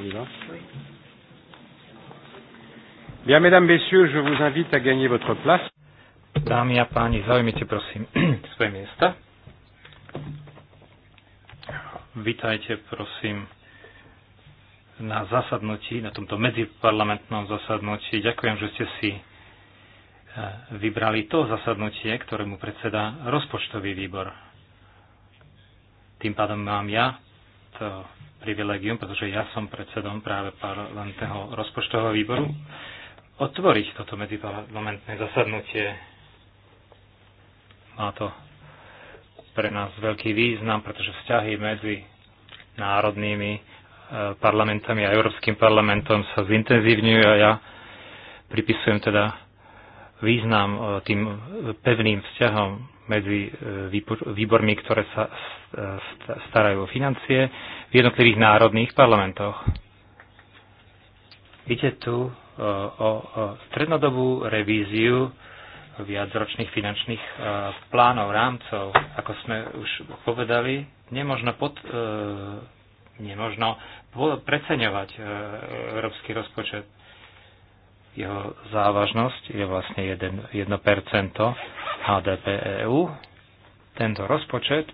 On y va Bien, mesdames, messieurs, je vous invite à gagner votre place. Dámy a páni, zaujmite prosím svoje miesta. Vítajte prosím na zasadnutí, na tomto medziparlamentnom zasadnutí. Ďakujem, že ste si eh, vybrali to zasadnutie, ktorému predseda rozpočtový výbor. Tým pádom mám ja to privilegium, pretože ja som predsedom práve parlamentného rozpočtového výboru, otvoriť toto medziparlamentné zasadnutie. Má to pre nás veľký význam, pretože vzťahy medzi národnými e, parlamentami a Európskym parlamentom sa zintenzívňujú a ja pripisujem teda význam e, tým pevným vzťahom medzi e, výbormi, ktoré sa e, starajú o financie v jednotlivých národných parlamentoch. Ide tu e, o strednodobú revíziu viacročných finančných plánov, rámcov. Ako sme už povedali, nemožno, pod, nemožno preceňovať európsky rozpočet jeho závažnosť je vlastne 1, 1% HDP EU. Tento rozpočet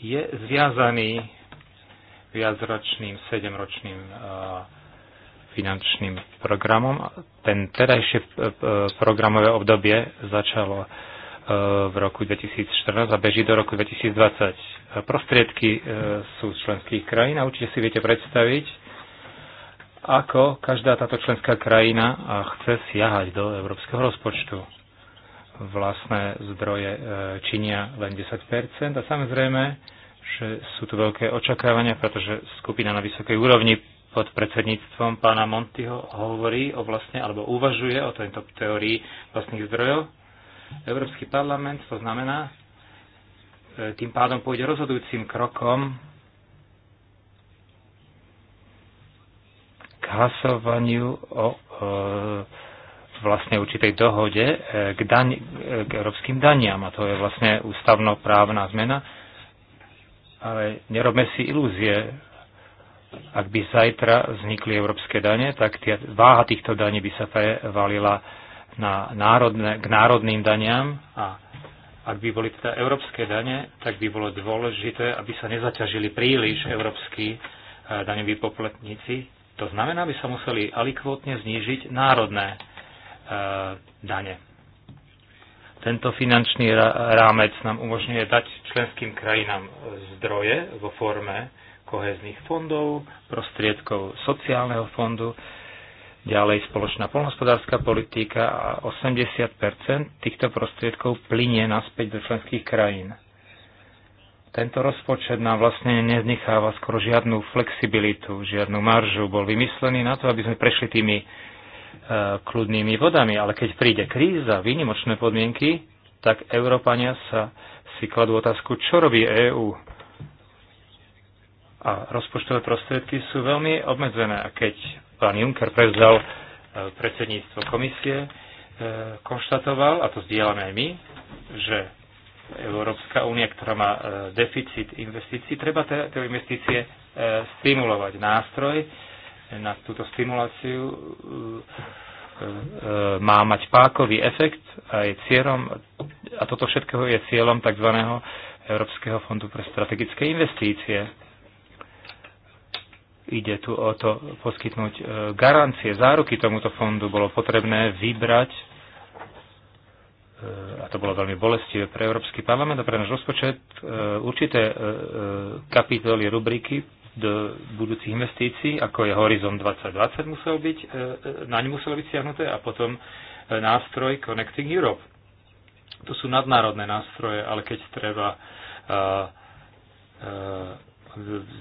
je zviazaný viacročným, sedemročným e, finančným programom. Ten terajšie e, e, programové obdobie začalo v roku 2014 a beží do roku 2020. Prostriedky sú členských krajín a určite si viete predstaviť, ako každá táto členská krajina chce siahať do európskeho rozpočtu. Vlastné zdroje e, činia len 10 a samozrejme, že sú tu veľké očakávania, pretože skupina na vysokej úrovni pod predsedníctvom pána Montyho hovorí o vlastne, alebo uvažuje o tejto teórii vlastných zdrojov. Európsky parlament, to znamená, e, tým pádom pôjde rozhodujúcim krokom hlasovaniu o e, vlastne určitej dohode e, k, daň, e, k európskym daniam. A to je vlastne ústavnoprávna zmena. Ale nerobme si ilúzie. Ak by zajtra vznikli európske dane, tak tia, váha týchto daní by sa prevalila na národne, k národným daniam a ak by boli teda európske dane, tak by bolo dôležité, aby sa nezaťažili príliš európsky daňoví poplatníci, to znamená, by sa museli alikvotne znížiť národné e, dane. Tento finančný rámec nám umožňuje dať členským krajinám e, zdroje vo forme kohezných fondov, prostriedkov sociálneho fondu, ďalej spoločná polnospodárska politika a 80 týchto prostriedkov plinie naspäť do členských krajín. Tento rozpočet nám vlastne nenecháva skoro žiadnu flexibilitu, žiadnu maržu. Bol vymyslený na to, aby sme prešli tými e, kľudnými vodami, ale keď príde kríza, výnimočné podmienky, tak Európania sa si kladú otázku, čo robí EÚ. A rozpočtové prostriedky sú veľmi obmedzené. A keď pán Juncker prevzal e, predsedníctvo komisie, e, konštatoval, a to zdieľame aj my, že Európska únia, ktorá má e, deficit investícií, treba tie investície e, stimulovať. Nástroj na túto stimuláciu e, má mať pákový efekt a je cieľom, a toto všetko je cieľom tzv. Európskeho fondu pre strategické investície. Ide tu o to poskytnúť garancie, záruky tomuto fondu. Bolo potrebné vybrať a to bolo veľmi bolestivé pre Európsky parlament a pre náš rozpočet, e, určité e, e, kapitoly, rubriky do budúcich investícií, ako je Horizon 2020 musel byť, naň muselo byť stiahnuté a potom nástroj Connecting Europe. To sú nadnárodné nástroje, ale keď treba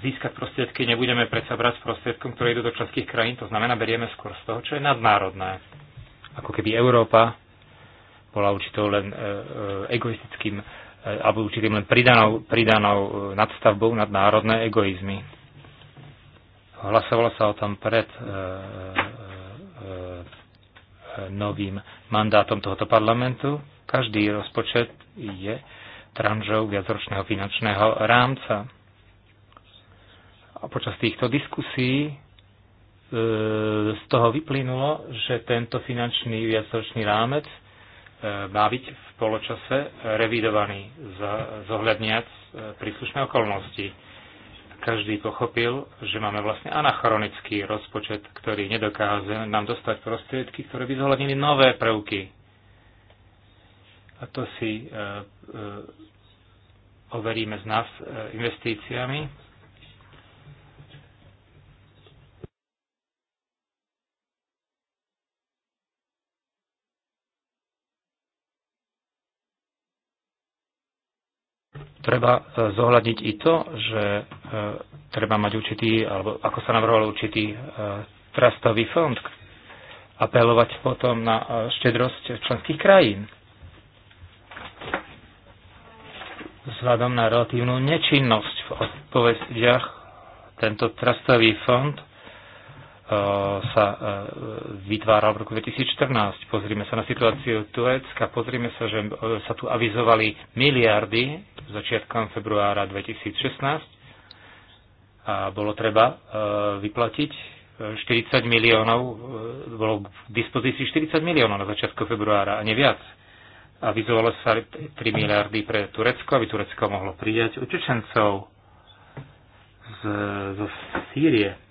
získať prostriedky, nebudeme predsa brať prostriedkom, ktoré idú do členských krajín, to znamená, berieme skôr z toho, čo je nadnárodné. Ako keby Európa bola určitou len e, e, egoistickým e, alebo určitým len pridanou, pridanou nadstavbou nad národné egoizmy. Hlasovalo sa o tom pred novým mandátom tohoto parlamentu. Každý rozpočet je tranžou viacročného finančného rámca. A počas týchto diskusí e, z toho vyplynulo, že tento finančný viacročný rámec má byť v poločase e, revidovaný, zohľadniac e, príslušné okolnosti. Každý pochopil, že máme vlastne anachronický rozpočet, ktorý nedokáže nám dostať prostriedky, ktoré by zohľadnili nové prvky. A to si e, overíme z nás investíciami treba e, zohľadniť i to, že e, treba mať určitý, alebo ako sa navrhoval určitý e, trastový fond, apelovať potom na štedrosť členských krajín. Vzhľadom na relatívnu nečinnosť v odpovediach tento trastový fond Eh, sa eh, vytváral v roku 2014. Pozrime sa na situáciu Turecka, pozrime sa, že eh, sa tu avizovali miliardy začiatkom februára 2016 a bolo treba vyplatiť 40 miliónov, bolo k dispozícii 40 miliónov na začiatku februára a neviac. Avizovalo sa 3 miliardy pre Turecko, aby Turecko mohlo prijať utečencov zo Sýrie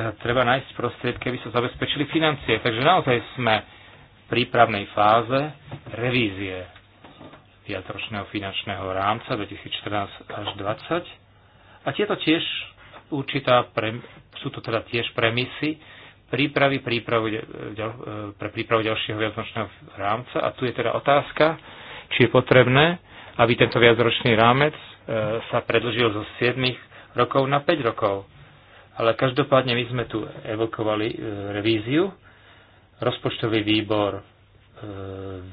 teda treba nájsť prostriedky, aby sa zabezpečili financie. Takže naozaj sme v prípravnej fáze revízie viacročného finančného rámca 2014 až 2020. A tieto tiež určitá, pre, sú to teda tiež premisy prípravy prípravu, e, pre prípravu ďalšieho viacročného rámca. A tu je teda otázka, či je potrebné, aby tento viacročný rámec e, sa predlžil zo 7 rokov na 5 rokov ale každopádne my sme tu evokovali e, revíziu. Rozpočtový výbor e,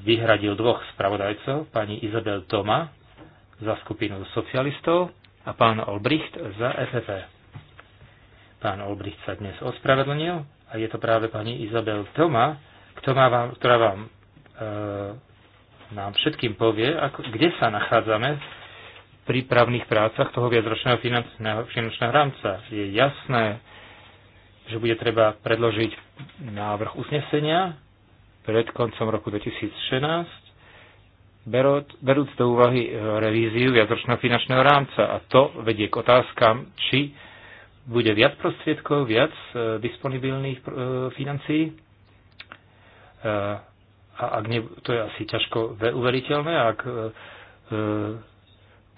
vyhradil dvoch spravodajcov, pani Izabel Toma za skupinu socialistov a pán Olbricht za FFP. E pán Olbricht sa dnes ospravedlnil a je to práve pani Izabel Toma, vám, ktorá vám e, nám všetkým povie, ako, kde sa nachádzame prípravných prácach toho viacročného finančného rámca. Je jasné, že bude treba predložiť návrh usnesenia pred koncom roku 2016 berúc do úvahy e, revíziu viacročného finančného rámca. A to vedie k otázkam, či bude viac prostriedkov, viac e, disponibilných e, financií. A ak ne, to je asi ťažko uveriteľné, ak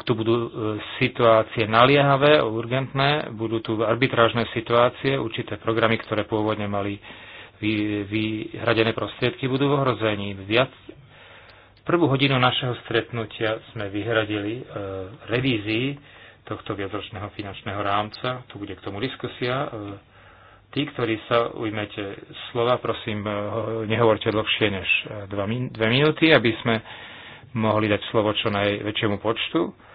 tu budú e, situácie naliehavé, urgentné, budú tu arbitrážne situácie, určité programy, ktoré pôvodne mali vyhradené prostriedky, budú v ohrození. Viac prvú hodinu našeho stretnutia sme vyhradili e, revízii tohto viacročného finančného rámca. Tu bude k tomu diskusia. E, tí, ktorí sa ujmete slova, prosím, e, nehovorte dlhšie než e, dva, dve minúty, aby sme mohli dať slovo čo najväčšiemu počtu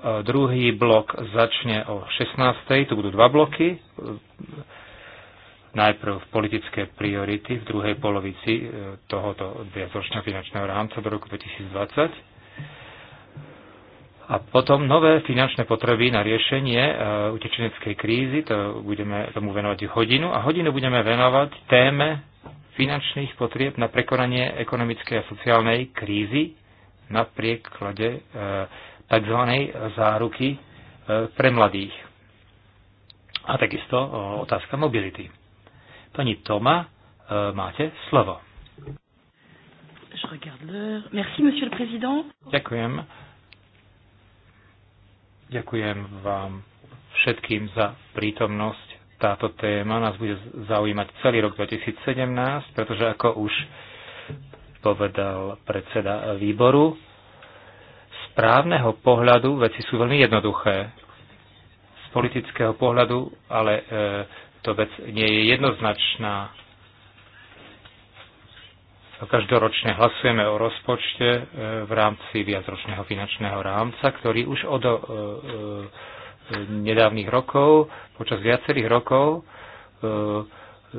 Druhý blok začne o 16. Tu budú dva bloky. Najprv politické priority v druhej polovici e, tohoto viacročného finančného rámca do roku 2020. A potom nové finančné potreby na riešenie e, utečeneckej krízy, to budeme tomu venovať hodinu. A hodinu budeme venovať téme finančných potrieb na prekonanie ekonomickej a sociálnej krízy na prieklade e, tzv. záruky e, pre mladých. A takisto e, otázka mobility. Pani Toma, e, máte slovo. Merci, monsieur le président. Ďakujem. Ďakujem vám všetkým za prítomnosť. Táto téma nás bude zaujímať celý rok 2017, pretože ako už povedal predseda výboru, správneho pohľadu veci sú veľmi jednoduché. Z politického pohľadu ale e, to vec nie je jednoznačná. Každoročne hlasujeme o rozpočte e, v rámci viacročného finančného rámca, ktorý už od e, e, nedávnych rokov, počas viacerých rokov, e, E,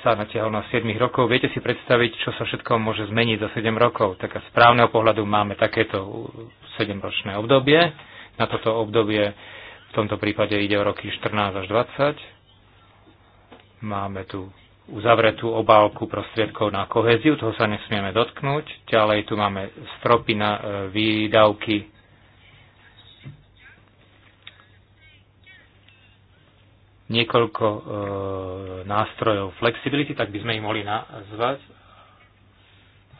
sa natiahol na 7 rokov. Viete si predstaviť, čo sa všetko môže zmeniť za 7 rokov. Tak z právneho pohľadu máme takéto 7-ročné obdobie. Na toto obdobie v tomto prípade ide o roky 14 až 20. Máme tu uzavretú obálku prostriedkov na koheziu, toho sa nesmieme dotknúť. Ďalej tu máme stropy na e, výdavky niekoľko e, nástrojov flexibility, tak by sme ich mohli nazvať.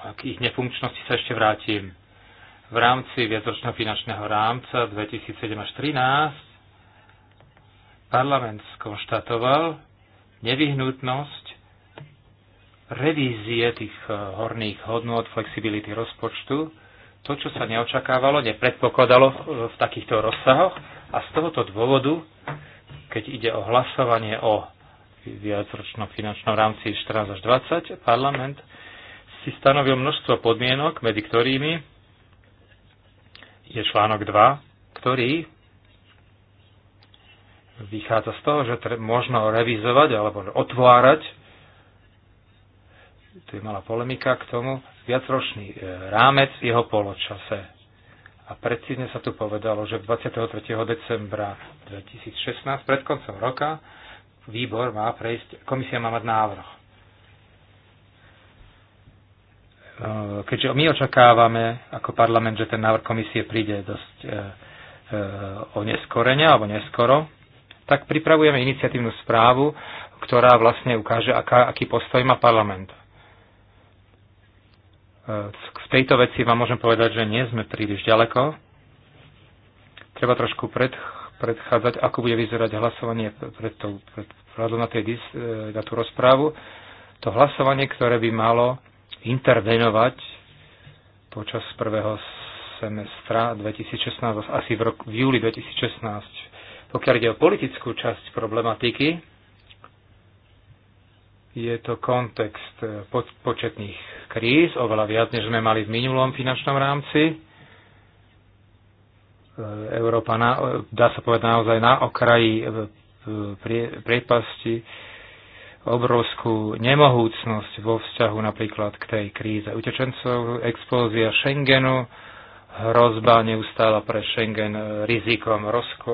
A k ich nefunkčnosti sa ešte vrátim. V rámci viacročného finančného rámca 2007 až 2013 parlament skonštatoval nevyhnutnosť revízie tých e, horných hodnôt flexibility rozpočtu, to, čo sa neočakávalo, nepredpokladalo v takýchto rozsahoch a z tohoto dôvodu keď ide o hlasovanie o viacročnom finančnom rámci 14 až 20, parlament si stanovil množstvo podmienok, medzi ktorými je článok 2, ktorý vychádza z toho, že možno revizovať alebo otvárať, tu je malá polemika k tomu, viacročný e, rámec jeho poločase a precízne sa tu povedalo, že 23. decembra 2016, pred koncom roka, výbor má prejsť, komisia má mať návrh. E, keďže my očakávame ako parlament, že ten návrh komisie príde dosť e, e, oneskorene alebo neskoro, tak pripravujeme iniciatívnu správu, ktorá vlastne ukáže, aká, aký postoj má parlament v tejto veci vám môžem povedať, že nie sme príliš ďaleko. Treba trošku predchádzať, ako bude vyzerať hlasovanie pred, tou, pred na, tej, e, na tú rozprávu. To hlasovanie, ktoré by malo intervenovať počas prvého semestra 2016, asi v, roku, v júli 2016. Pokiaľ ide o politickú časť problematiky, je to kontext eh, početných kríz, oveľa viac, než sme mali v minulom finančnom rámci. Eh, Európa, na, eh, dá sa povedať, naozaj na okraji priepasti obrovskú nemohúcnosť vo vzťahu napríklad k tej kríze utečencov, explózia Schengenu, hrozba neustála pre Schengen rizikom rozko,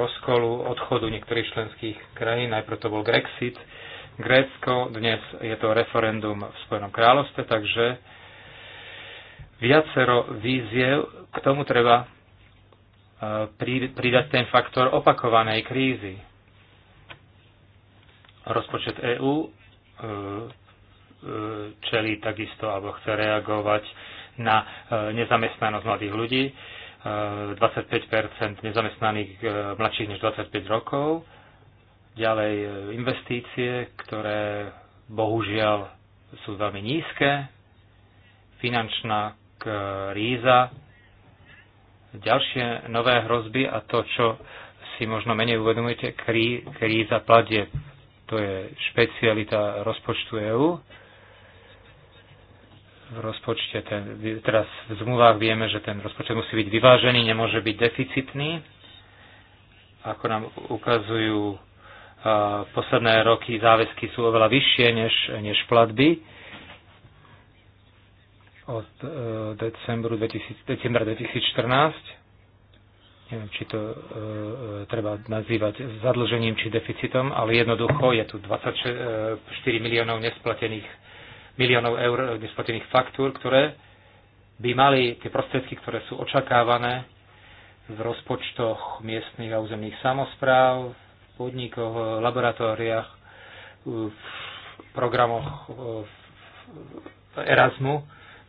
rozkolu, odchodu niektorých členských krajín, najprv to bol Grexit, Grécko, dnes je to referendum v Spojenom kráľovstve, takže viacero víziev, k tomu treba e, pridať ten faktor opakovanej krízy. Rozpočet EÚ e, e, čelí takisto alebo chce reagovať na nezamestnanosť mladých ľudí. 25 nezamestnaných mladších než 25 rokov. Ďalej e, investície, ktoré bohužiaľ sú veľmi nízke, finančná kríza, e, ďalšie nové hrozby a to, čo si možno menej uvedomujete, krí, kríza pladie. To je špecialita rozpočtu EÚ. V rozpočte, ten, teraz v zmluvách vieme, že ten rozpočet musí byť vyvážený, nemôže byť deficitný. Ako nám ukazujú posledné roky záväzky sú oveľa vyššie než, než platby. Od e, decembru 2000, decembra 2014. Neviem, či to e, e, treba nazývať zadlžením či deficitom, ale jednoducho je tu 24 miliónov nesplatených miliónov eur e, nesplatených faktúr, ktoré by mali tie prostriedky, ktoré sú očakávané v rozpočtoch miestnych a územných samozpráv, podnikoch, laboratóriách, v programoch v Erasmu.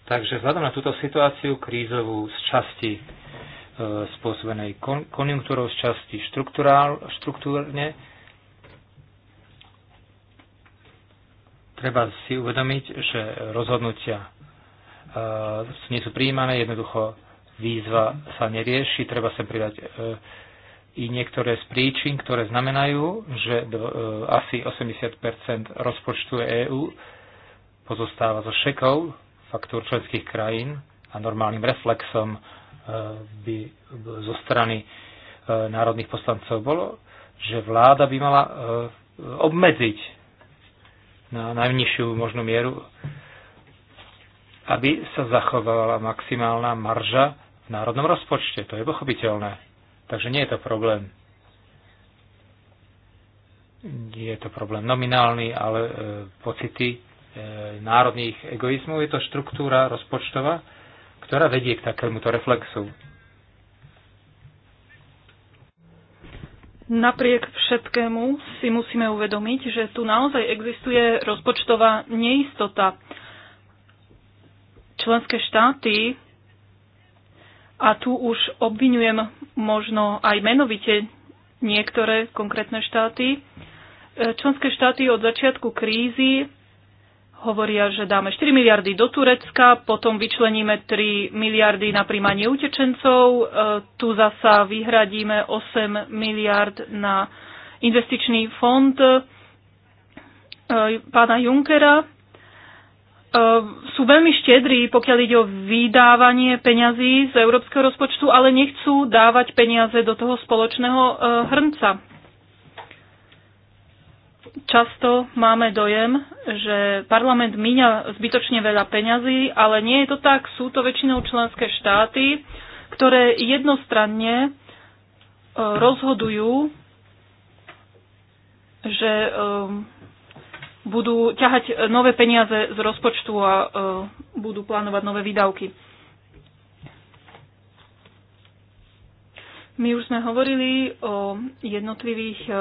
Takže vzhľadom na túto situáciu krízovú z časti e, spôsobenej konjunktúrou, z časti štruktúrne, treba si uvedomiť, že rozhodnutia e, nie sú prijímané, jednoducho výzva sa nerieši, treba sa pridať e, i niektoré z príčin, ktoré znamenajú, že e, asi 80 rozpočtu EÚ pozostáva zo šekov faktúr členských krajín a normálnym reflexom e, by zo strany e, národných poslancov bolo, že vláda by mala obmedziť na najnižšiu možnú mieru, aby sa zachovala maximálna marža v národnom rozpočte. To je pochopiteľné. Takže nie je to problém. je to problém nominálny, ale e, pocity e, národných egoizmov. Je to štruktúra rozpočtová, ktorá vedie k takémuto reflexu. Napriek všetkému si musíme uvedomiť, že tu naozaj existuje rozpočtová neistota. Členské štáty a tu už obvinujem možno aj menovite niektoré konkrétne štáty. E, členské štáty od začiatku krízy hovoria, že dáme 4 miliardy do Turecka, potom vyčleníme 3 miliardy na príjmanie utečencov, e, tu zasa vyhradíme 8 miliard na investičný fond e, pána Junkera Ehm, sú veľmi štedrí, pokiaľ ide o vydávanie peňazí z európskeho rozpočtu, ale nechcú dávať peniaze do toho spoločného eh, hrnca. Často máme dojem, že parlament míňa zbytočne veľa peňazí, ale nie je to tak. Sú to väčšinou členské štáty, ktoré jednostranne eh, rozhodujú, že ehm, budú ťahať e, nové peniaze z rozpočtu a e, budú plánovať nové výdavky. My už sme hovorili o jednotlivých e,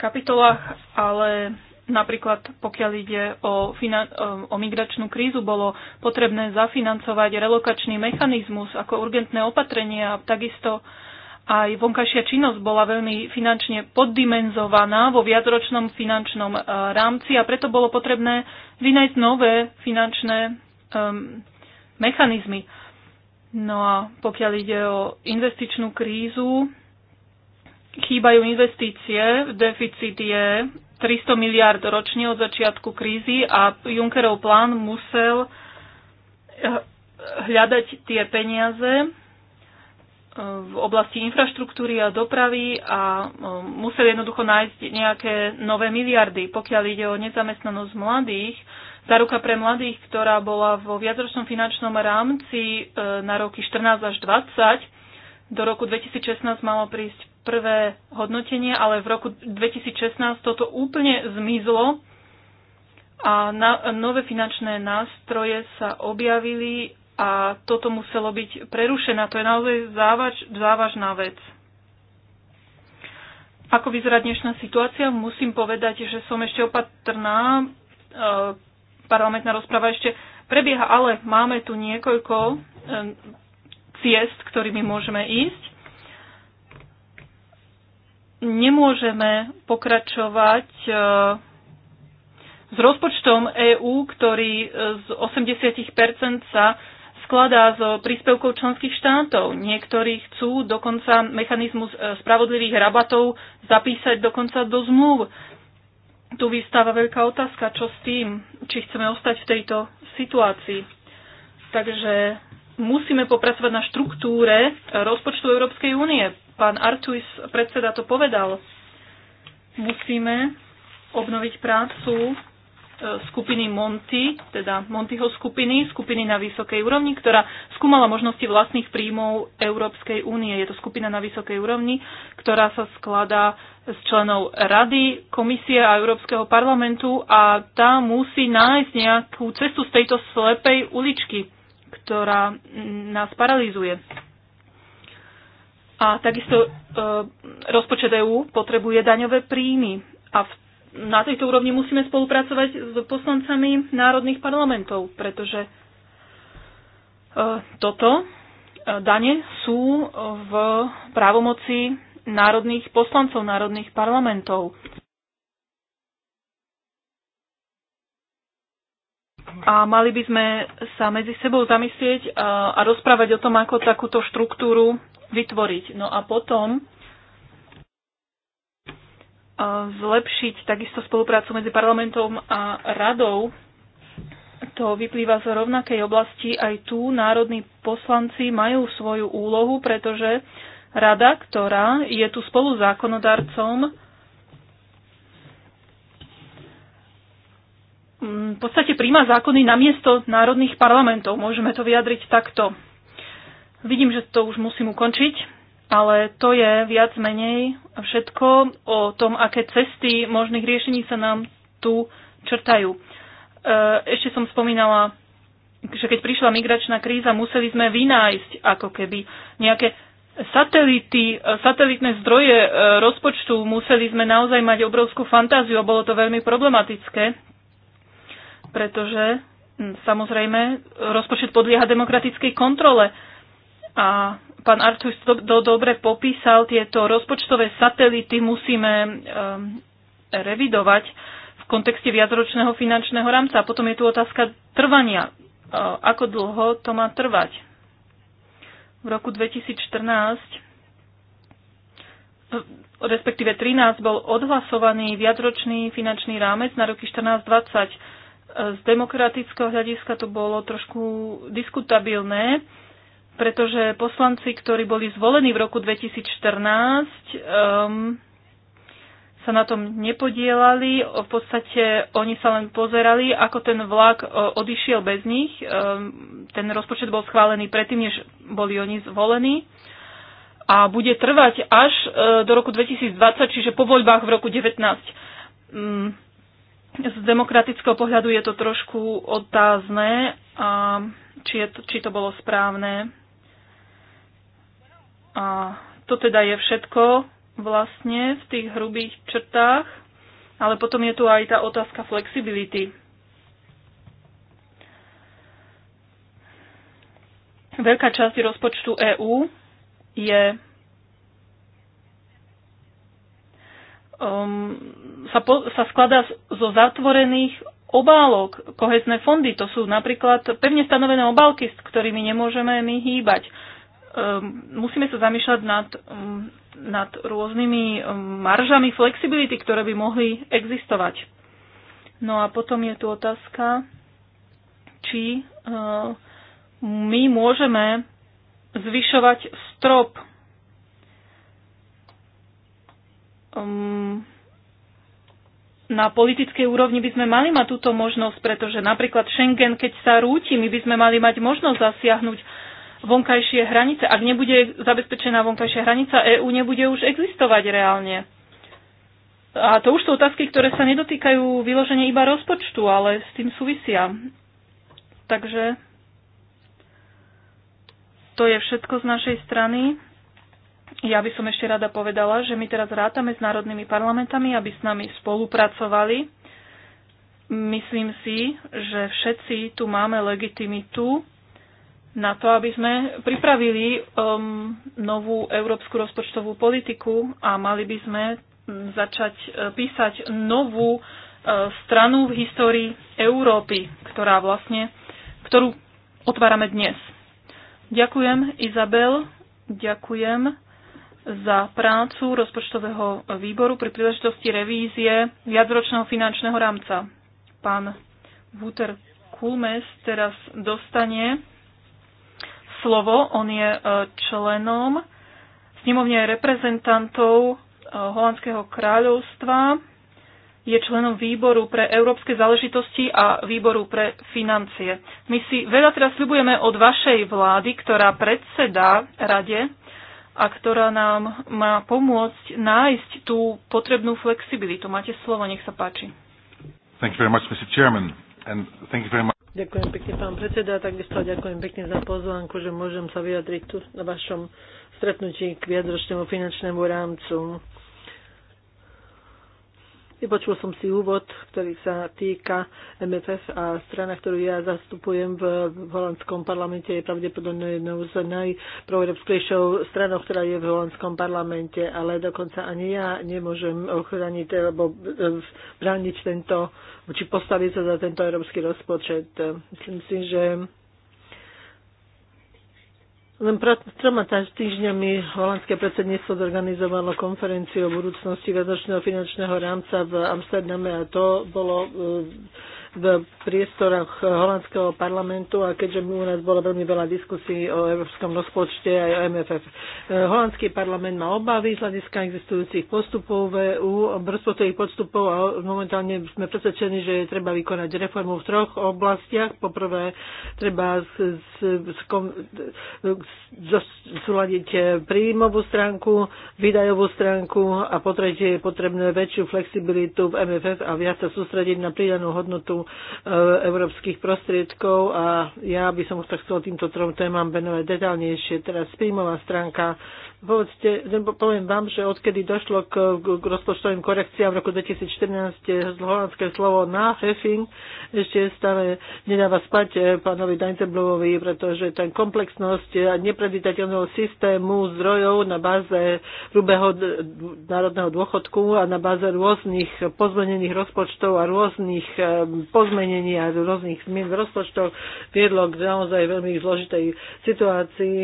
kapitolách, ale napríklad pokiaľ ide o, finan- o migračnú krízu, bolo potrebné zafinancovať relokačný mechanizmus ako urgentné opatrenie a takisto uh, aj vonkajšia činnosť bola veľmi finančne poddimenzovaná vo viacročnom finančnom e, rámci a preto bolo potrebné vynajsť nové finančné um, mechanizmy. No a pokiaľ ide o investičnú krízu, chýbajú investície, deficit je 300 miliard ročne od začiatku krízy a Junckerov plán musel e, hľadať tie peniaze v oblasti infraštruktúry a dopravy a e, museli jednoducho nájsť nejaké nové miliardy. Pokiaľ ide o nezamestnanosť mladých, záruka pre mladých, ktorá bola vo viacročnom finančnom rámci e, na roky 14 až 20, do roku 2016 malo prísť prvé hodnotenie, ale v roku 2016 toto úplne zmizlo a na, nové finančné nástroje sa objavili a toto muselo byť prerušené. To je naozaj závaž, závažná vec. Ako vyzerá dnešná situácia? Musím povedať, že som ešte opatrná. E, parlamentná rozpráva ešte prebieha, ale máme tu niekoľko e, ciest, ktorými môžeme ísť. Nemôžeme pokračovať e, s rozpočtom EÚ, ktorý e, z 80% sa skladá z príspevkov členských štátov. Niektorí chcú dokonca mechanizmus e, spravodlivých rabatov zapísať dokonca do zmluv. Tu vystáva veľká otázka, čo s tým, či chceme ostať v tejto situácii. Takže musíme popracovať na štruktúre rozpočtu Európskej únie. Pán Artuis, predseda, to povedal. Musíme obnoviť prácu E, skupiny Monty, teda Montyho skupiny, skupiny na vysokej úrovni, ktorá skúmala možnosti vlastných príjmov Európskej únie. Je to skupina na vysokej úrovni, ktorá sa skladá z členov Rady, Komisie a Európskeho parlamentu a tá musí nájsť nejakú cestu z tejto slepej uličky, ktorá nás paralizuje. A takisto e, rozpočet EÚ potrebuje daňové príjmy. A v na tejto úrovni musíme spolupracovať s poslancami národných parlamentov, pretože e, toto e, dane sú v právomoci národných poslancov národných parlamentov. A mali by sme sa medzi sebou zamyslieť a, e, a rozprávať o tom, ako takúto štruktúru vytvoriť. No a potom zlepšiť takisto spoluprácu medzi parlamentom a radou. To vyplýva z rovnakej oblasti. Aj tu národní poslanci majú svoju úlohu, pretože rada, ktorá je tu spolu zákonodarcom, mm, v podstate príjma zákony na miesto národných parlamentov. Môžeme to vyjadriť takto. Vidím, že to už musím ukončiť ale to je viac menej všetko o tom, aké cesty možných riešení sa nám tu črtajú. E, ešte som spomínala, že keď prišla migračná kríza, museli sme vynájsť ako keby nejaké satelity, e, satelitné zdroje e, rozpočtu. Museli sme naozaj mať obrovskú fantáziu a bolo to veľmi problematické, pretože hm, samozrejme rozpočet podlieha demokratickej kontrole a pán Artur to, to dobre popísal, tieto rozpočtové satelity musíme um, revidovať v kontexte viacročného finančného rámca. A potom je tu otázka trvania. Uh, ako dlho to má trvať? V roku 2014 e, respektíve 13 bol odhlasovaný viacročný finančný rámec na roky 14-20. E, z demokratického hľadiska to bolo trošku diskutabilné, pretože poslanci, ktorí boli zvolení v roku 2014, um, ehm, sa na tom nepodielali. V podstate oni sa len pozerali, ako ten vlak e, odišiel bez nich. Um, ten rozpočet bol schválený predtým, než boli oni zvolení a bude trvať až e, do roku 2020, čiže po voľbách v roku 19. Mm, z demokratického pohľadu je to trošku otázne, a či, je to, či to bolo správne. A to teda je všetko vlastne v tých hrubých črtách, ale potom je tu aj tá otázka flexibility. Veľká časť rozpočtu EÚ je um, sa, po, sa skladá zo zatvorených obálok. Kohezné fondy to sú napríklad pevne stanovené obálky, s ktorými nemôžeme my hýbať. Ehm, musíme sa zamýšľať nad, mm, nad rôznymi mm, maržami flexibility, ktoré by mohli existovať. No a potom je tu otázka, či ehm, my môžeme zvyšovať strop. Ehm, na politickej úrovni by sme mali mať túto možnosť, pretože napríklad Schengen, keď sa rúti, my by sme mali mať možnosť zasiahnuť vonkajšie hranice. Ak nebude zabezpečená vonkajšia hranica, EÚ nebude už existovať reálne. A to už sú otázky, ktoré sa nedotýkajú vyloženie iba rozpočtu, ale s tým súvisia. Takže to je všetko z našej strany. Ja by som ešte rada povedala, že my teraz rátame s národnými parlamentami, aby s nami spolupracovali. Myslím si, že všetci tu máme legitimitu na to, aby sme pripravili um, novú európsku rozpočtovú politiku a mali by sme mm, začať e, písať novú e, stranu v histórii Európy, ktorá vlastne, ktorú otvárame dnes. Ďakujem Izabel, ďakujem za prácu rozpočtového výboru pri príležitosti revízie viacročného finančného rámca. Pán Wouter Kulmes teraz dostane slovo. On je e, členom snemovne reprezentantov e, Holandského kráľovstva. Je členom výboru pre európske záležitosti a výboru pre financie. My si veľa teraz sľubujeme od vašej vlády, ktorá predsedá rade a ktorá nám má pomôcť nájsť tú potrebnú flexibilitu. Máte slovo, nech sa páči. Thank you very much, Mr. Chairman, and thank you very much. Ďakujem pekne, pán predseda. Takisto ďakujem pekne za pozvánku, že môžem sa vyjadriť tu na vašom stretnutí k viadročnému finančnému rámcu. Vypočul som si úvod, ktorý sa týka MFF a strana, ktorú ja zastupujem v, v holandskom parlamente, je pravdepodobne jednou z najproeurópskejšou stranou, ktorá je v holandskom parlamente, ale dokonca ani ja nemôžem ochraniť alebo e, brániť tento, či postaviť sa za tento európsky rozpočet. Myslím si, že len pred troma týždňami holandské predsedníctvo zorganizovalo konferenciu o budúcnosti vedočného finančného rámca v Amsterdame a to bolo e, v priestoroch holandského parlamentu a keďže u nás bolo veľmi veľa diskusí o európskom rozpočte aj o MFF. E, holandský parlament má obavy z hľadiska existujúcich postupov v EU, rozpočtových postupov a momentálne sme presvedčení, že je treba vykonať reformu v troch oblastiach. Poprvé, treba zosúľadiť príjmovú stránku, výdajovú stránku a po tretie je potrebné väčšiu flexibilitu v MFF a viac sa sústrediť na pridanú hodnotu Eh, európskych prostriedkov a ja by som sa chcel týmto trom témam venovať detálnejšie. Teraz príjmová stránka. Povedzte, poviem vám, že odkedy došlo k, k rozpočtovým korekciám v roku 2014 holandské slovo na hefing. ešte stále nedáva spať eh, pánovi Dainteblovovi, pretože ten komplexnosť a systému zdrojov na báze hrubého národného dôchodku a na báze rôznych pozmenených rozpočtov a rôznych eh, pozmenení a rôznych zmien v rozpočtoch viedlo k naozaj veľmi zložitej situácii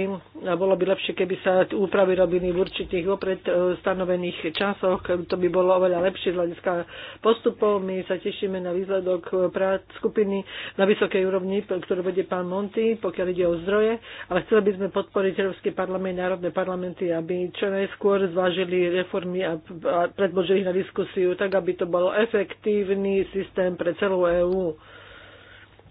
a bolo by lepšie, keby sa úpravy robili v určitých opred e, stanovených časoch. To by bolo oveľa lepšie z hľadiska postupov. My sa tešíme na výsledok prác skupiny na vysokej úrovni, ktorú vedie pán Monty, pokiaľ ide o zdroje, ale chceli by sme podporiť Európsky parlament, národné parlamenty, aby čo najskôr zvážili reformy a predložili na diskusiu, tak aby to bol efektívny systém pre celú EÚ.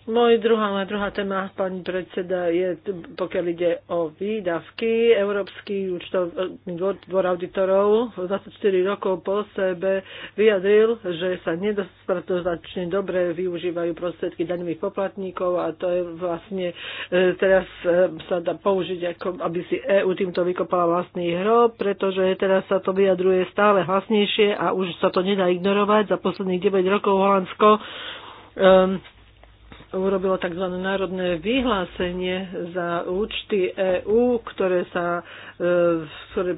Moja druhá, moja druhá téma, pani predseda, je, pokiaľ ide o výdavky, Európsky účtovný dvor, dvor auditorov 24 rokov po sebe vyjadril, že sa nedostatočne dobre využívajú prostriedky daňových poplatníkov a to je vlastne e, teraz e, sa dá použiť, ako aby si EU týmto vykopala vlastný hrob, pretože teraz sa to vyjadruje stále hlasnejšie a už sa to nedá ignorovať. Za posledných 9 rokov Holandsko um, urobilo tzv. národné vyhlásenie za účty EÚ, ktoré sa e, ktoré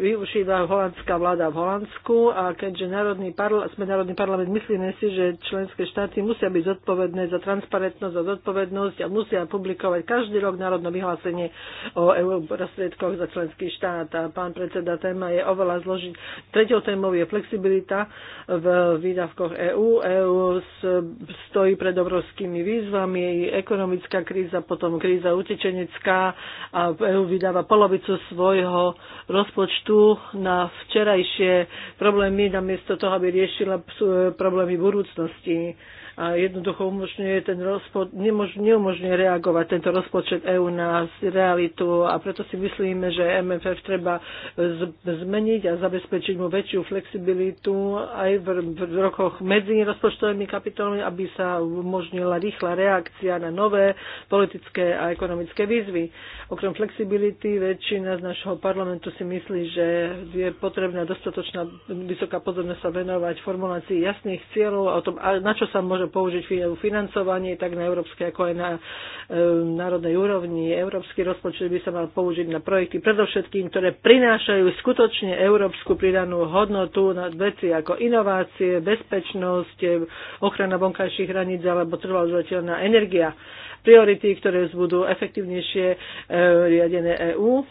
využíva holandská vláda v Holandsku a keďže národný parla- sme národný parlament, myslíme si, že členské štáty musia byť zodpovedné za transparentnosť a zodpovednosť a musia publikovať každý rok národné vyhlásenie o EÚ prostriedkoch za členský štát. A pán predseda, téma je oveľa zložiť. Tretou témou je flexibilita v výdavkoch EÚ. EÚ stojí pred obrovskými výzvami, ekonomická kríza, potom kríza utečenecká a EU vydáva polovicu svojho rozpočtu na včerajšie problémy, namiesto toho, aby riešila e, problémy budúcnosti a jednoducho umožňuje ten rozpoč- nemož- neumožňuje reagovať tento rozpočet EÚ na realitu a preto si myslíme, že MFF treba z- zmeniť a zabezpečiť mu väčšiu flexibilitu aj v, v rokoch medzi rozpočtovými kapitolami, aby sa umožnila rýchla reakcia na nové politické a ekonomické výzvy. Okrem flexibility väčšina z našho parlamentu si myslí, že je potrebná dostatočná vysoká pozornosť sa venovať formulácii jasných cieľov a o tom, na čo sa môže môžeme použiť financovanie tak na európskej ako aj na e, národnej úrovni. Európsky rozpočet by sa mal použiť na projekty predovšetkým, ktoré prinášajú skutočne európsku pridanú hodnotu na veci ako inovácie, bezpečnosť, e, ochrana vonkajších hraníc alebo trvalozateľná energia priority, ktoré budú efektívnejšie e, riadené EÚ,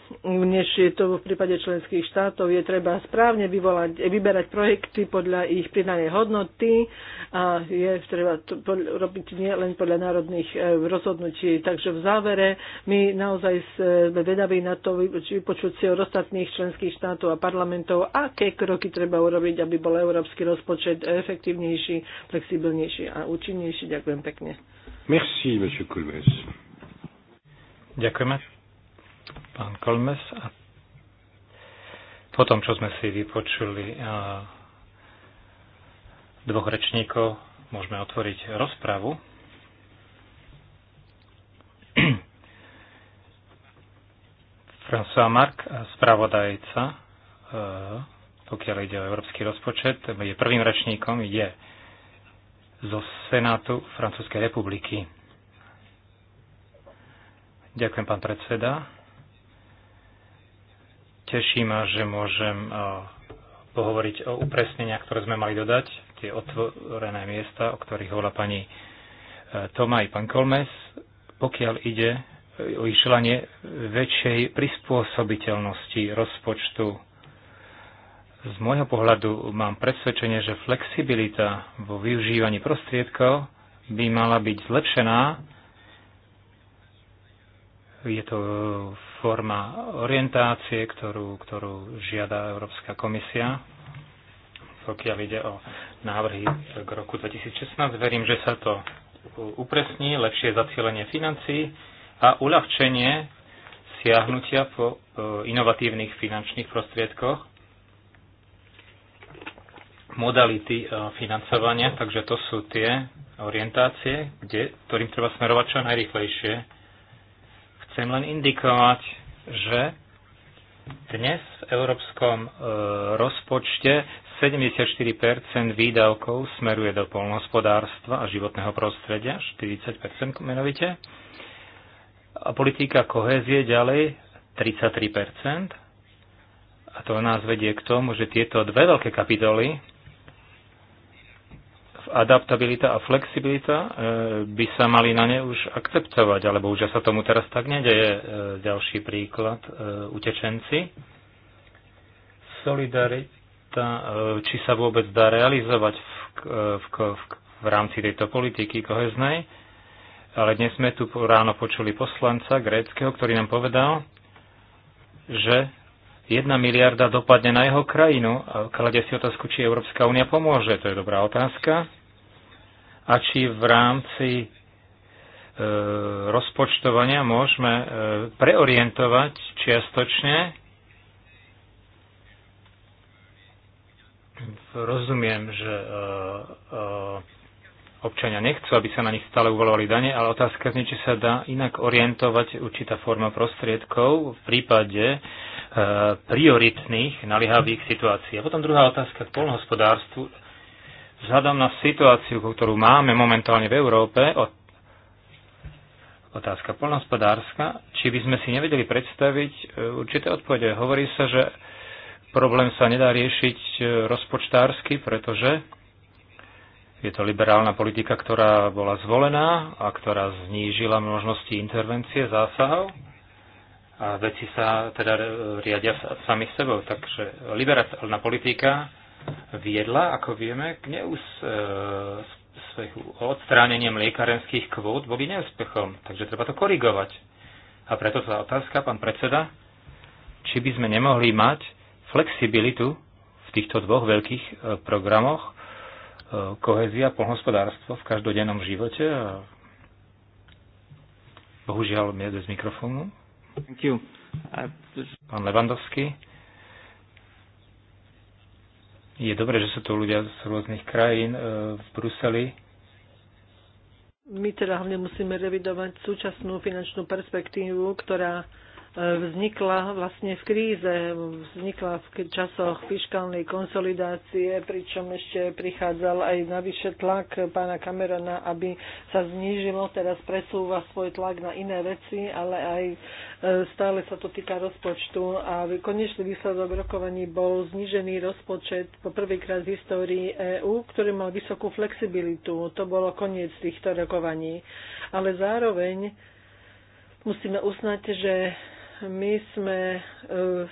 než je to v prípade členských štátov. Je treba správne vyvolať, vyberať projekty podľa ich pridanej hodnoty a je treba to robiť nie len podľa národných e, rozhodnutí. Takže v závere my naozaj sme vedaví na to vypočuť si od ostatných členských štátov a parlamentov, aké kroky treba urobiť, aby bol európsky rozpočet efektívnejší, flexibilnejší a účinnejší. Ďakujem pekne. Merci, monsieur Colmes. Ďakujem. pán Kolmes. A po tom, čo sme si vypočuli dvoch rečníkov, môžeme otvoriť rozpravu. François Mark, spravodajca, e, pokiaľ ide o európsky rozpočet, je prvým rečníkom, je zo Senátu Francúzskej republiky. Ďakujem, pán predseda. Teší ma, že môžem e, pohovoriť o upresneniach, ktoré sme mali dodať, tie otvorené miesta, o ktorých hovorila pani e, Toma i pán Kolmes, pokiaľ ide o išľanie väčšej prispôsobiteľnosti rozpočtu z môjho pohľadu mám presvedčenie, že flexibilita vo využívaní prostriedkov by mala byť zlepšená. Je to forma orientácie, ktorú, ktorú žiada Európska komisia, pokiaľ ide o návrhy k roku 2016. Verím, že sa to upresní, lepšie zacielenie financií a uľahčenie siahnutia po e, inovatívnych finančných prostriedkoch modality e, financovania, takže to sú tie orientácie, kde, ktorým treba smerovať čo najrychlejšie. Chcem len indikovať, že dnes v európskom e, rozpočte 74% výdavkov smeruje do polnohospodárstva a životného prostredia, 40% menovite. A politika kohézie ďalej 33%. A to nás vedie k tomu, že tieto dve veľké kapitoly adaptabilita a flexibilita e, by sa mali na ne už akceptovať, alebo už sa tomu teraz tak nedeje. E, ďalší príklad, e, utečenci. Solidarita, či sa vôbec dá realizovať v, v, v, v rámci tejto politiky koheznej, ale dnes sme tu ráno počuli poslanca gréckého, ktorý nám povedal, že jedna miliarda dopadne na jeho krajinu. a Kladie si otázku, či Európska únia pomôže. To je dobrá otázka a či v rámci e, rozpočtovania môžeme e, preorientovať čiastočne. Rozumiem, že e, e, občania nechcú, aby sa na nich stále uvalovali dane, ale otázka znie, či sa dá inak orientovať určitá forma prostriedkov v prípade e, prioritných naliehavých situácií. A potom druhá otázka k polnohospodárstvu. Vzhľadom na situáciu, ktorú máme momentálne v Európe, otázka polnospodárska, či by sme si nevedeli predstaviť e, určité odpovede. Hovorí sa, že problém sa nedá riešiť e, rozpočtársky, pretože je to liberálna politika, ktorá bola zvolená a ktorá znížila možnosti intervencie, zásahov a veci sa teda riadia sami sebou. Takže liberálna politika viedla, ako vieme, k neúspechu. E, odstránenie mliekarenských kvót boli neúspechom, takže treba to korigovať. A preto sa otázka, pán predseda, či by sme nemohli mať flexibilitu v týchto dvoch veľkých e, programoch, e, kohezia, polnohospodárstvo v každodennom živote. Bohužiaľ, mi bez mikrofónu. Thank you. Uh, pán Levandovský. Je dobré, že sú to ľudia z rôznych krajín e, v Bruseli. My teda hlavne musíme revidovať súčasnú finančnú perspektívu, ktorá vznikla vlastne v kríze, vznikla v časoch fiskálnej konsolidácie, pričom ešte prichádzal aj navyše tlak pána Camerona, aby sa znížilo, teraz presúva svoj tlak na iné veci, ale aj e, stále sa to týka rozpočtu a konečný výsledok rokovaní bol znížený rozpočet po prvýkrát v histórii EÚ, ktorý mal vysokú flexibilitu. To bolo koniec týchto rokovaní. Ale zároveň musíme uznať, že my sme eh,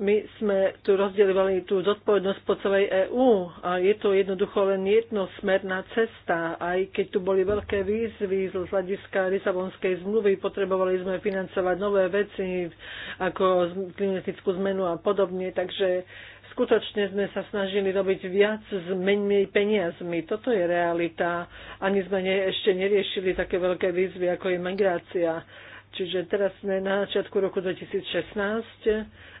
my sme tu rozdielovali tú zodpovednosť po celej EÚ a je to jednoducho len jednosmerná cesta. Aj keď tu boli veľké výzvy z hľadiska Lisabonskej zmluvy, potrebovali sme financovať nové veci ako klimatickú zmenu a podobne, takže skutočne sme sa snažili robiť viac s menej peniazmi. Toto je realita. Ani sme ne, ešte neriešili také veľké výzvy, ako je migrácia. Čiže teraz sme na začiatku roku 2016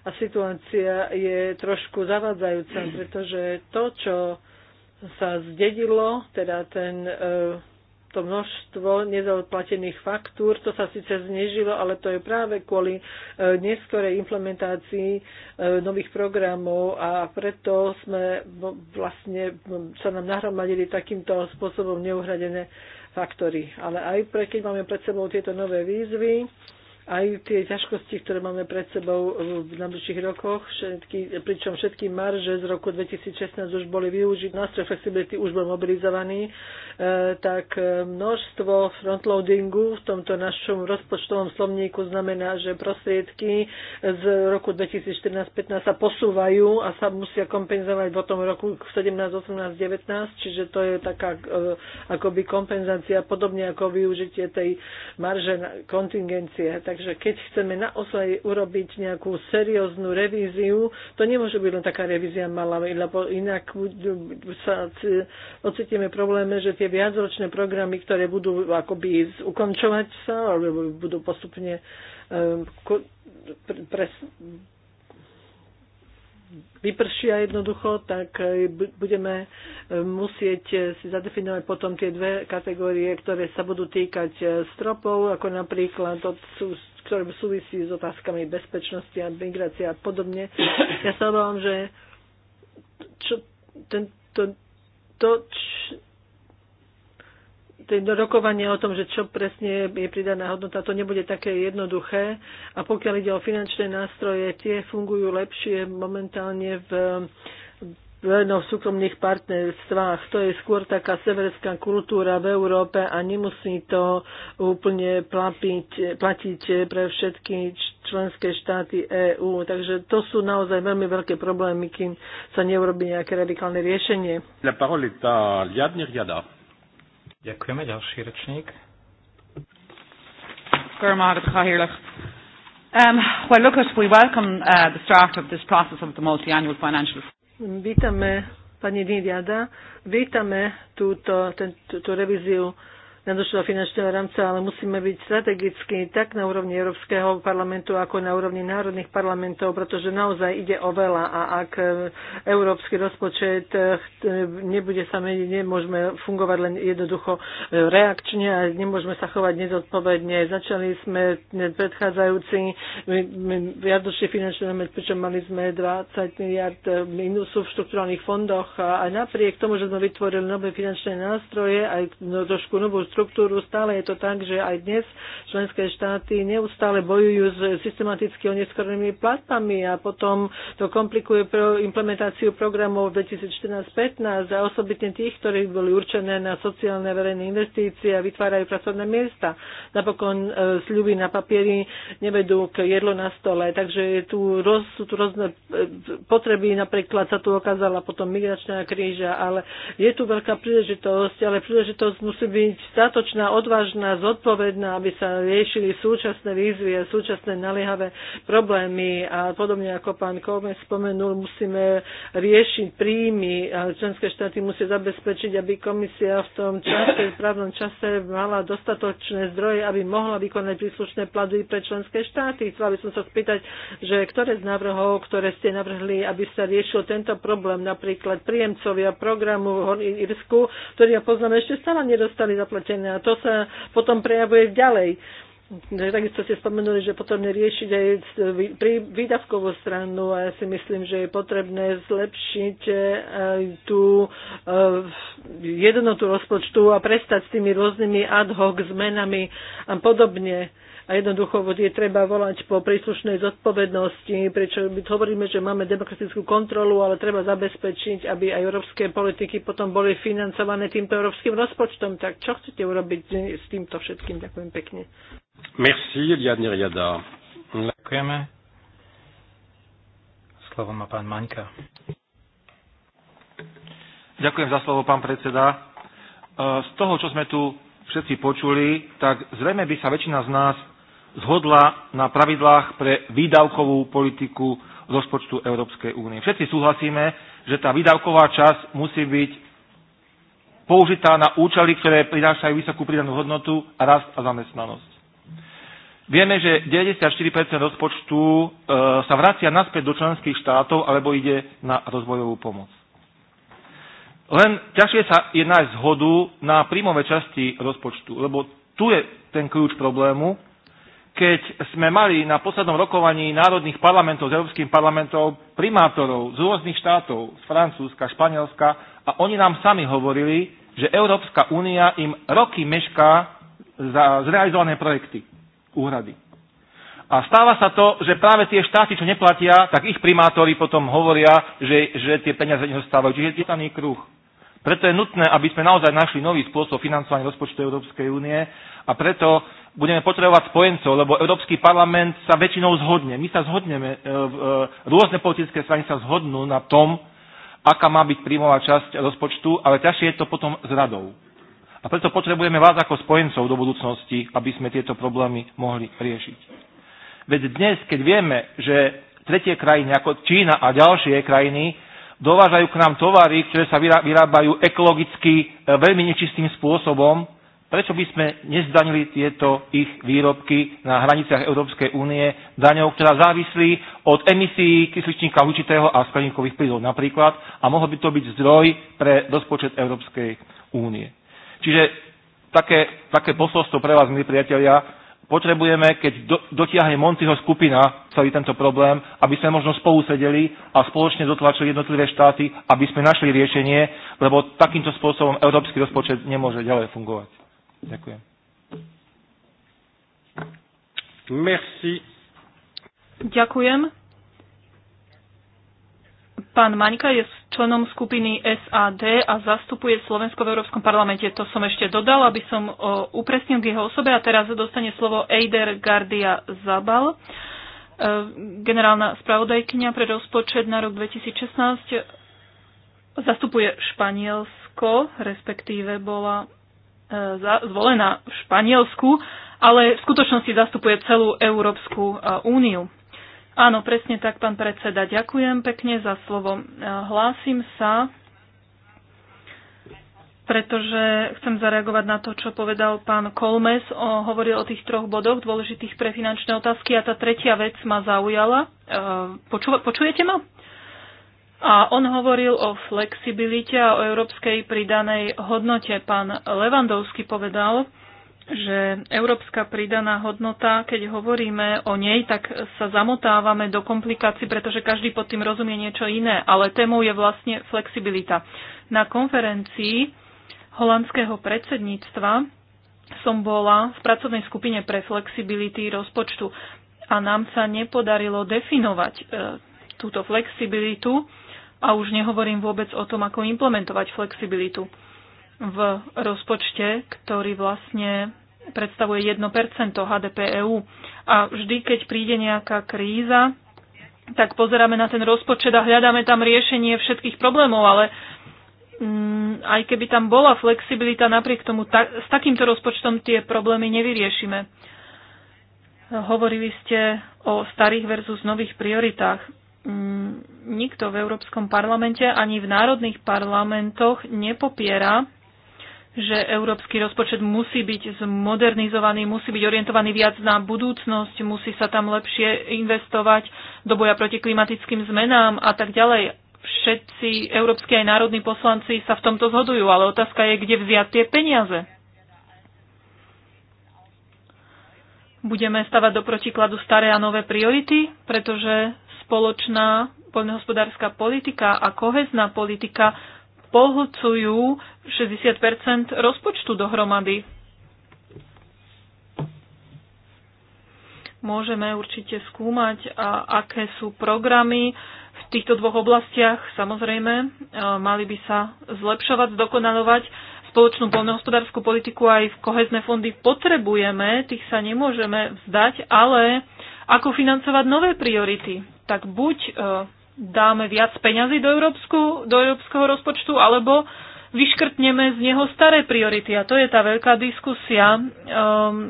a situácia je trošku zavádzajúca, pretože to, čo sa zdedilo, teda ten, e, to množstvo nezaodplatených faktúr, to sa síce znežilo, ale to je práve kvôli e, neskorej implementácii e, nových programov a preto sme vlastne sa nám nahromadili takýmto spôsobom neuhradené faktory. Ale aj pre, keď máme pred sebou tieto nové výzvy, aj tie ťažkosti, ktoré máme pred sebou v najbližších rokoch, všetky, pričom všetky marže z roku 2016 už boli využité, nástroj flexibility už bol mobilizovaný, e, tak e, množstvo frontloadingu v tomto našom rozpočtovom slovníku znamená, že prostriedky z roku 2014-15 sa posúvajú a sa musia kompenzovať v tom roku 17, 18, 19, čiže to je taká e, akoby kompenzácia, podobne ako využitie tej marže kontingencie. Tak Takže keď chceme naozaj urobiť nejakú serióznu revíziu, to nemôže byť len taká revízia malá, lebo inak sa ocitíme probléme, že tie viacročné programy, ktoré budú akoby ukončovať sa, alebo budú postupne ehm, pres, vypršia jednoducho, tak eh, budeme eh, musieť eh, si zadefinovať potom tie dve kategórie, ktoré sa budú týkať stropov, ako napríklad od, sú ktoré súvisí s otázkami bezpečnosti a migrácie a podobne. Ja sa obávam, že čo, ten, to, č, ten rokovanie o tom, že čo presne je pridaná hodnota, to nebude také jednoduché. A pokiaľ ide o finančné nástroje, tie fungujú lepšie momentálne v verejno v súkromných partnerstvách. To je skôr taká severská kultúra v Európe a nemusí to úplne plapiť, platiť pre všetky členské štáty EÚ. Takže to sú naozaj veľmi veľké problémy, kým sa neurobi nejaké radikálne riešenie. La parole est à Liadne Riada. Ďakujeme, ďalší rečník. Um, well, look, we welcome uh, the start of this process of the multi-annual financial Vítame pani Nidiada, vítame túto, ten, túto revíziu nadošlého finančného rámca, ale musíme byť strategicky tak na úrovni Európskeho parlamentu, ako na úrovni národných parlamentov, pretože naozaj ide o veľa a ak e, európsky rozpočet e, nebude sa meniť, nemôžeme fungovať len jednoducho e, reakčne a nemôžeme sa chovať nezodpovedne. Začali sme predchádzajúci viadočný finančný rámec, pričom mali sme 20 miliard minusu v štruktúrálnych fondoch a napriek tomu, že sme vytvorili nové finančné nástroje, aj no, trošku novú štruktúru, stále je to tak, že aj dnes členské štáty neustále bojujú s systematicky oneskorenými platbami a potom to komplikuje pro implementáciu programov 2014-15 a osobitne tých, ktorí boli určené na sociálne verejné investície a vytvárajú pracovné miesta. Napokon e, sľuby na papieri nevedú k jedlo na stole, takže je tu roz, sú tu rôzne e, potreby, napríklad sa tu okázala potom migračná kríža, ale je tu veľká príležitosť, ale príležitosť musí byť statočná, odvážna, zodpovedná, aby sa riešili súčasné výzvy a súčasné naliehavé problémy a podobne ako pán Kovme spomenul, musíme riešiť príjmy a členské štáty musia zabezpečiť, aby komisia v tom čase, v právnom čase mala dostatočné zdroje, aby mohla vykonať príslušné platby pre členské štáty. Chcela by som sa spýtať, že ktoré z návrhov, ktoré ste navrhli, aby sa riešil tento problém, napríklad príjemcovia programu v Irsku, ktorý ja poznám, ešte stále nedostali zaplatené opustené a to sa potom prejavuje ďalej. Takisto ste spomenuli, že potrebné riešiť aj pri výdavkovú stranu a ja si myslím, že je potrebné zlepšiť aj eh, tú eh, jednotu rozpočtu a prestať s tými rôznymi ad hoc zmenami a podobne a jednoducho je treba volať po príslušnej zodpovednosti, prečo my hovoríme, že máme demokratickú kontrolu, ale treba zabezpečiť, aby aj európske politiky potom boli financované týmto európskym rozpočtom. Tak čo chcete urobiť s týmto všetkým? Ďakujem pekne. Merci, Eliane Riada. Ďakujeme. Slovo má pán Maňka. Ďakujem za slovo, pán predseda. E, z toho, čo sme tu všetci počuli, tak zrejme by sa väčšina z nás zhodla na pravidlách pre výdavkovú politiku rozpočtu Európskej únie. Všetci súhlasíme, že tá výdavková časť musí byť použitá na účely, ktoré prinášajú vysokú pridanú hodnotu a rast a zamestnanosť. Vieme, že 94 rozpočtu e, sa vracia naspäť do členských štátov alebo ide na rozvojovú pomoc. Len ťažšie sa je nájsť zhodu na príjmové časti rozpočtu, lebo tu je ten kľúč problému, keď sme mali na poslednom rokovaní národných parlamentov s Európskym parlamentom primátorov z rôznych štátov, z Francúzska, Španielska a oni nám sami hovorili, že Európska únia im roky mešká za zrealizované projekty, úhrady. A stáva sa to, že práve tie štáty, čo neplatia, tak ich primátori potom hovoria, že, že tie peniaze nezostávajú. Čiže je tam kruh. Preto je nutné, aby sme naozaj našli nový spôsob financovania rozpočtu Európskej únie a preto budeme potrebovať spojencov, lebo Európsky parlament sa väčšinou zhodne. My sa zhodneme, e, e, rôzne politické strany sa zhodnú na tom, aká má byť príjmová časť rozpočtu, ale ťažšie je to potom s radou. A preto potrebujeme vás ako spojencov do budúcnosti, aby sme tieto problémy mohli riešiť. Veď dnes, keď vieme, že tretie krajiny ako Čína a ďalšie krajiny dovážajú k nám tovary, ktoré sa vyrábajú ekologicky e, veľmi nečistým spôsobom, Prečo by sme nezdanili tieto ich výrobky na hraniciach Európskej únie daňou, ktorá závislí od emisí kysličníka hlučitého a skleníkových plynov napríklad a mohol by to byť zdroj pre rozpočet Európskej únie. Čiže také, také posolstvo pre vás, milí priatelia, potrebujeme, keď do, dotiahne Montyho skupina celý tento problém, aby sme možno spolu sedeli a spoločne dotlačili jednotlivé štáty, aby sme našli riešenie, lebo takýmto spôsobom európsky rozpočet nemôže ďalej fungovať. Ďakujem. Merci. Ďakujem. Pán Maňka je členom skupiny SAD a zastupuje Slovensko v Európskom parlamente. To som ešte dodal, aby som upresnil k jeho osobe a teraz dostane slovo Eider Gardia Zabal, e, generálna spravodajkynia pre rozpočet na rok 2016. Zastupuje Španielsko, respektíve bola E, zvolená v Španielsku, ale v skutočnosti zastupuje celú Európsku e, úniu. Áno, presne tak, pán predseda. Ďakujem pekne za slovo. E, hlásim sa, pretože chcem zareagovať na to, čo povedal pán Kolmes. O, hovoril o tých troch bodoch dôležitých pre finančné otázky a tá tretia vec ma zaujala. Poču, počujete ma? A on hovoril o flexibilite a o európskej pridanej hodnote. Pán Levandovský povedal, že európska pridaná hodnota, keď hovoríme o nej, tak sa zamotávame do komplikácií, pretože každý pod tým rozumie niečo iné, ale témou je vlastne flexibilita. Na konferencii holandského predsedníctva som bola v pracovnej skupine pre flexibility rozpočtu a nám sa nepodarilo definovať e, túto flexibilitu a už nehovorím vôbec o tom, ako implementovať flexibilitu v rozpočte, ktorý vlastne predstavuje 1% HDP EU. A vždy, keď príde nejaká kríza, tak pozeráme na ten rozpočet a hľadáme tam riešenie všetkých problémov, ale mm, aj keby tam bola flexibilita, napriek tomu ta, s takýmto rozpočtom tie problémy nevyriešime. Hovorili ste o starých versus nových prioritách. Mm, nikto v Európskom parlamente ani v národných parlamentoch nepopiera, že európsky rozpočet musí byť zmodernizovaný, musí byť orientovaný viac na budúcnosť, musí sa tam lepšie investovať do boja proti klimatickým zmenám a tak ďalej. Všetci európsky aj národní poslanci sa v tomto zhodujú, ale otázka je, kde vziať tie peniaze. Budeme stavať do protikladu staré a nové priority, pretože spoločná poľnohospodárska politika a kohezná politika pohľcujú 60 rozpočtu dohromady. Môžeme určite skúmať, a aké sú programy v týchto dvoch oblastiach. Samozrejme, e, mali by sa zlepšovať, zdokonalovať. Spoločnú poľnohospodárskú politiku aj v kohezné fondy potrebujeme, tých sa nemôžeme vzdať, ale ako financovať nové priority? tak buď e, dáme viac peňazí do, európsku, do európskeho rozpočtu, alebo vyškrtneme z neho staré priority. A to je tá veľká diskusia, e,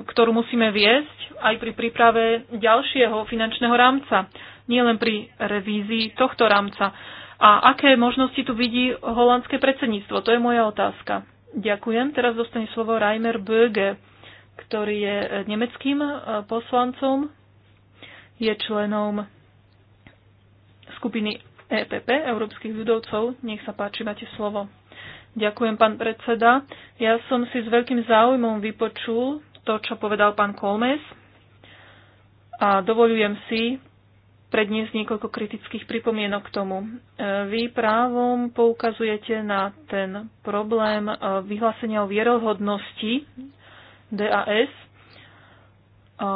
ktorú musíme viesť aj pri príprave ďalšieho finančného rámca, nielen pri revízii tohto rámca. A aké možnosti tu vidí holandské predsedníctvo? To je moja otázka. Ďakujem. Teraz dostane slovo Reimer Böge, ktorý je nemeckým e, poslancom, je členom skupiny EPP, Európskych ľudovcov. Nech sa páči, máte slovo. Ďakujem, pán predseda. Ja som si s veľkým záujmom vypočul to, čo povedal pán Kolmes a dovolujem si predniesť niekoľko kritických pripomienok k tomu. E, vy právom poukazujete na ten problém e, vyhlásenia o vierohodnosti DAS. E,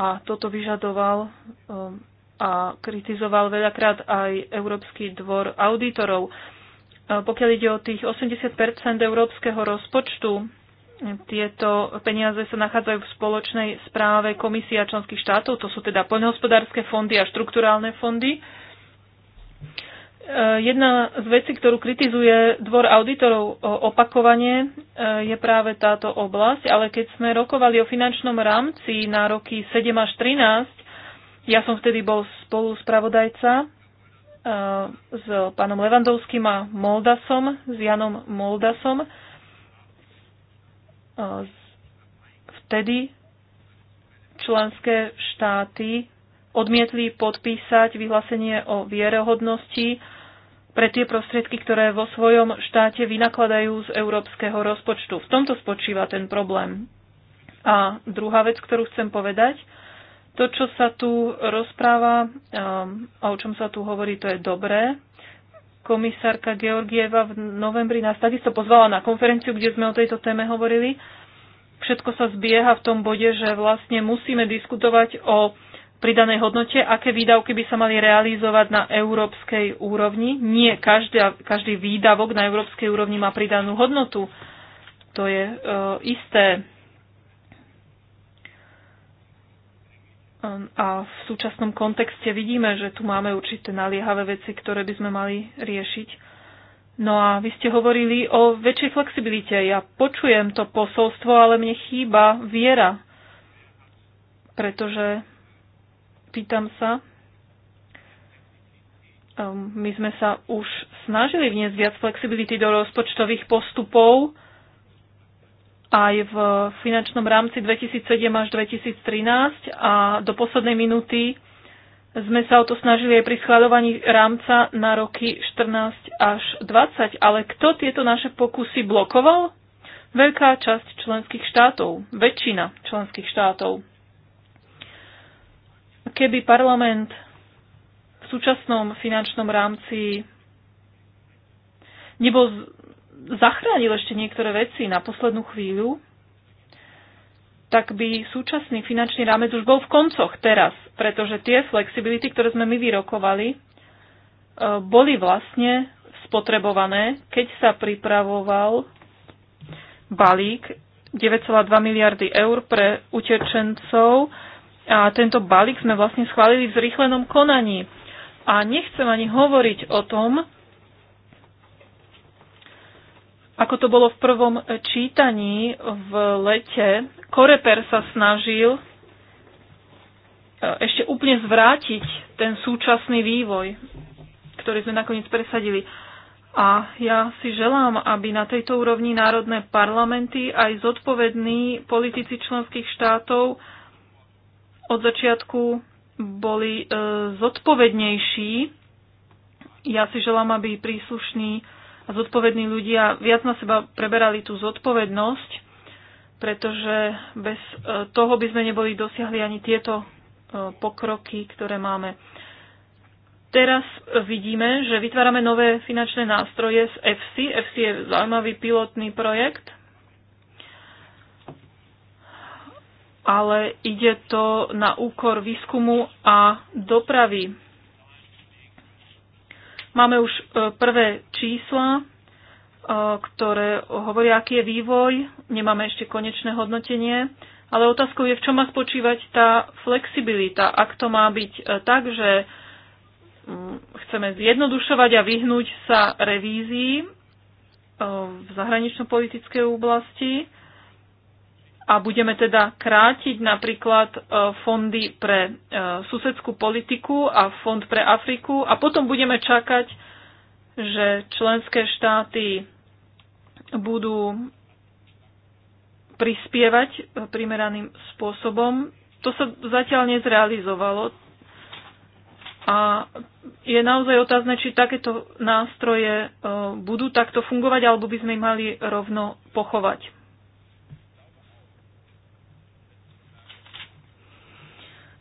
a toto vyžadoval um, a kritizoval veľakrát aj Európsky dvor auditorov. Uh, pokiaľ ide o tých 80 európskeho rozpočtu, tieto peniaze sa nachádzajú v spoločnej správe Komisia členských štátov, to sú teda poľnohospodárske fondy a štrukturálne fondy. Eh, jedna z vecí, ktorú kritizuje dvor auditorov eh, opakovanie eh, je práve táto oblasť, ale keď sme rokovali o finančnom rámci na roky 7 až 13, ja som vtedy bol spolu spravodajca s pánom Levandovským a Moldasom, s Janom Moldasom. Vtedy členské štáty odmietli podpísať vyhlásenie o vierohodnosti pre tie prostriedky, ktoré vo svojom štáte vynakladajú z európskeho rozpočtu. V tomto spočíva ten problém. A druhá vec, ktorú chcem povedať, to, čo sa tu rozpráva ehm, a o čom sa tu hovorí, to je dobré. Komisárka Georgieva v novembri nás takisto pozvala na konferenciu, kde sme o tejto téme hovorili. Všetko sa zbieha v tom bode, že vlastne musíme diskutovať o pridanej hodnote, aké výdavky by sa mali realizovať na európskej úrovni. Nie každý, každý výdavok na európskej úrovni má pridanú hodnotu. To je e, isté. Ehm, a v súčasnom kontexte vidíme, že tu máme určité naliehavé veci, ktoré by sme mali riešiť. No a vy ste hovorili o väčšej flexibilite. Ja počujem to posolstvo, ale mne chýba viera. Pretože Pýtam sa, um, my sme sa už snažili vniesť viac flexibility do rozpočtových postupov aj v finančnom rámci 2007 až 2013 a do poslednej minúty sme sa o to snažili aj pri schváľovaní rámca na roky 14 až 20, ale kto tieto naše pokusy blokoval? Veľká časť členských štátov, väčšina členských štátov. Keby parlament v súčasnom finančnom rámci nebol zachránil ešte niektoré veci na poslednú chvíľu, tak by súčasný finančný rámec už bol v koncoch teraz, pretože tie flexibility, ktoré sme my vyrokovali, e, boli vlastne spotrebované, keď sa pripravoval balík 9,2 miliardy eur pre utečencov a tento balík sme vlastne schválili v zrýchlenom konaní. A nechcem ani hovoriť o tom, ako to bolo v prvom čítaní v lete. Koreper sa snažil e, ešte úplne zvrátiť ten súčasný vývoj, ktorý sme nakoniec presadili. A ja si želám, aby na tejto úrovni národné parlamenty aj zodpovední politici členských štátov od začiatku boli e, zodpovednejší. Ja si želám, aby príslušní a zodpovední ľudia viac na seba preberali tú zodpovednosť, pretože bez e, toho by sme neboli dosiahli ani tieto e, pokroky, ktoré máme. Teraz vidíme, že vytvárame nové finančné nástroje z EFSI. EFSI je zaujímavý pilotný projekt, ale ide to na úkor výskumu a dopravy. Máme už e, prvé čísla, e, ktoré hovoria, aký je vývoj. Nemáme ešte konečné hodnotenie, ale otázkou je, v čom má spočívať tá flexibilita. Ak to má byť e, tak, že mm, chceme zjednodušovať a vyhnúť sa revízii v zahranično-politickej oblasti, a budeme teda krátiť napríklad e, fondy pre e, susedskú politiku a fond pre Afriku a potom budeme čakať, že členské štáty budú prispievať e, primeraným spôsobom. To sa zatiaľ nezrealizovalo. A je naozaj otázne, či takéto nástroje budú takto fungovať, alebo by sme ich mali rovno pochovať.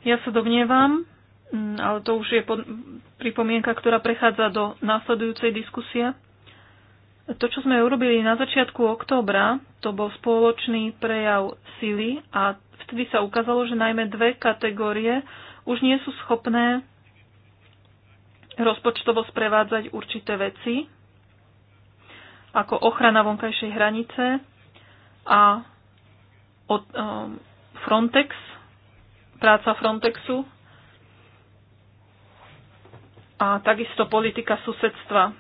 Ja sa domnievam, mm, ale to už je pod, pripomienka, ktorá prechádza do následujúcej diskusie. To, čo sme urobili na začiatku októbra, to bol spoločný prejav sily a vtedy sa ukázalo, že najmä dve kategórie už nie sú schopné rozpočtovo sprevádzať určité veci, ako ochrana vonkajšej hranice a od, um, Frontex práca Frontexu a takisto politika susedstva,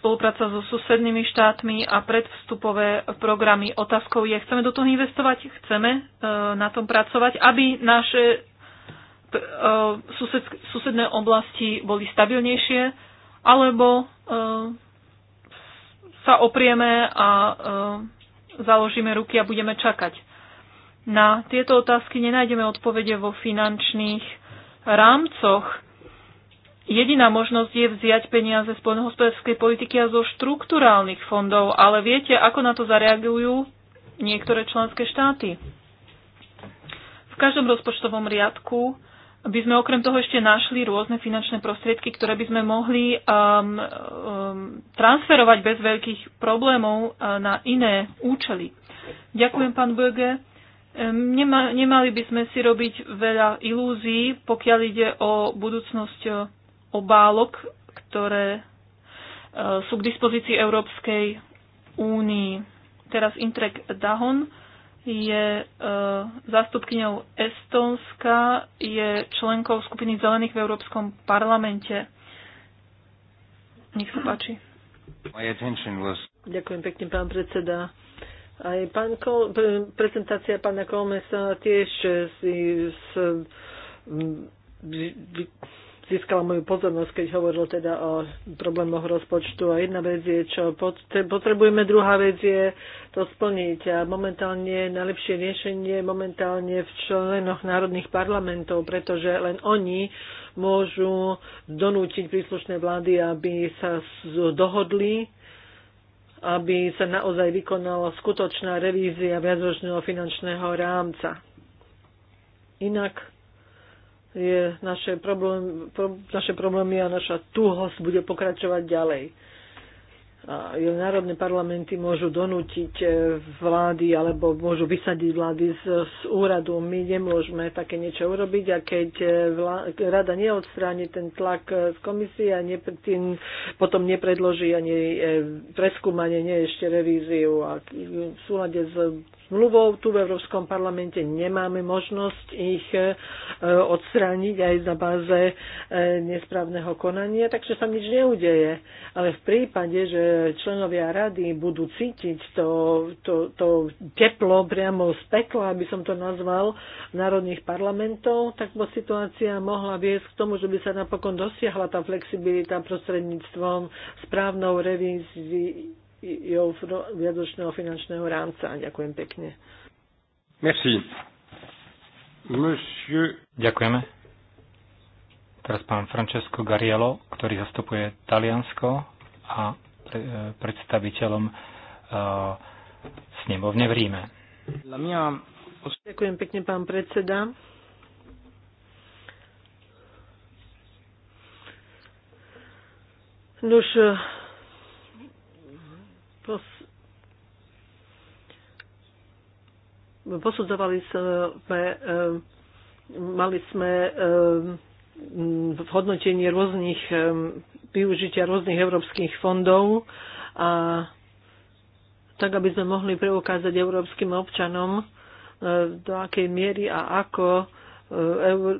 spolupráca so susednými štátmi a predvstupové programy. Otázkou je, chceme do toho investovať, chceme e, na tom pracovať, aby naše e, sused, susedné oblasti boli stabilnejšie, alebo e, sa oprieme a založíme ruky a budeme čakať. Na tieto otázky nenájdeme odpovede vo finančných rámcoch. Jediná možnosť je vziať peniaze z poľnohospodárskej politiky a zo štruktúrálnych fondov, ale viete, ako na to zareagujú niektoré členské štáty. V každom rozpočtovom riadku by sme okrem toho ešte našli rôzne finančné prostriedky, ktoré by sme mohli um, um, transferovať bez veľkých problémov uh, na iné účely. Ďakujem, pán Böge. Nema, nemali by sme si robiť veľa ilúzií, pokiaľ ide o budúcnosť e, obálok, ktoré e, sú k dispozícii Európskej únii. Teraz Intrek Dahon je e, zástupkyňou Estónska, je členkou skupiny zelených v Európskom parlamente. Nech sa páči. Ďakujem pekne, pán predseda. Aj pán Kol, prezentácia pána Kolmesa tiež eh, si, s, mm, získala moju pozornosť, keď hovoril teda o problémoch rozpočtu. A jedna vec je, čo potrebujeme, druhá vec je to splniť. A momentálne najlepšie riešenie momentálne v členoch národných parlamentov, pretože len oni môžu donútiť príslušné vlády, aby sa dohodli aby sa naozaj vykonala skutočná revízia viacročného finančného rámca. Inak je naše, problém, pro, naše problémy a naša tuhosť bude pokračovať ďalej národné parlamenty môžu donútiť e, vlády alebo môžu vysadiť vlády z, z úradu. My nemôžeme také niečo urobiť a keď e, vlá, rada neodstráni ten tlak e, z komisie a ne, tým potom nepredloží ani preskúmanie, nie ešte revíziu a v súlade s zmluvou. Tu v Európskom parlamente nemáme možnosť ich e, odstrániť aj za báze e, nesprávneho konania, takže sa nič neudeje. Ale v prípade, že členovia rady budú cítiť to, to, to teplo priamo z pekla, aby som to nazval, národných parlamentov, tak bo situácia mohla viesť k tomu, že by sa napokon dosiahla tá flexibilita prostredníctvom správnou revízií jeho viadočného finančného rámca. Ďakujem pekne. Merci. Monsieur... Ďakujeme. Teraz pán Francesco Gariello, ktorý zastupuje Taliansko a pre, e, predstaviteľom uh, snemovne v Ríme. Mia... Ďakujem pekne, pán predseda. Nož, Pos- posudzovali sme, e, mali sme e, v hodnotení rôznych e, využitia rôznych európskych fondov a tak, aby sme mohli preukázať európskym občanom, do akej miery a ako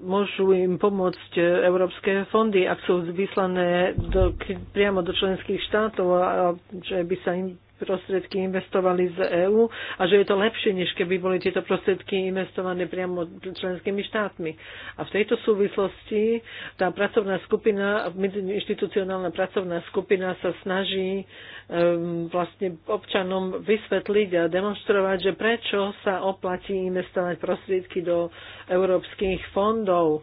môžu im pomôcť európske fondy, ak sú vyslané do, priamo do členských štátov a že by sa im prostriedky investovali z EÚ a že je to lepšie, než keby boli tieto prostriedky investované priamo členskými štátmi. A v tejto súvislosti tá pracovná skupina, medziinstitucionálna pracovná skupina sa snaží um, vlastne občanom vysvetliť a demonstrovať, že prečo sa oplatí investovať prostriedky do európskych fondov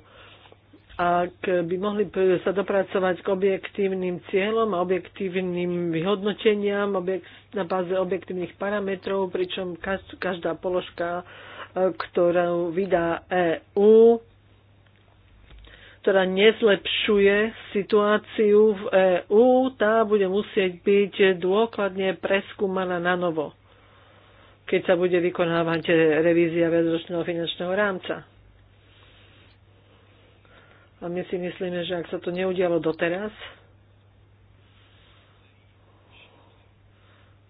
ak by mohli sa dopracovať k objektívnym cieľom a objektívnym vyhodnoteniam na báze objektívnych parametrov, pričom každá položka, e, ktorú vydá EÚ, ktorá nezlepšuje situáciu v EÚ, tá bude musieť byť dôkladne preskúmaná na novo, keď sa bude vykonávať revízia viacročného finančného rámca. A my si myslíme, že ak sa to neudialo doteraz,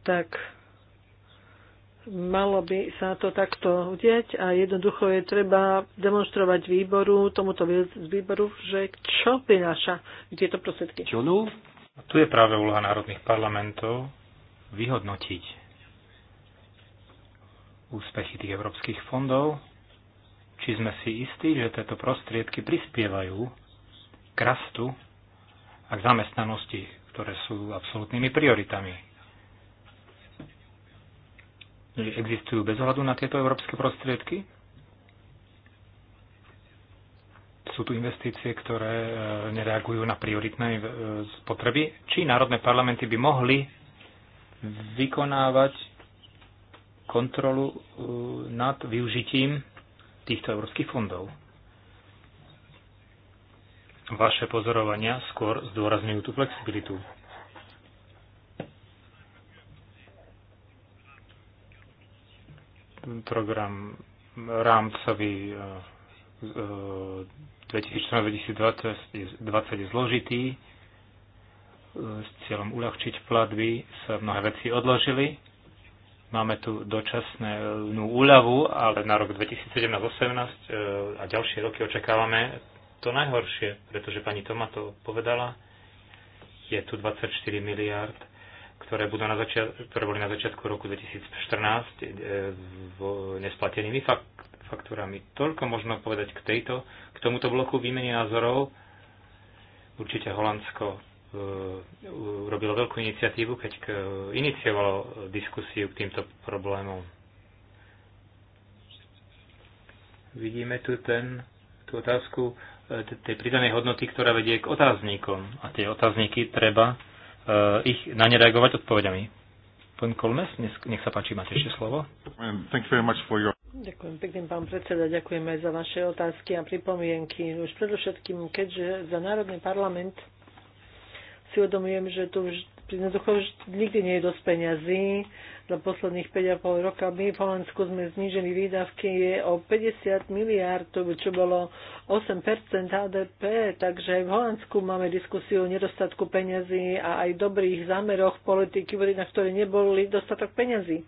tak malo by sa to takto udiať a jednoducho je treba demonstrovať výboru, tomuto výboru, že čo prináša tieto prosvedky. Čunu? A tu je práve úloha národných parlamentov vyhodnotiť úspechy tých európskych fondov či sme si istí, že tieto prostriedky prispievajú k rastu a k zamestnanosti, ktoré sú absolútnymi prioritami. Existujú bez ohľadu na tieto európske prostriedky? Sú tu investície, ktoré e, nereagujú na prioritné e, potreby? Či národné parlamenty by mohli vykonávať kontrolu e, nad využitím týchto európskych fondov. Vaše pozorovania skôr zdôrazňujú tú flexibilitu. Program rámcový 2020 eh, eh, je zložitý s cieľom uľahčiť platby, sa mnohé veci odložili. Máme tu dočasnú úľavu, ale na rok 2017-2018 e, a ďalšie roky očakávame to najhoršie, pretože pani Toma to povedala, je tu 24 miliard, ktoré, budú na začiat- ktoré boli na začiatku roku 2014 e, nesplatenými faktúrami. Toľko možno povedať k, tejto, k tomuto bloku výmeny názorov. Určite Holandsko E, urobilo veľkú iniciatívu, keď iniciovalo diskusiu k týmto problémom. Vidíme tu ten, tú otázku e, tej pridanej hodnoty, ktorá vedie k otáznikom. A tie otázniky treba uh, ich na ne reagovať odpovediami. Pán Kolmes, nech sa páči, máte ešte slovo. Your... Ďakujem pekne, pán predseda. Ďakujem aj za vaše otázky a pripomienky. Už predovšetkým, keďže za Národný parlament si uvedomujem, že tu jednoducho nikdy nie je dosť peňazí. Za posledných 5,5 roka my v Holandsku sme znížili výdavky o 50 miliárd, čo bolo 8% HDP, takže v Holandsku máme diskusiu o nedostatku peňazí a aj dobrých zámeroch politiky, na ktoré neboli dostatok peňazí.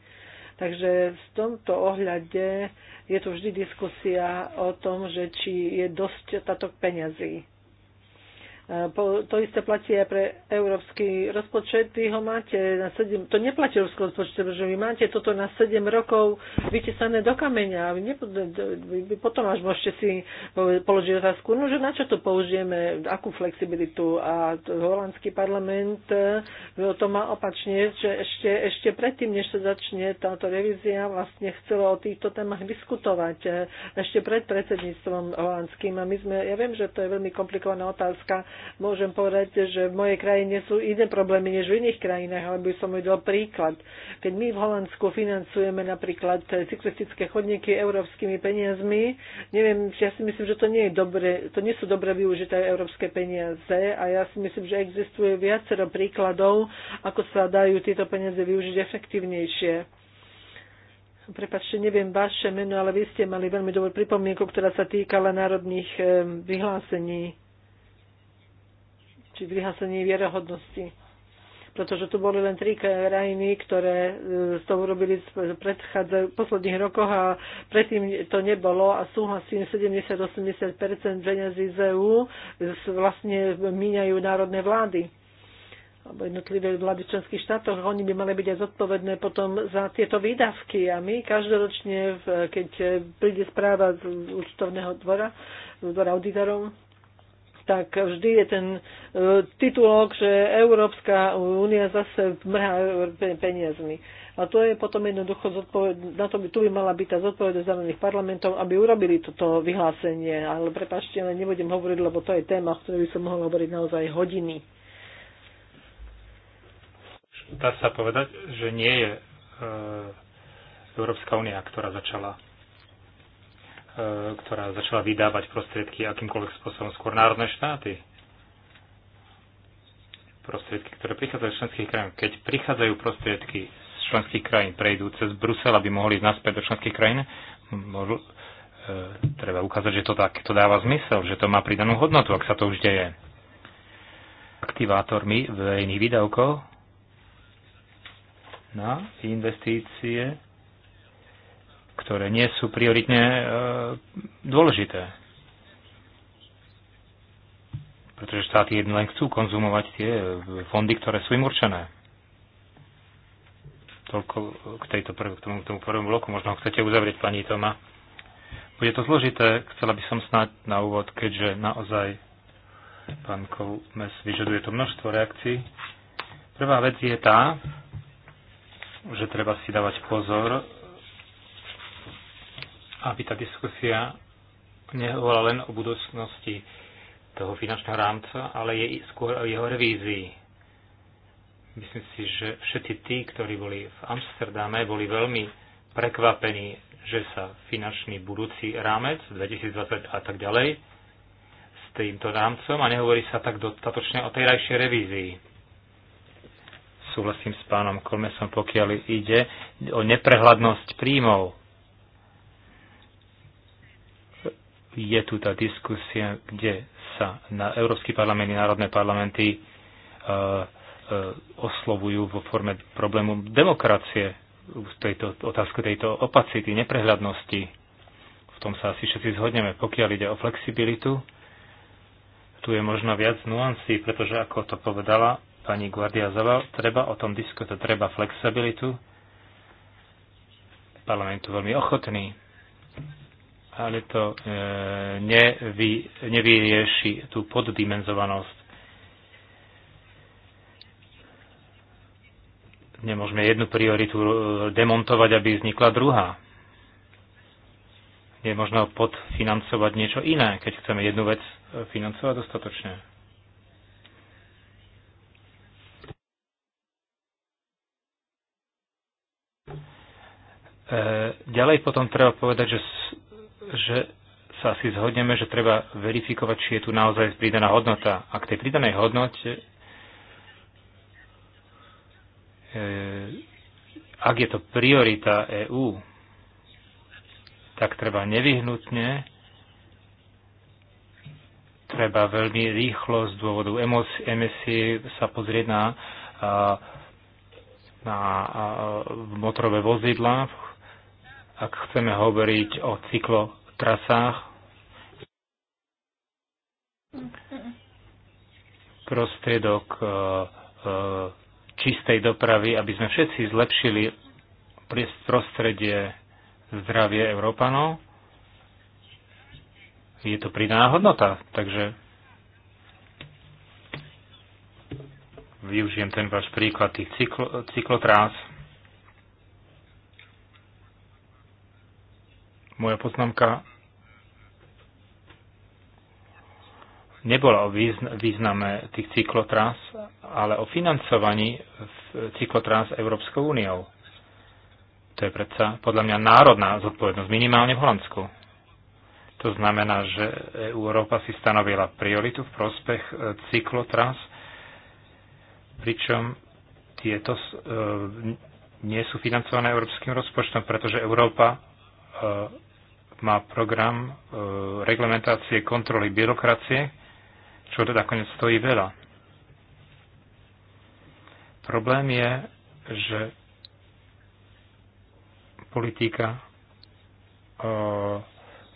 Takže v tomto ohľade je tu vždy diskusia o tom, že či je dosť dostatok peňazí. To isté platí aj pre európsky rozpočet. Vy ho máte na 7, to neplatí európsky rozpočet, pretože vy máte toto na 7 rokov vytesané do kameňa. Vy, ne, vy potom až môžete si položiť otázku, no, že na čo to použijeme, akú flexibilitu. A holandský parlament e, to má opačne, že ešte, ešte predtým, než sa začne táto revízia, vlastne chcelo o týchto témach diskutovať e, ešte pred predsedníctvom holandským. A my sme, ja viem, že to je veľmi komplikovaná otázka, môžem povedať, že v mojej krajine sú iné problémy než v iných krajinách, ale by som vedel príklad. Keď my v Holandsku financujeme napríklad cyklistické chodníky európskymi peniazmi, neviem, ja si myslím, že to nie je dobre, to nie sú dobre využité európske peniaze a ja si myslím, že existuje viacero príkladov, ako sa dajú tieto peniaze využiť efektívnejšie prepačte, neviem vaše meno, ale vy ste mali veľmi dobrú pripomienku, ktorá sa týkala národných eh, vyhlásení či vyhasenie vierohodnosti. Pretože tu boli len tri krajiny, ktoré z e, toho urobili v posledných rokoch a predtým to nebolo a súhlasím 70-80% peňazí z EÚ vlastne míňajú národné vlády alebo jednotlivé vlády v členských štátoch, oni by mali byť aj zodpovedné potom za tieto výdavky. A my každoročne, keď príde správa z účtovného dvora, z dvora auditorov, tak vždy je ten e, titulok, že Európska únia zase mrhá peniazmi. A to je potom jednoducho zodpoved... na to by, tu by mala byť tá zodpovednosť zelených parlamentov, aby urobili toto vyhlásenie. Ale prepačte, ale nebudem hovoriť, lebo to je téma, o ktorej by som mohol hovoriť naozaj hodiny. Dá sa povedať, že nie je e, Európska únia, ktorá začala E, ktorá začala vydávať prostriedky akýmkoľvek spôsobom skôr národné štáty. Prostriedky, ktoré prichádzajú z členských krajín. Keď prichádzajú prostriedky z členských krajín, prejdú cez Brusel, aby mohli ísť naspäť do členských krajín, môžu, e, treba ukázať, že to, tak, to dáva zmysel, že to má pridanú hodnotu, ak sa to už deje. Aktivátormi verejných výdavkov na investície ktoré nie sú prioritne e, dôležité. Pretože štáty jedno len chcú konzumovať tie fondy, ktoré sú im určené. Toľko k, tejto prv, k, tomu, k tomu prvému bloku. Možno ho chcete uzavrieť, pani Toma. Bude to zložité. Chcela by som snáď na úvod, keďže naozaj pán Kovmes vyžaduje to množstvo reakcií. Prvá vec je tá, že treba si dávať pozor aby tá diskusia nehovorila len o budúcnosti toho finančného rámca, ale je skôr o jeho revízii. Myslím si, že všetci tí, ktorí boli v Amsterdame, boli veľmi prekvapení, že sa finančný budúci rámec 2020 a tak ďalej s týmto rámcom a nehovorí sa tak dostatočne o tej rajšej revízii. Súhlasím s pánom Kolmesom, pokiaľ ide o neprehľadnosť príjmov je tu tá diskusia, kde sa na Európsky parlament i národné parlamenty e, e, oslovujú vo forme problému demokracie v tejto otázke, tejto opacity, neprehľadnosti. V tom sa asi všetci zhodneme. Pokiaľ ide o flexibilitu, tu je možno viac nuancí, pretože ako to povedala pani Guardia Zaval, treba o tom diskutovať, treba flexibilitu. Parlament tu veľmi ochotný ale to e, nevy, nevyrieši tú poddimenzovanosť. Nemôžeme jednu prioritu e, demontovať, aby vznikla druhá. Je možno podfinancovať niečo iné, keď chceme jednu vec e, financovať dostatočne. Ďalej potom treba povedať, že že sa asi zhodneme, že treba verifikovať, či je tu naozaj pridaná hodnota. A k tej pridanej hodnote, eh, ak je to priorita EÚ, tak treba nevyhnutne, treba veľmi rýchlo z dôvodu emisí sa pozrieť na, na motorové vozidlá, ak chceme hovoriť o cyklo trasách prostriedok e, e, čistej dopravy, aby sme všetci zlepšili prostredie zdravie Európanov. Je to pridaná hodnota, takže využijem ten váš príklad tých cyklo, cyklotrás. Moja poznámka nebola o význame tých cyklotrans, ale o financovaní cyklotrans Európskou úniou. To je predsa podľa mňa národná zodpovednosť, minimálne v Holandsku. To znamená, že Európa si stanovila prioritu v prospech e, cyklotrans, pričom tieto e, nie sú financované európskym rozpočtom, pretože Európa e, má program reglementácie kontroly byrokracie, čo to teda nakoniec stojí veľa. Problém je, že politika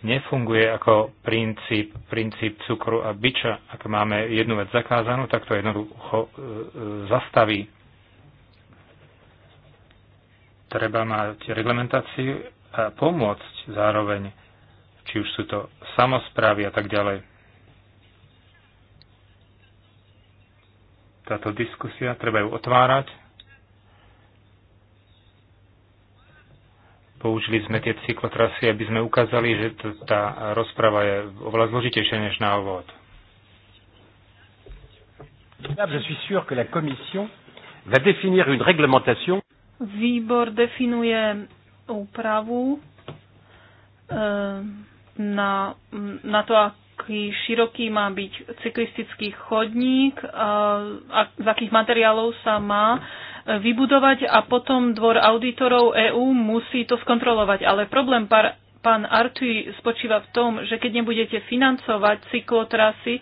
nefunguje ako princíp, princíp cukru a byča. Ak máme jednu vec zakázanú, tak to jednoducho e, e, zastaví. Treba mať reglementáciu a pomôcť zároveň, či už sú to samozprávy a tak ďalej táto diskusia, treba ju otvárať. Použili sme tie cyklotrasy, aby sme ukázali, že tá rozprava je oveľa zložitejšia než na úvod. Výbor definuje úpravu eh, na, na to, aký široký má byť cyklistický chodník, a z akých materiálov sa má e, vybudovať a potom dvor auditorov EÚ musí to skontrolovať. Ale problém par, pán Artuj spočíva v tom, že keď nebudete financovať cyklotrasy,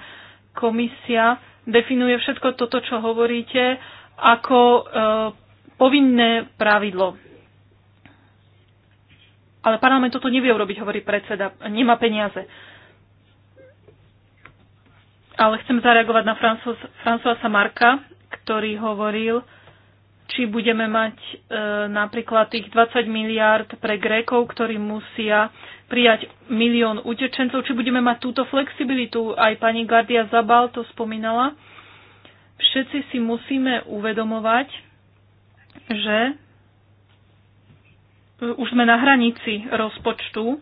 komisia definuje všetko toto, čo hovoríte, ako e, povinné pravidlo. Ale parlament toto nevie urobiť, hovorí predseda. Nemá peniaze. Ale chcem zareagovať na Francoisa Marka, ktorý hovoril, či budeme mať e, napríklad tých 20 miliárd pre Grékov, ktorí musia prijať milión utečencov, či budeme mať túto flexibilitu. Aj pani Gardia Zabal to spomínala. Všetci si musíme uvedomovať, že už sme na hranici rozpočtu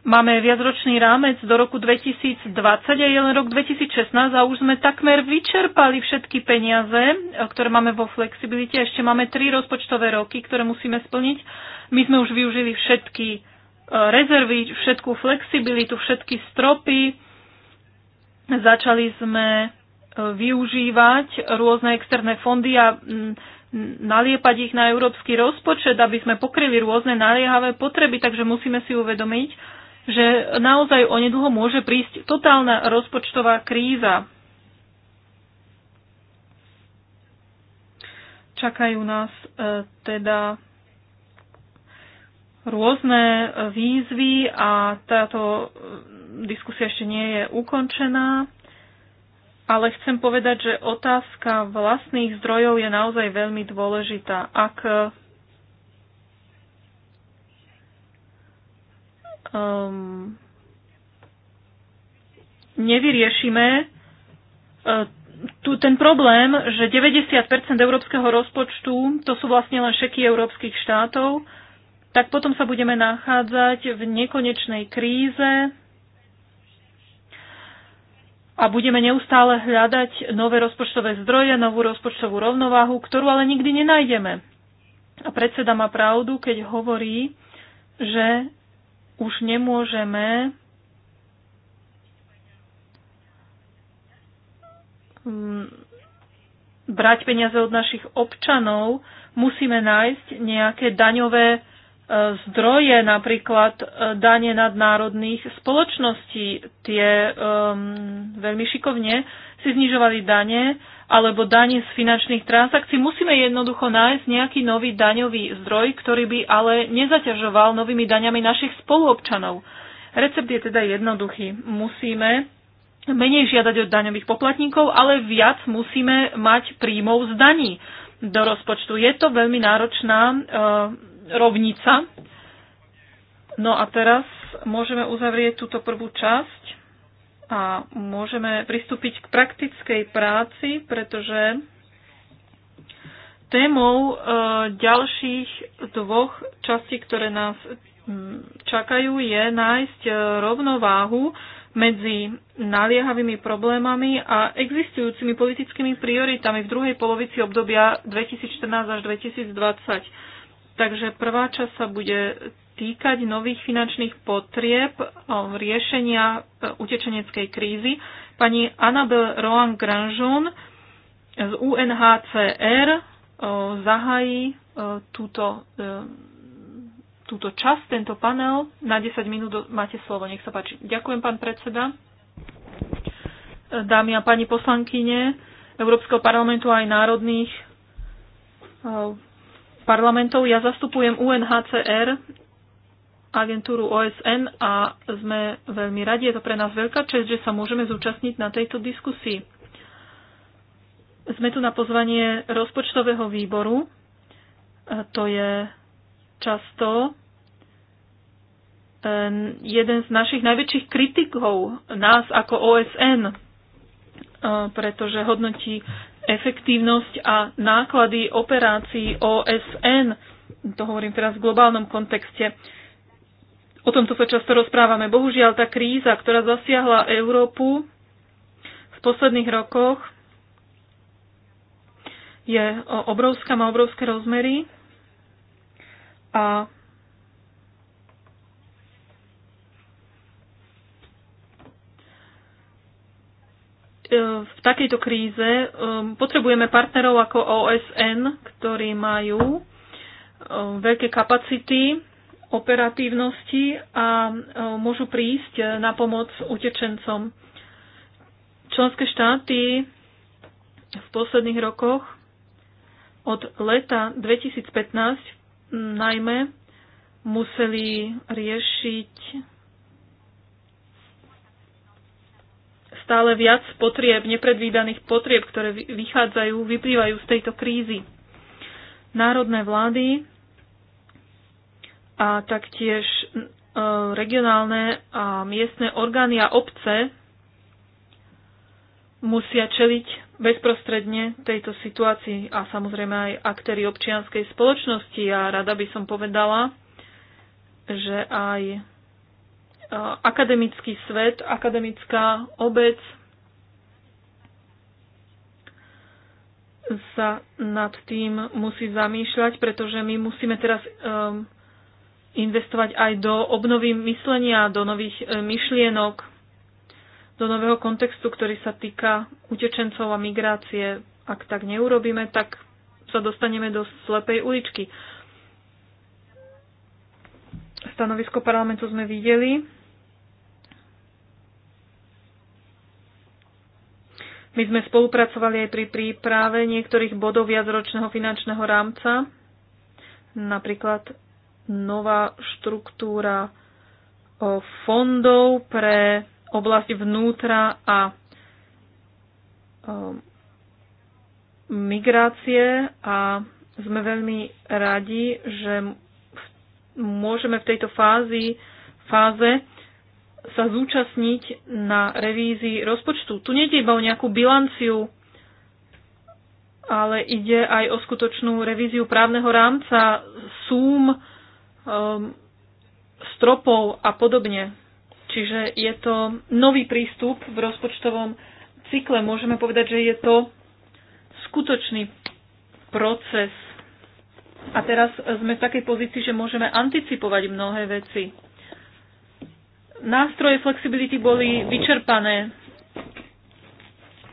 Máme viacročný rámec do roku 2020 a je len rok 2016 a už sme takmer vyčerpali všetky peniaze, ktoré máme vo flexibilite. Ešte máme tri rozpočtové roky, ktoré musíme splniť. My sme už využili všetky e, rezervy, všetkú flexibilitu, všetky stropy. Začali sme e, využívať rôzne externé fondy a naliepať ich na európsky rozpočet, aby sme pokryli rôzne naliehavé potreby, takže musíme si uvedomiť, že naozaj onedlho môže prísť totálna rozpočtová kríza. Čakajú nás e, teda rôzne výzvy a táto e, diskusia ešte nie je ukončená, ale chcem povedať, že otázka vlastných zdrojov je naozaj veľmi dôležitá. Ak um, nevyriešime uh, tu ten problém, že 90% európskeho rozpočtu to sú vlastne len šeky európskych štátov, tak potom sa budeme nachádzať v nekonečnej kríze a budeme neustále hľadať nové rozpočtové zdroje, novú rozpočtovú rovnováhu, ktorú ale nikdy nenájdeme. A predseda má pravdu, keď hovorí, že už nemôžeme mm, brať peniaze od našich občanov, musíme nájsť nejaké daňové e, zdroje, napríklad e, dane nadnárodných spoločností. Tie um, veľmi šikovne si znižovali dane alebo dane z finančných transakcií. Musíme jednoducho nájsť nejaký nový daňový zdroj, ktorý by ale nezaťažoval novými daňami našich spoluobčanov. Recept je teda jednoduchý. Musíme menej žiadať od daňových poplatníkov, ale viac musíme mať príjmov z daní do rozpočtu. Je to veľmi náročná e, rovnica. No a teraz môžeme uzavrieť túto prvú časť a môžeme pristúpiť k praktickej práci, pretože témou e, ďalších dvoch častí, ktoré nás čakajú, je nájsť e, rovnováhu medzi naliehavými problémami a existujúcimi politickými prioritami v druhej polovici obdobia 2014 až 2020. Takže prvá časť sa bude týkať nových finančných potrieb eh, riešenia eh, utečeneckej krízy. Pani Annabel Rohan Granžon z UNHCR eh, zahají túto, túto časť, tento panel. Na 10 minút máte slovo, nech sa páči. Ďakujem, pán predseda. Dámy a pani poslankyne Európskeho parlamentu aj národných parlamentov. Ja zastupujem UNHCR agentúru OSN a sme veľmi radi. Je to pre nás veľká čest, že sa môžeme zúčastniť na tejto diskusii. Sme tu na pozvanie rozpočtového výboru. To je často ehm, jeden z našich najväčších kritikov nás ako OSN, e, pretože hodnotí efektívnosť a náklady operácií OSN. To hovorím teraz v globálnom kontexte. O tomto sa často rozprávame. Bohužiaľ, tá kríza, ktorá zasiahla Európu v posledných rokoch, je obrovská, má obrovské rozmery a v takejto kríze um, potrebujeme partnerov ako OSN, ktorí majú um, veľké kapacity operatívnosti a e, môžu prísť na pomoc utečencom. Členské štáty v posledných rokoch od leta 2015 najmä museli riešiť stále viac potrieb, nepredvídaných potrieb, ktoré vychádzajú, vyplývajú z tejto krízy. Národné vlády a taktiež e, regionálne a miestne orgány a obce musia čeliť bezprostredne tejto situácii a samozrejme aj aktéry občianskej spoločnosti. A rada by som povedala, že aj e, akademický svet, akademická obec sa nad tým musí zamýšľať, pretože my musíme teraz um, investovať aj do obnovy myslenia, do nových e, myšlienok, do nového kontextu, ktorý sa týka utečencov a migrácie. Ak tak neurobíme, tak sa dostaneme do slepej uličky. Stanovisko parlamentu sme videli. My sme spolupracovali aj pri príprave niektorých bodov viacročného finančného rámca, napríklad nová štruktúra fondov pre oblasti vnútra a migrácie a sme veľmi radi, že môžeme v tejto fázi, fáze sa zúčastniť na revízii rozpočtu. Tu nie iba o nejakú bilanciu, ale ide aj o skutočnú revíziu právneho rámca súm um, stropov a podobne. Čiže je to nový prístup v rozpočtovom cykle. Môžeme povedať, že je to skutočný proces. A teraz sme v takej pozícii, že môžeme anticipovať mnohé veci. Nástroje flexibility boli vyčerpané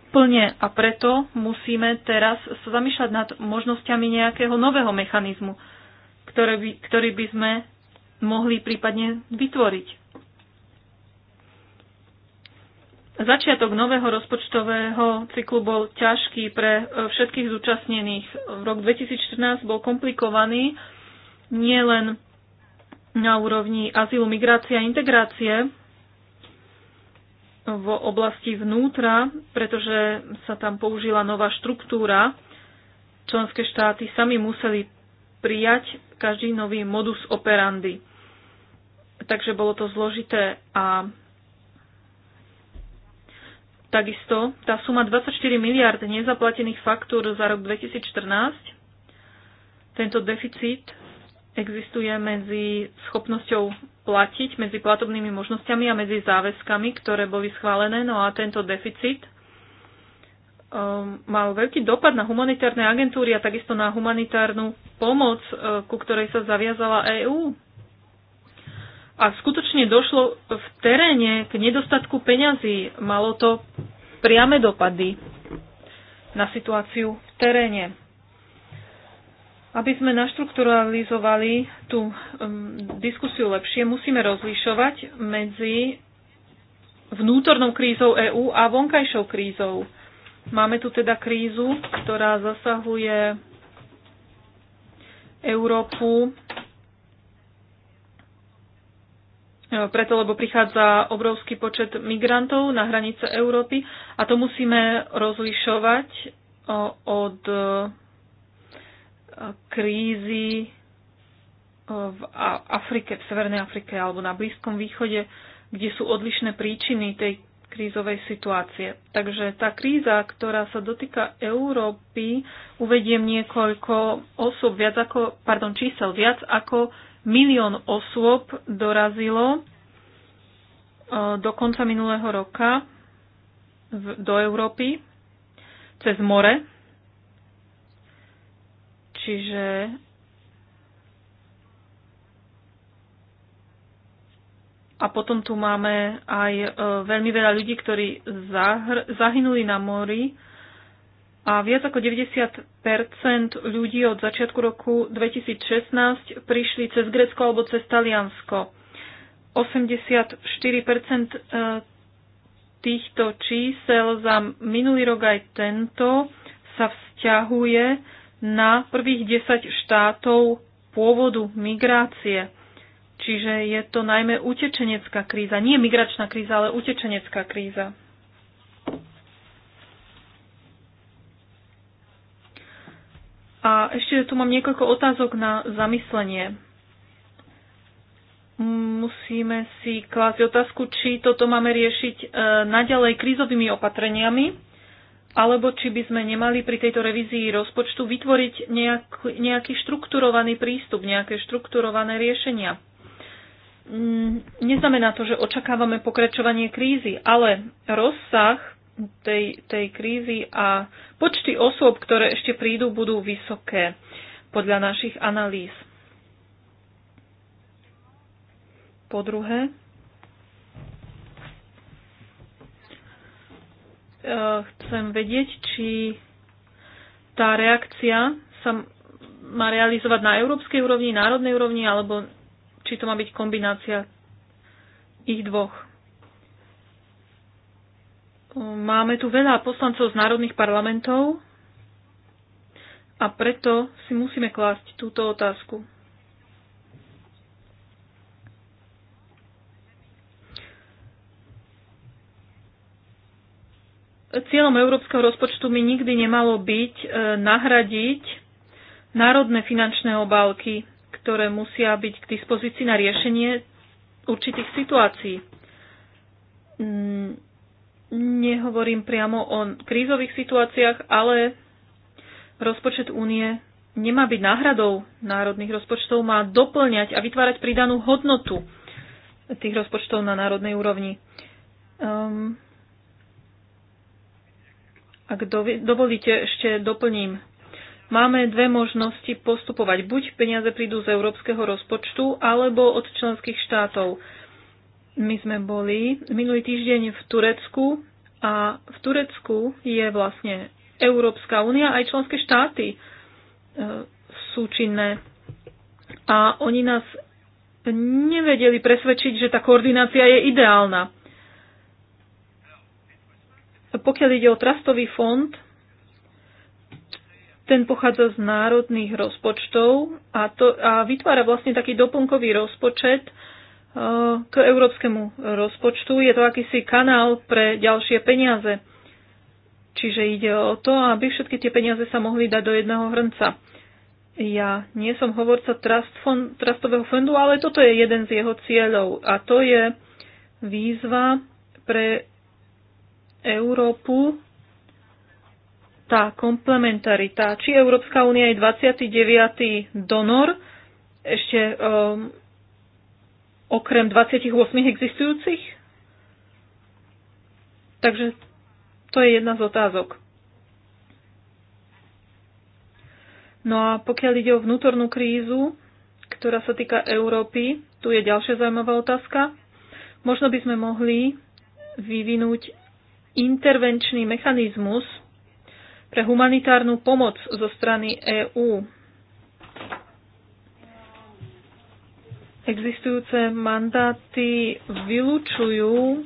plne a preto musíme teraz sa zamýšľať nad možnosťami nejakého nového mechanizmu ktoré by, ktorý by sme mohli prípadne vytvoriť. Začiatok nového rozpočtového cyklu bol ťažký pre e, všetkých zúčastnených. V Rok 2014 bol komplikovaný nielen na úrovni azylu, migrácie a integrácie v oblasti vnútra, pretože sa tam použila nová štruktúra. Členské štáty sami museli prijať každý nový modus operandi. Takže bolo to zložité a takisto tá suma 24 miliard nezaplatených faktúr za rok 2014, tento deficit existuje medzi schopnosťou platiť, medzi platobnými možnosťami a medzi záväzkami, ktoré boli schválené. No a tento deficit um, mal veľký dopad na humanitárne agentúry a takisto na humanitárnu pomoc, uh, ku ktorej sa zaviazala EÚ. A skutočne došlo v teréne k nedostatku peňazí. Malo to priame dopady na situáciu v teréne. Aby sme naštrukturalizovali tú um, diskusiu lepšie, musíme rozlišovať medzi vnútornou krízou EÚ a vonkajšou krízou Máme tu teda krízu, ktorá zasahuje Európu, e, preto lebo prichádza obrovský počet migrantov na hranice Európy a to musíme rozlišovať e, od e, krízy v Afrike, v Severnej Afrike alebo na Blízkom východe, kde sú odlišné príčiny tej krízovej situácie. Takže tá kríza, ktorá sa dotýka Európy, uvediem niekoľko osôb, viac ako, pardon, čísel, viac ako milión osôb dorazilo e, do konca minulého roka do Európy cez more. Čiže A potom tu máme aj e, veľmi veľa ľudí, ktorí zahynuli na mori a viac ako 90 ľudí od začiatku roku 2016 prišli cez Grécko alebo cez Taliansko. 84 e, týchto čísel za minulý rok aj tento sa vzťahuje na prvých 10 štátov pôvodu migrácie. Čiže je to najmä utečenecká kríza. Nie migračná kríza, ale utečenecká kríza. A ešte tu mám niekoľko otázok na zamyslenie. Musíme si klásť otázku, či toto máme riešiť e, naďalej krízovými opatreniami, alebo či by sme nemali pri tejto revízii rozpočtu vytvoriť nejak, nejaký štrukturovaný prístup, nejaké štrukturované riešenia. Mm, neznamená to, že očakávame pokračovanie krízy, ale rozsah tej, tej krízy a počty osôb, ktoré ešte prídu, budú vysoké podľa našich analýz. Po druhé, e, chcem vedieť, či tá reakcia sa má realizovať na európskej úrovni, národnej úrovni alebo či to má byť kombinácia ich dvoch. Máme tu veľa poslancov z národných parlamentov a preto si musíme klásť túto otázku. cieľom európskeho rozpočtu by nikdy nemalo byť eh, nahradiť národné finančné obálky ktoré musia byť k dispozícii na riešenie určitých situácií. Mm, nehovorím priamo o krízových situáciách, ale rozpočet únie nemá byť náhradou národných rozpočtov, má doplňať a vytvárať pridanú hodnotu tých rozpočtov na národnej úrovni. Um, ak dovolíte, ešte doplním Máme dve možnosti postupovať. Buď peniaze prídu z európskeho rozpočtu, alebo od členských štátov. My sme boli minulý týždeň v Turecku a v Turecku je vlastne Európska únia aj členské štáty e, sú činné. A oni nás nevedeli presvedčiť, že tá koordinácia je ideálna. Pokiaľ ide o trastový fond, ten pochádza z národných rozpočtov a, to, a vytvára vlastne taký doplnkový rozpočet e, k európskemu rozpočtu. Je to akýsi kanál pre ďalšie peniaze. Čiže ide o to, aby všetky tie peniaze sa mohli dať do jedného hrnca. Ja nie som hovorca trust fond, trustového fondu, ale toto je jeden z jeho cieľov a to je výzva pre Európu tá komplementarita. Či Európska únia je 29. donor, ešte um, okrem 28 existujúcich? Takže to je jedna z otázok. No a pokiaľ ide o vnútornú krízu, ktorá sa týka Európy, tu je ďalšia zaujímavá otázka. Možno by sme mohli vyvinúť intervenčný mechanizmus pre humanitárnu pomoc zo strany EÚ. Existujúce mandáty vylúčujú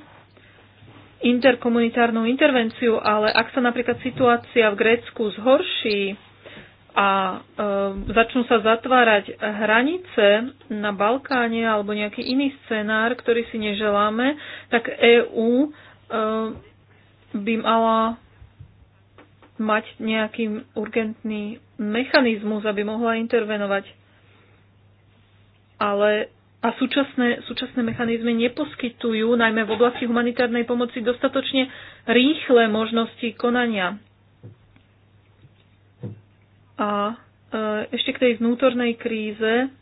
interkomunitárnu intervenciu, ale ak sa napríklad situácia v Grécku zhorší a e, začnú sa zatvárať hranice na Balkáne alebo nejaký iný scenár, ktorý si neželáme, tak EÚ e, by mala mať nejaký urgentný mechanizmus, aby mohla intervenovať. Ale a súčasné, súčasné mechanizmy neposkytujú, najmä v oblasti humanitárnej pomoci, dostatočne rýchle možnosti konania. A e, ešte k tej vnútornej kríze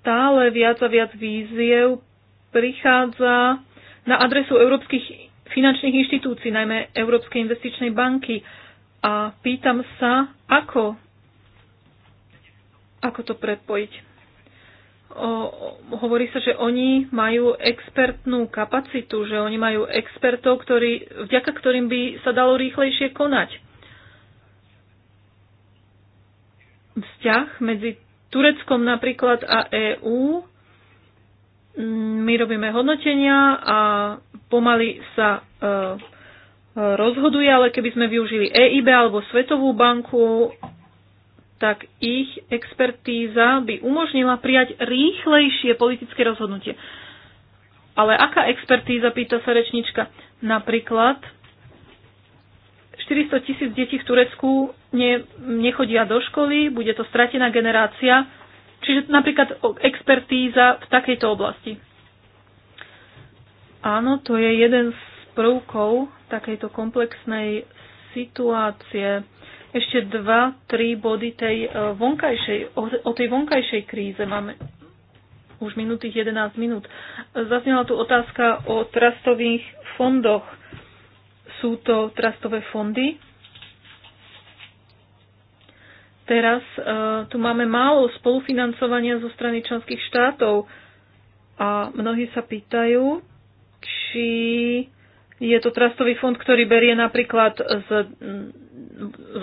stále viac a viac víziev prichádza na adresu európskych finančných inštitúcií, najmä Európskej investičnej banky a pýtam sa, ako, ako to prepojiť. O, hovorí sa, že oni majú expertnú kapacitu, že oni majú expertov, ktorý, vďaka ktorým by sa dalo rýchlejšie konať. Vzťah medzi Tureckom napríklad a EÚ. Mm, my robíme hodnotenia a pomaly sa e, rozhoduje, ale keby sme využili EIB alebo Svetovú banku, tak ich expertíza by umožnila prijať rýchlejšie politické rozhodnutie. Ale aká expertíza, pýta sa rečnička. Napríklad 400 tisíc detí v Turecku ne, nechodia do školy, bude to stratená generácia. Čiže napríklad expertíza v takejto oblasti. Áno, to je jeden z prvkov takejto komplexnej situácie ešte dva, tri body tej e, vonkajšej, o tej vonkajšej kríze. Máme už minutých 11 minút. Zaznela tu otázka o trastových fondoch. Sú to trastové fondy? Teraz e, tu máme málo spolufinancovania zo strany členských štátov a mnohí sa pýtajú, či je to trastový fond, ktorý berie napríklad z,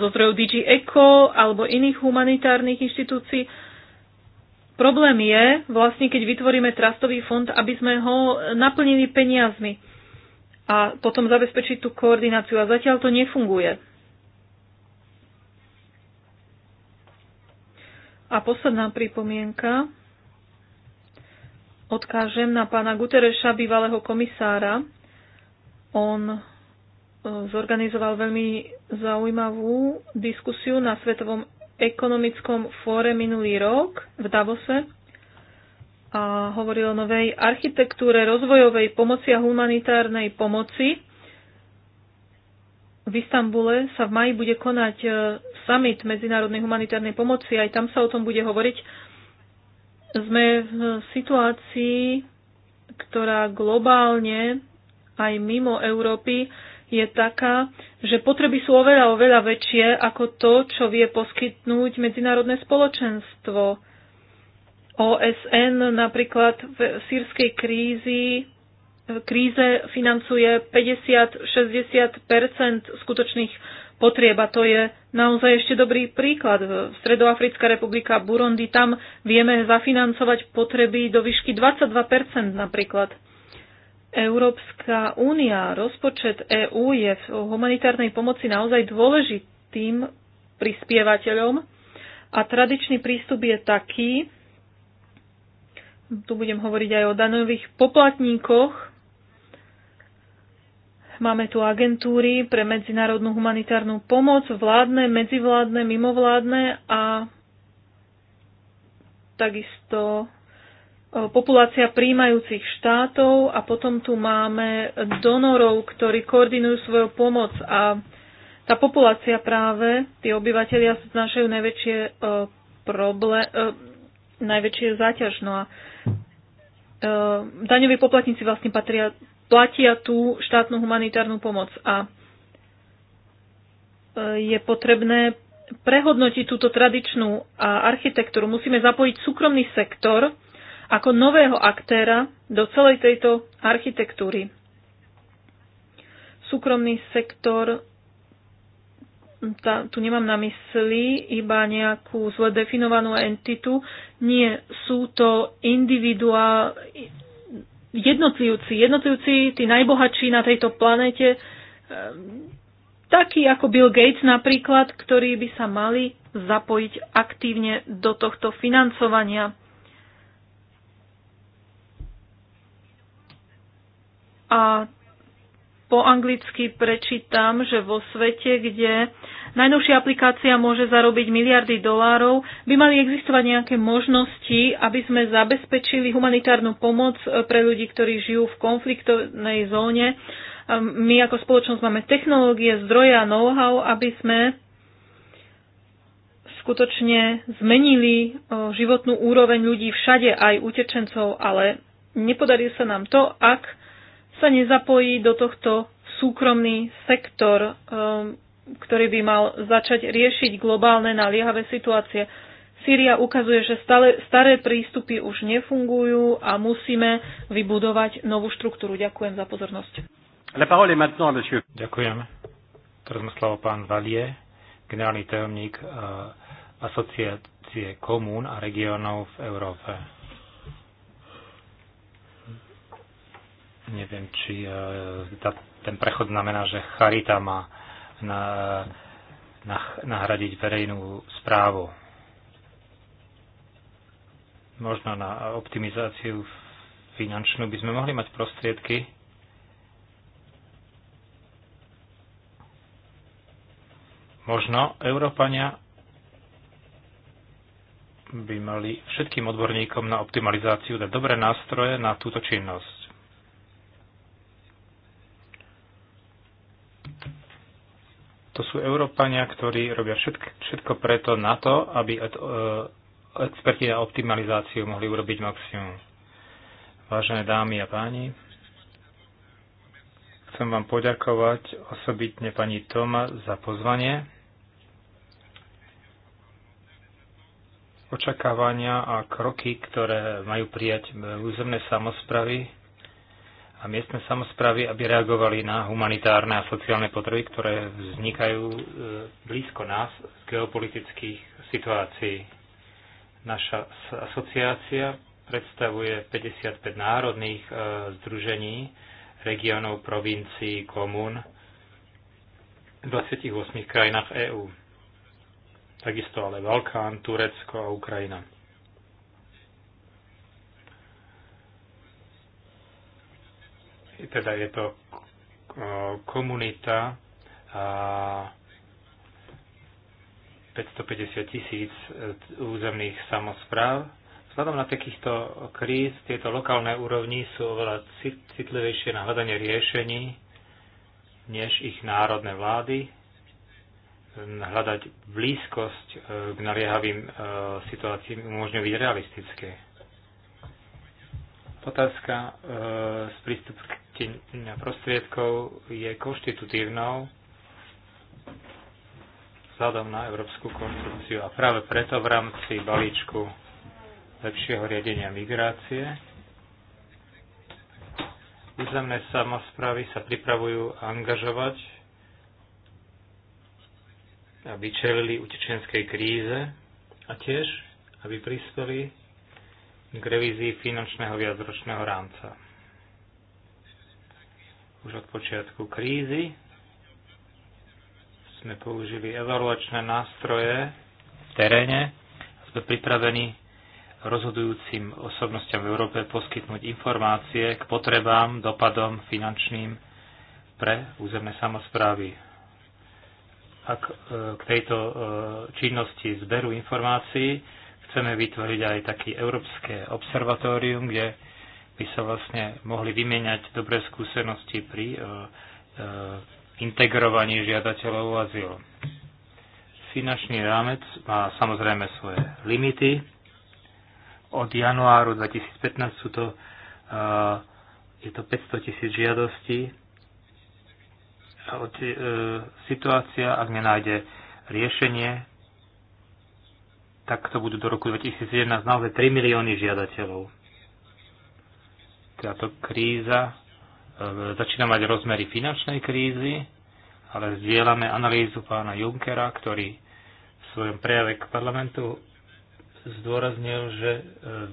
zo zdrojov DG Eco alebo iných humanitárnych inštitúcií. Problém je vlastne, keď vytvoríme trastový fond, aby sme ho naplnili peniazmi a potom zabezpečiť tú koordináciu. A zatiaľ to nefunguje. A posledná pripomienka. Odkážem na pána Gutereša, bývalého komisára, on e, zorganizoval veľmi zaujímavú diskusiu na Svetovom ekonomickom fóre minulý rok v Davose a hovoril o novej architektúre rozvojovej pomoci a humanitárnej pomoci. V Istambule sa v maji bude konať e, summit medzinárodnej humanitárnej pomoci, aj tam sa o tom bude hovoriť. Sme v e, situácii, ktorá globálne aj mimo Európy je taká, že potreby sú oveľa, oveľa väčšie ako to, čo vie poskytnúť medzinárodné spoločenstvo. OSN napríklad v sírskej krízi, kríze financuje 50-60 skutočných potrieb a to je naozaj ešte dobrý príklad. Stredoafrická republika Burundi, tam vieme zafinancovať potreby do výšky 22 napríklad. Európska únia, rozpočet EÚ je v humanitárnej pomoci naozaj dôležitým prispievateľom a tradičný prístup je taký, tu budem hovoriť aj o danových poplatníkoch, Máme tu agentúry pre medzinárodnú humanitárnu pomoc, vládne, medzivládne, mimovládne a takisto populácia príjmajúcich štátov a potom tu máme donorov, ktorí koordinujú svoju pomoc a tá populácia práve, tí obyvateľia znašajú najväčšie e, problé- e, najväčšie záťaž. No a e, daňoví poplatníci vlastne patria, platia tú štátnu humanitárnu pomoc a je potrebné prehodnotiť túto tradičnú architektúru. Musíme zapojiť súkromný sektor, ako nového aktéra do celej tejto architektúry. Súkromný sektor, tá, tu nemám na mysli iba nejakú zle definovanú entitu, nie, sú to individuál, jednotlivci, jednotlivci, tí najbohatší na tejto planete, ehm, takí ako Bill Gates napríklad, ktorí by sa mali zapojiť aktívne do tohto financovania. A po anglicky prečítam, že vo svete, kde najnovšia aplikácia môže zarobiť miliardy dolárov, by mali existovať nejaké možnosti, aby sme zabezpečili humanitárnu pomoc eh, pre ľudí, ktorí žijú v konfliktovnej zóne. Ehm, my ako spoločnosť máme technológie, zdroje a know-how, aby sme skutočne zmenili eh, životnú úroveň ľudí všade, aj utečencov, ale nepodarí sa nám to, ak sa nezapojí do tohto súkromný sektor, um, ktorý by mal začať riešiť globálne naliehavé situácie. Sýria ukazuje, že stále, staré prístupy už nefungujú a musíme vybudovať novú štruktúru. Ďakujem za pozornosť. Ďakujem. Teraz má slovo pán Valie, generálny tajomník uh, asociácie komún a regiónov v Európe. Neviem, či e, tá, ten prechod znamená, že charita má na, na, nahradiť verejnú správu. Možno na optimizáciu finančnú by sme mohli mať prostriedky, Možno Európania by mali všetkým odborníkom na optimalizáciu dať dobré nástroje na túto činnosť. To sú Európania, ktorí robia všetko, všetko preto na to, aby et, e, experti na optimalizáciu mohli urobiť maximum. Vážené dámy a páni, chcem vám poďakovať osobitne pani Toma za pozvanie. Očakávania a kroky, ktoré majú prijať územné samozpravy, a miestne samozprávy, aby reagovali na humanitárne a sociálne potreby, ktoré vznikajú e, blízko nás z geopolitických situácií. Naša asociácia predstavuje 55 národných e, združení regionov, provincií, komún v 28 krajinách EÚ. Takisto ale Balkán, Turecko a Ukrajina. teda je to komunita 550 tisíc e, územných samozpráv. Vzhľadom na takýchto kríz tieto lokálne úrovni sú oveľa citlivejšie na hľadanie riešení než ich národné vlády, hm, hľadať blízkosť e, k naliehavým e, situáciám umožňuje byť realistické. Otázka e, z prístupu k prostriedkov je konštitutívnou vzhľadom na európsku konštitúciu a práve preto v rámci balíčku lepšieho riadenia migrácie územné samozprávy sa pripravujú angažovať aby čelili utečenskej kríze a tiež, aby prispeli k revízii finančného viacročného rámca. Už od počiatku krízy sme použili evaluačné nástroje v teréne a sme pripravení rozhodujúcim osobnostiam v Európe poskytnúť informácie k potrebám, dopadom finančným pre územné samozprávy. Ak e, k tejto e, činnosti zberu informácií chceme vytvoriť aj také európske observatórium, kde by sa vlastne mohli vymieňať dobré skúsenosti pri e, e, integrovaní žiadateľov o azyl. Finančný rámec má samozrejme svoje limity. Od januáru 2015 sú to, e, je to 500 tisíc žiadostí. Situácia, ak nenájde riešenie, tak to budú do roku 2011 naozaj 3 milióny žiadateľov táto kríza e, začína mať rozmery finančnej krízy, ale zdieľame analýzu pána Junkera, ktorý v svojom prejave k parlamentu zdôraznil, že e,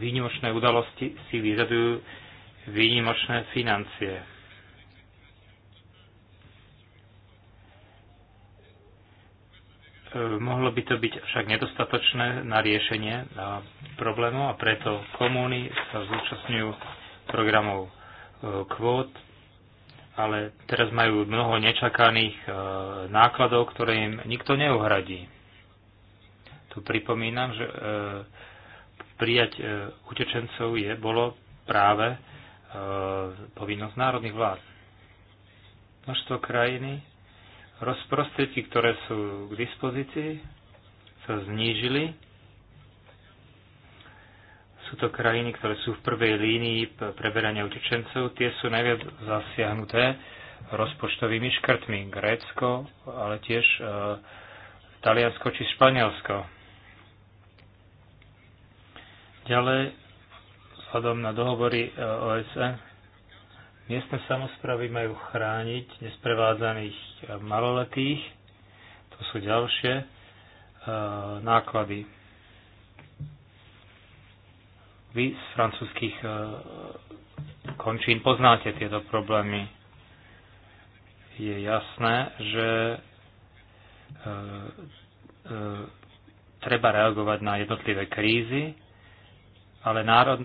výnimočné udalosti si vyžadujú výnimočné financie. E, mohlo by to byť však nedostatočné na riešenie problému a preto komúny sa zúčastňujú programov e, kvót, ale teraz majú mnoho nečakaných e, nákladov, ktoré im nikto neuhradí. Tu pripomínam, že e, prijať utečencov je, bolo práve povinnosť národných vlád. Množstvo krajiny, rozprostriedky, ktoré sú k dispozícii, sa znížili sú to krajiny, ktoré sú v prvej línii preberania utečencov. Tie sú najviac zasiahnuté rozpočtovými škrtmi. Grécko, ale tiež e, Taliansko či Španielsko. Ďalej, vzhľadom na dohovory e, OSN, miestne samozpravy majú chrániť nesprevádzaných e, maloletých. To sú ďalšie e, náklady vy z francúzských e, končín poznáte tieto problémy. Je jasné, že e, e, treba reagovať na jednotlivé krízy, ale národ,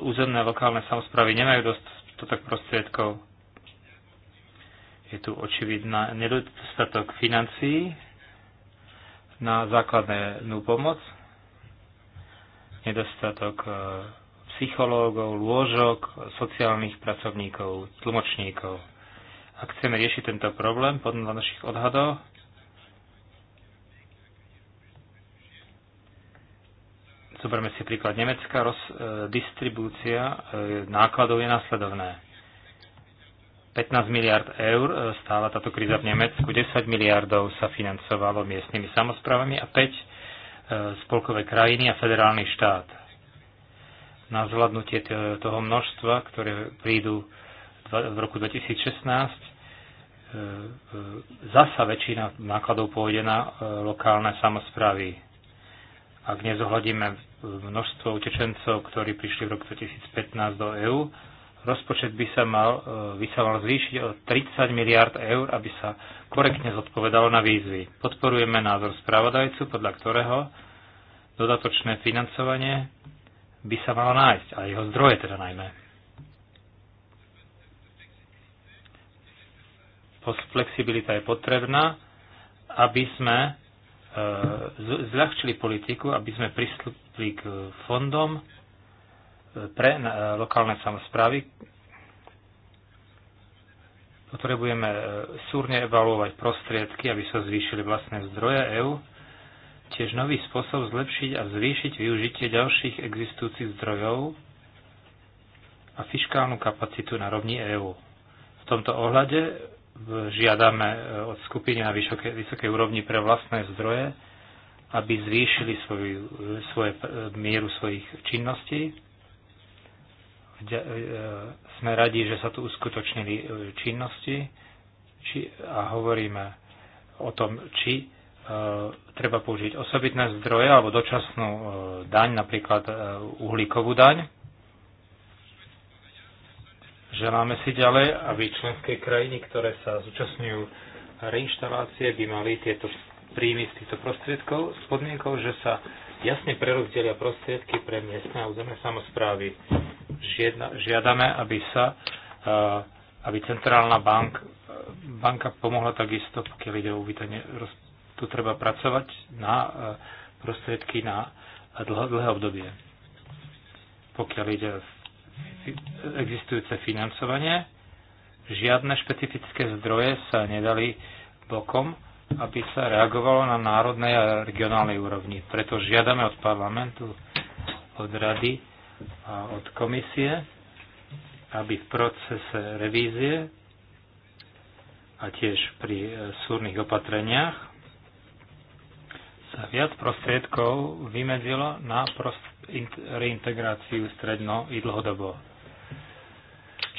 územné lokálne samozprávy nemajú dostatok prostriedkov. Je tu očividná nedostatok financií na základnú pomoc, nedostatok e, psychológov, lôžok, sociálnych pracovníkov, tlmočníkov. Ak chceme riešiť tento problém podľa našich odhadov, zoberme si príklad Nemecka, roz, e, distribúcia e, nákladov je následovné. 15 miliard eur e, stála táto kríza v Nemecku, 10 miliardov sa financovalo miestnymi samozprávami a 5 spolkové krajiny a federálny štát. Na zvládnutie toho množstva, ktoré prídu v roku 2016, e, e, zasa väčšina nákladov pôjde na e, lokálne samozprávy. Ak nezohľadíme množstvo utečencov, ktorí prišli v roku 2015 do EÚ, Rozpočet by sa mal, e, by sa mal zvýšiť o 30 miliard eur, aby sa korektne zodpovedalo na výzvy. Podporujeme názor spravodajcu, podľa ktorého dodatočné financovanie by sa malo nájsť, a jeho zdroje teda najmä. Flexibilita je potrebná, aby sme e, zľahčili politiku, aby sme pristúpili k fondom, pre e, lokálne samozprávy. Potrebujeme e, súrne evaluovať prostriedky, aby sa zvýšili vlastné zdroje EÚ, tiež nový spôsob zlepšiť a zvýšiť využitie ďalších existujúcich zdrojov a fiskálnu kapacitu na rovni EÚ. V tomto ohľade e, žiadame od skupiny na vysokej, vysokej úrovni pre vlastné zdroje, aby zvýšili svoju, svoje, mieru svojich činností E, sme radi, že sa tu uskutočnili e, činnosti či, a hovoríme o tom, či e, treba použiť osobitné zdroje alebo dočasnú e, daň, napríklad e, uhlíkovú daň. Želáme si ďalej, aby členské krajiny, ktoré sa zúčastňujú reinštalácie, by mali tieto príjmy z týchto prostriedkov s podmienkou, že sa jasne prerozdelia prostriedky pre miestne a územné samozprávy. Žiadame, aby sa eh, aby centrálna bank, eh, banka pomohla takisto, pokiaľ ide o uvítanie. Tu treba pracovať na eh, prostriedky na dlho, dlhé obdobie. Pokiaľ ide o existujúce financovanie, žiadne špecifické zdroje sa nedali bokom aby sa reagovalo na národnej a regionálnej úrovni. Preto žiadame od parlamentu, od rady a od komisie, aby v procese revízie a tiež pri e, súrnych opatreniach sa viac prostriedkov vymedzilo na reintegráciu stredno i dlhodobo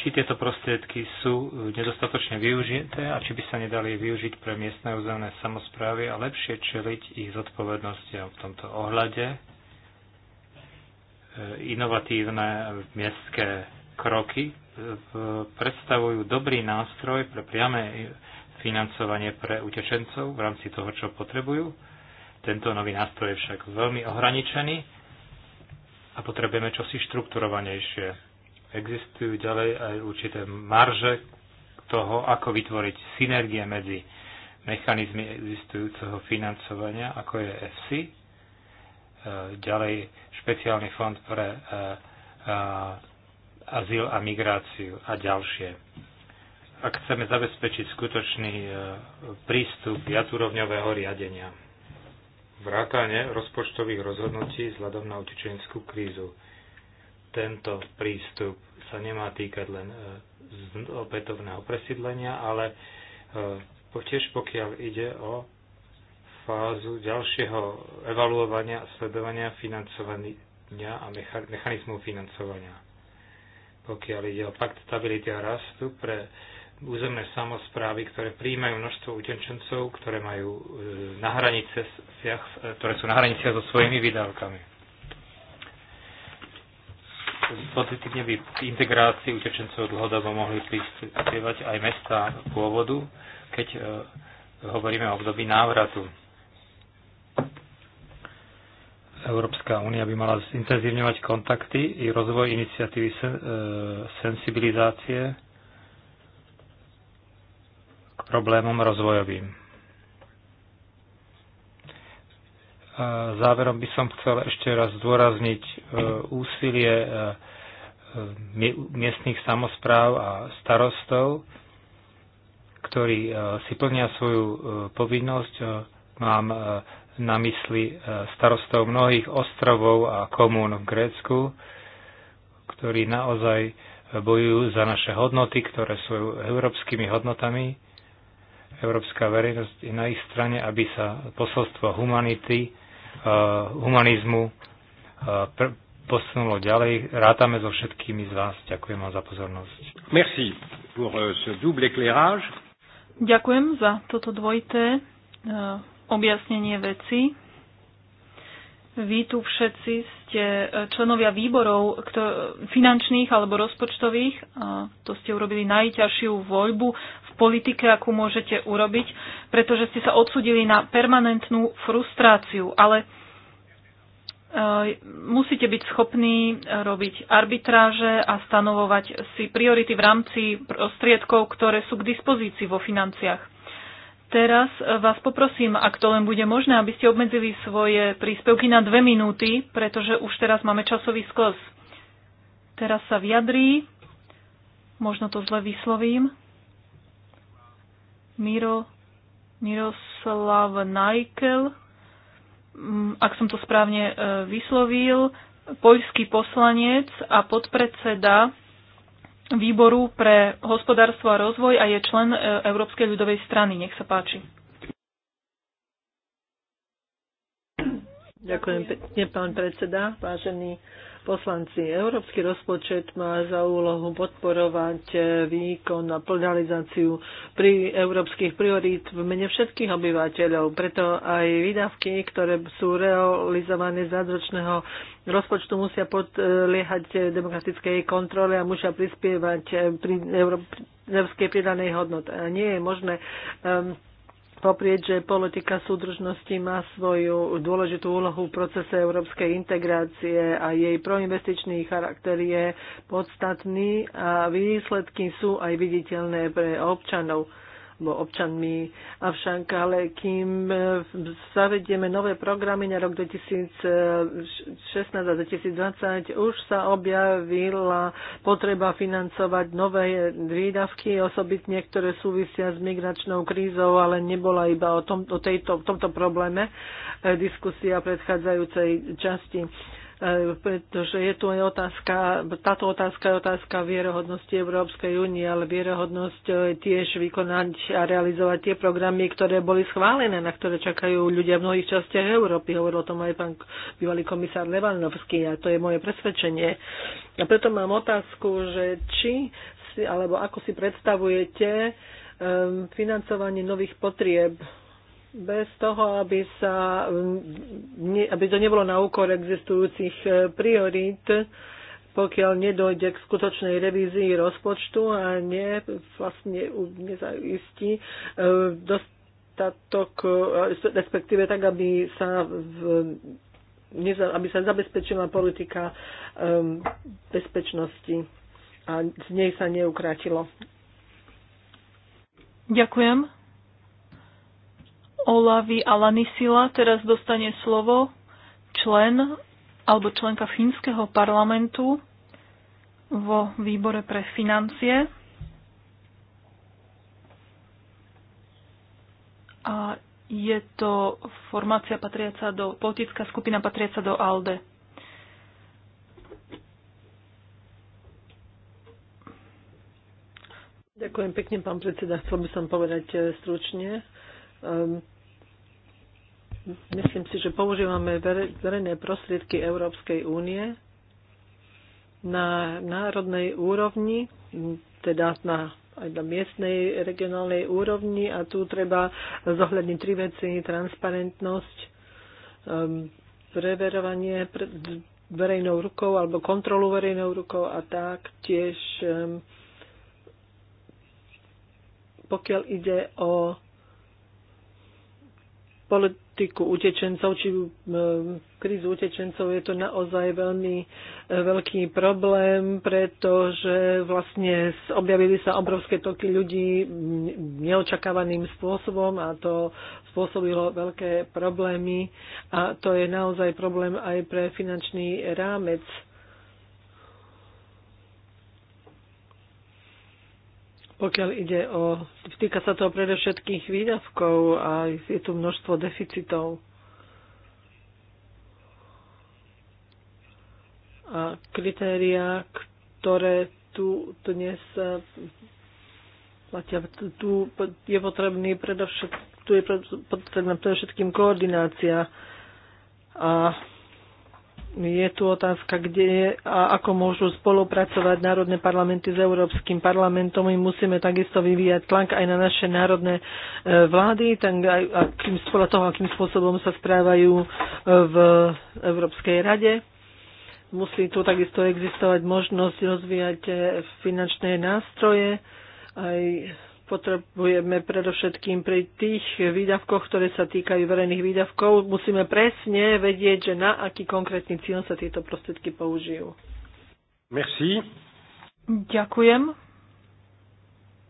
či tieto prostriedky sú e, nedostatočne využité a či by sa nedali využiť pre miestne územné samozprávy a lepšie čeliť ich zodpovednostiam v tomto ohľade. E, inovatívne miestské kroky e, predstavujú dobrý nástroj pre priame financovanie pre utečencov v rámci toho, čo potrebujú. Tento nový nástroj je však veľmi ohraničený a potrebujeme čosi štrukturovanejšie existujú ďalej aj určité marže toho, ako vytvoriť synergie medzi mechanizmy existujúceho financovania, ako je EFSI, e, ďalej špeciálny fond pre e, e, azyl a migráciu a ďalšie. Ak chceme zabezpečiť skutočný prístup viacúrovňového riadenia, vrátane rozpočtových rozhodnutí vzhľadom na utečenskú krízu tento prístup sa nemá týkať len e, opätovného presídlenia, ale e, tiež pokiaľ ide o fázu ďalšieho evaluovania, sledovania, financovania a mechanizmu financovania. Pokiaľ ide o pakt stability a rastu pre územné samozprávy, ktoré príjmajú množstvo utečencov, ktoré, majú e, na hranice, ktoré sú na hraniciach so svojimi vydávkami pozitívne by k integrácii utečencov dlhodobo mohli prispievať aj mesta pôvodu, keď e, hovoríme o období návratu. Európska únia by mala zintenzívňovať kontakty i rozvoj iniciatívy e, sensibilizácie k problémom rozvojovým. Záverom by som chcel ešte raz zdôrazniť e, úsilie e, e, miestných samozpráv a starostov, ktorí si plnia svoju povinnosť. Mám na mysli starostov mnohých ostrovov a komún v Grécku, ktorí naozaj bojujú za naše hodnoty, ktoré sú európskymi hodnotami. Európska verejnosť je na ich strane, aby sa posolstvo humanity Eh, humanizmu eh, posunulo ďalej. Rátame so všetkými z vás. Ďakujem vám za pozornosť. Merci pour eh, ce double éclairage. Ďakujem za toto dvojité objasnenie veci. Vy tu všetci ste členovia výborov finančných alebo rozpočtových. To ste urobili najťažšiu voľbu politike, akú môžete urobiť, pretože ste sa odsudili na permanentnú frustráciu. Ale e, musíte byť schopní robiť arbitráže a stanovovať si priority v rámci prostriedkov, ktoré sú k dispozícii vo financiách. Teraz vás poprosím, ak to len bude možné, aby ste obmedzili svoje príspevky na dve minúty, pretože už teraz máme časový skos. Teraz sa vyjadrí, možno to zle vyslovím, Miro, Miroslav Najkel, mm, ak som to správne e, vyslovil, poľský poslanec a podpredseda výboru pre hospodárstvo a rozvoj a je člen e, Európskej ľudovej strany. Nech sa páči. Ďakujem pekne, pán predseda, vážení poslanci. Európsky rozpočet má za úlohu podporovať eh, výkon a pluralizáciu pri európskych priorít v mene všetkých obyvateľov. Preto aj výdavky, ktoré sú realizované z nadročného rozpočtu musia podliehať eh, demokratickej kontrole a musia prispievať eh, pri európskej pridanej hodnote. Nie je možné um, poprieť, že politika súdržnosti má svoju dôležitú úlohu v procese európskej integrácie a jej proinvestičný charakter je podstatný a výsledky sú aj viditeľné pre občanov občanmi. Avšak ale kým e, zavedieme nové programy na rok 2016 a 2020, už sa objavila potreba financovať nové výdavky, osobitne, ktoré súvisia s migračnou krízou, ale nebola iba o, tom, o, tejto, o tomto probléme e, diskusia predchádzajúcej časti. E, pretože je tu aj otázka, táto otázka je otázka vierohodnosti Európskej únie, ale vierohodnosť e, tiež vykonať a realizovať tie programy, ktoré boli schválené, na ktoré čakajú ľudia v mnohých častiach Európy. Hovoril o tom aj pán bývalý komisár Levanovský a to je moje presvedčenie. A preto mám otázku, že či si, alebo ako si predstavujete um, financovanie nových potrieb bez toho, aby, sa, mm, aby to nebolo na úkor existujúcich e, priorít, pokiaľ nedojde k skutočnej revízii rozpočtu a ne, vlastne nezaistí e, dostatok, e, respektíve tak, aby sa v, neza, aby sa zabezpečila politika um, bezpečnosti a z nej sa neukrátilo. Ďakujem. Olavi Alanisila teraz dostane slovo člen alebo členka fínskeho parlamentu vo výbore pre financie. A je to formácia patriaca do, politická skupina patriaca do ALDE. Ďakujem pekne, pán predseda. Chcel by som povedať eh, stručne. Um, Myslím si, že používame verejné prostriedky Európskej únie na národnej úrovni, teda na, aj na miestnej, regionálnej úrovni a tu treba zohľadniť tri veci, transparentnosť, um, preverovanie pre, verejnou rukou alebo kontrolu verejnou rukou a tak tiež um, pokiaľ ide o styku utečencov či e, krízu utečencov je to naozaj veľmi e, veľký problém, pretože vlastne objavili sa obrovské toky ľudí neočakávaným spôsobom a to spôsobilo veľké problémy a to je naozaj problém aj pre finančný rámec pokiaľ ide o... Týka sa toho predovšetkých výdavkov a je tu množstvo deficitov. A kritériá, ktoré tu dnes e, platia, tu je potrebný predovšetkým, tu je potrebná predovšetkým koordinácia a je tu otázka, kde a ako môžu spolupracovať národné parlamenty s Európskym parlamentom. My musíme takisto vyvíjať tlak aj na naše národné e, vlády, tak aj podľa toho, akým spôsobom sa správajú e, v Európskej rade. Musí tu takisto existovať možnosť rozvíjať e, finančné nástroje, aj potrebujeme predovšetkým pri tých výdavkoch, ktoré sa týkajú verejných výdavkov, musíme presne vedieť, že na aký konkrétny cieľ sa tieto prostriedky použijú. Merci. Ďakujem.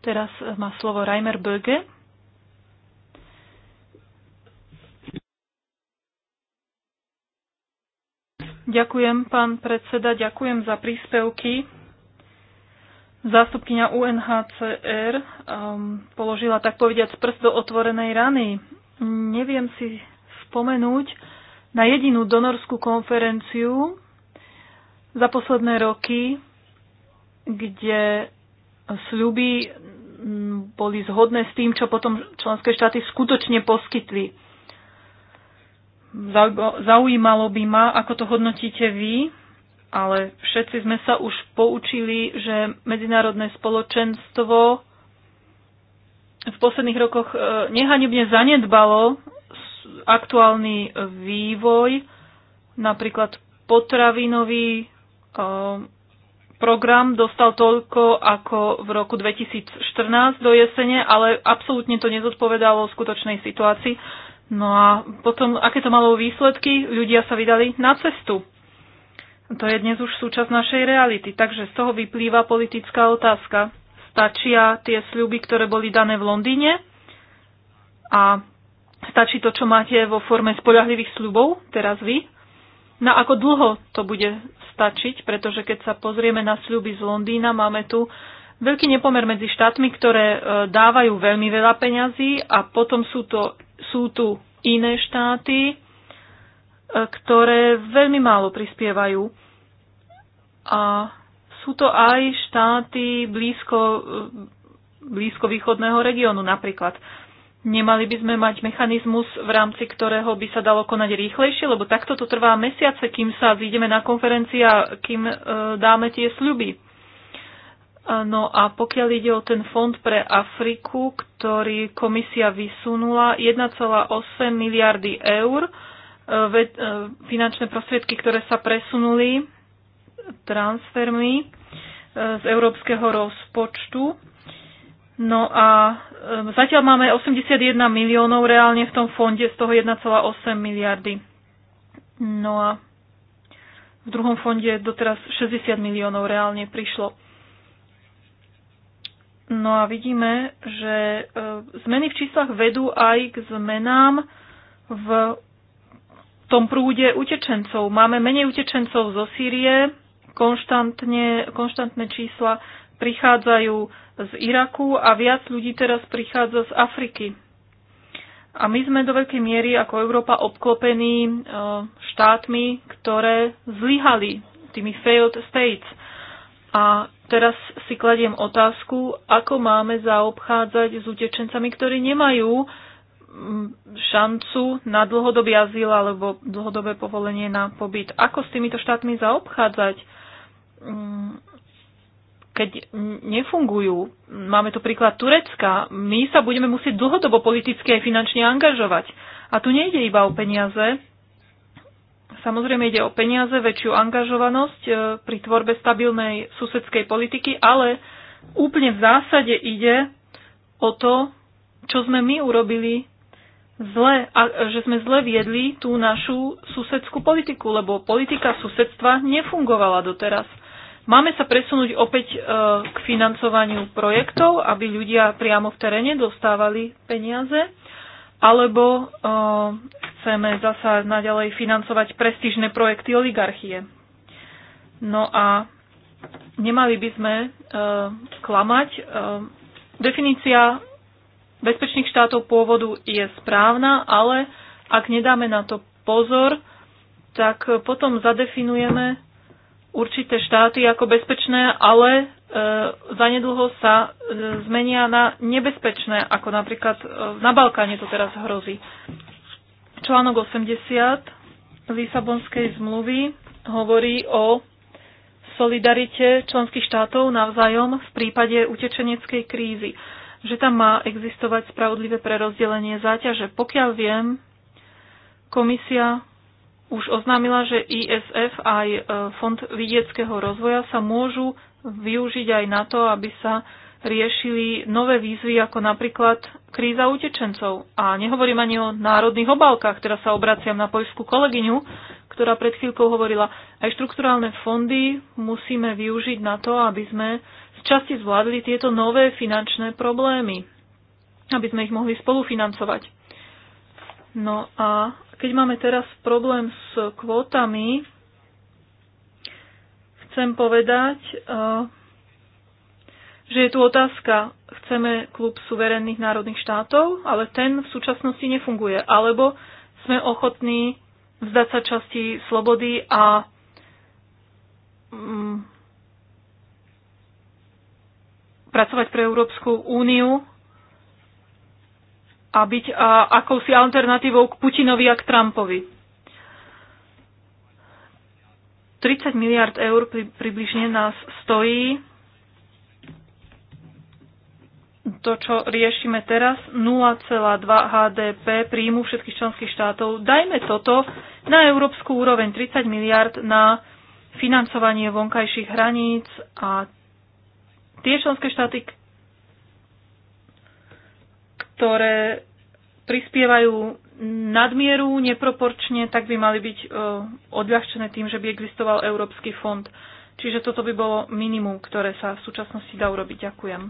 Teraz má slovo Reimer Böge. Ďakujem, pán predseda, ďakujem za príspevky. Zástupkyňa UNHCR um, položila tak povediať prst do otvorenej rany. Neviem si spomenúť na jedinú donorskú konferenciu za posledné roky, kde sľuby boli zhodné s tým, čo potom členské štáty skutočne poskytli. Zaujímalo by ma, ako to hodnotíte vy, ale všetci sme sa už poučili, že medzinárodné spoločenstvo v posledných rokoch e, nehanebne zanedbalo aktuálny vývoj, napríklad potravinový e, program dostal toľko ako v roku 2014 do jesene, ale absolútne to nezodpovedalo skutočnej situácii. No a potom, aké to malo výsledky? Ľudia sa vydali na cestu to je dnes už súčasť našej reality. Takže z toho vyplýva politická otázka. Stačia tie sľuby, ktoré boli dané v Londýne a stačí to, čo máte vo forme spoľahlivých sľubov, teraz vy? Na no ako dlho to bude stačiť, pretože keď sa pozrieme na sľuby z Londýna, máme tu veľký nepomer medzi štátmi, ktoré e, dávajú veľmi veľa peňazí a potom sú, to, sú tu iné štáty, ktoré veľmi málo prispievajú. A sú to aj štáty blízko, blízko východného regiónu napríklad. Nemali by sme mať mechanizmus, v rámci ktorého by sa dalo konať rýchlejšie, lebo takto to trvá mesiace, kým sa zídeme na konferencii a kým e, dáme tie sľuby. E, no a pokiaľ ide o ten fond pre Afriku, ktorý komisia vysunula, 1,8 miliardy eur, E, finančné prostriedky, ktoré sa presunuli transfermi e, z európskeho rozpočtu. No a e, zatiaľ máme 81 miliónov reálne v tom fonde, z toho 1,8 miliardy. No a v druhom fonde doteraz 60 miliónov reálne prišlo. No a vidíme, že zmeny v číslach vedú aj k zmenám v tom prúde utečencov. Máme menej utečencov zo Sýrie, konštantné čísla prichádzajú z Iraku a viac ľudí teraz prichádza z Afriky. A my sme do veľkej miery ako Európa obklopení e, štátmi, ktoré zlyhali, tými failed states. A teraz si kladiem otázku, ako máme zaobchádzať s utečencami, ktorí nemajú uh, šancu na dlhodobý azyl alebo dlhodobé povolenie na pobyt. Ako s týmito štátmi zaobchádzať, mm, keď nefungujú? Máme tu príklad Turecka. My sa budeme musieť dlhodobo politicky aj finančne angažovať. A tu nejde iba o peniaze. Samozrejme ide o peniaze, väčšiu angažovanosť e, pri tvorbe stabilnej susedskej politiky, ale úplne v zásade ide o to, čo sme my urobili zle, a, že sme zle viedli tú našu susedskú politiku, lebo politika susedstva nefungovala doteraz. Máme sa presunúť opäť e, k financovaniu projektov, aby ľudia priamo v teréne dostávali peniaze, alebo e, chceme zasa naďalej financovať prestížne projekty oligarchie. No a nemali by sme e, klamať. E, definícia bezpečných štátov pôvodu je správna, ale ak nedáme na to pozor, tak potom zadefinujeme určité štáty ako bezpečné, ale e, zanedlho sa e, zmenia na nebezpečné, ako napríklad e, na Balkáne to teraz hrozí. Článok 80 Lisabonskej zmluvy hovorí o solidarite členských štátov navzájom v prípade utečeneckej krízy že tam má existovať spravodlivé prerozdelenie záťaže. Pokiaľ viem, komisia už oznámila, že ISF aj e, Fond vidieckého rozvoja sa môžu využiť aj na to, aby sa riešili nové výzvy, ako napríklad kríza utečencov. A nehovorím ani o národných obálkach, teraz sa obraciam na poľskú kolegyňu, ktorá pred chvíľkou hovorila, aj štrukturálne fondy musíme využiť na to, aby sme časti zvládli tieto nové finančné problémy, aby sme ich mohli spolufinancovať. No a keď máme teraz problém s kvótami, chcem povedať, eh, že je tu otázka, chceme klub suverénnych národných štátov, ale ten v súčasnosti nefunguje. Alebo sme ochotní vzdať sa časti slobody a mm, pracovať pre Európsku úniu a byť a, akousi alternatívou k Putinovi a k Trumpovi. 30 miliard eur pri, približne nás stojí to, čo riešime teraz, 0,2 HDP príjmu všetkých členských štátov. Dajme toto na európsku úroveň 30 miliard na financovanie vonkajších hraníc a tie členské štáty, ktoré prispievajú nadmieru, neproporčne, tak by mali byť e, odľahčené tým, že by existoval Európsky fond. Čiže toto by bolo minimum, ktoré sa v súčasnosti dá urobiť. Ďakujem.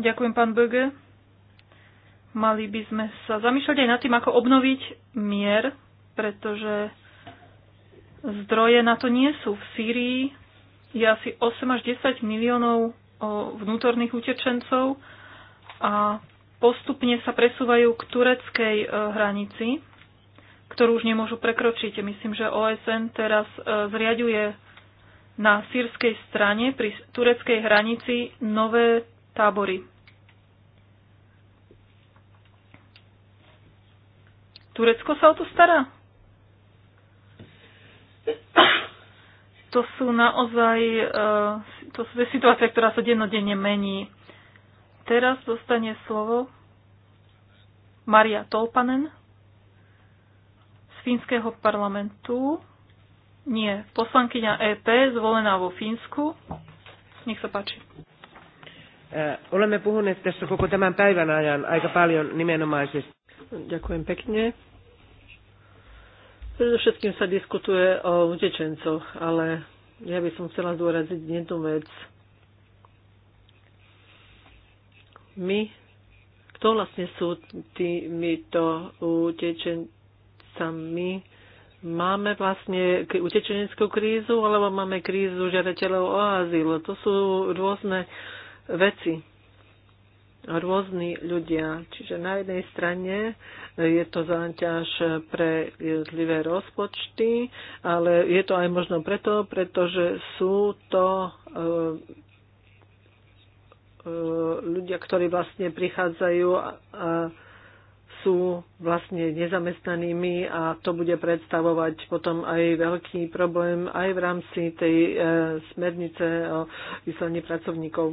Ďakujem, pán Böge. Mali by sme sa zamýšľať aj nad tým, ako obnoviť mier pretože zdroje na to nie sú. V Sýrii je asi 8 až 10 miliónov vnútorných utečencov a postupne sa presúvajú k tureckej e, hranici, ktorú už nemôžu prekročiť. Myslím, že OSN teraz e, zriaduje na sírskej strane pri tureckej hranici nové tábory. Turecko sa o to stará? to sú naozaj eh, to sú situácia, ktorá sa dennodenne mení. Teraz dostane slovo Maria Tolpanen z fínskeho parlamentu. Nie, poslankyňa EP, zvolená vo Fínsku. Nech sa páči. Eh, olemme puhuneet tässä koko tämän päivän ajan aika paljon nimenomaisesti. Ďakujem pekne. Predovšetkým sa diskutuje o utečencoch, ale ja by som chcela zdôraziť jednu vec. My, kto vlastne sú týmito utečencami? Máme vlastne utečeneckú krízu, alebo máme krízu žiadateľov o azyl? To sú rôzne veci rôzni ľudia. Čiže na jednej strane je to záťaž pre jednotlivé rozpočty, ale je to aj možno preto, pretože sú to e, e, ľudia, ktorí vlastne prichádzajú a sú vlastne nezamestnanými a to bude predstavovať potom aj veľký problém aj v rámci tej e, smernice o vyslení pracovníkov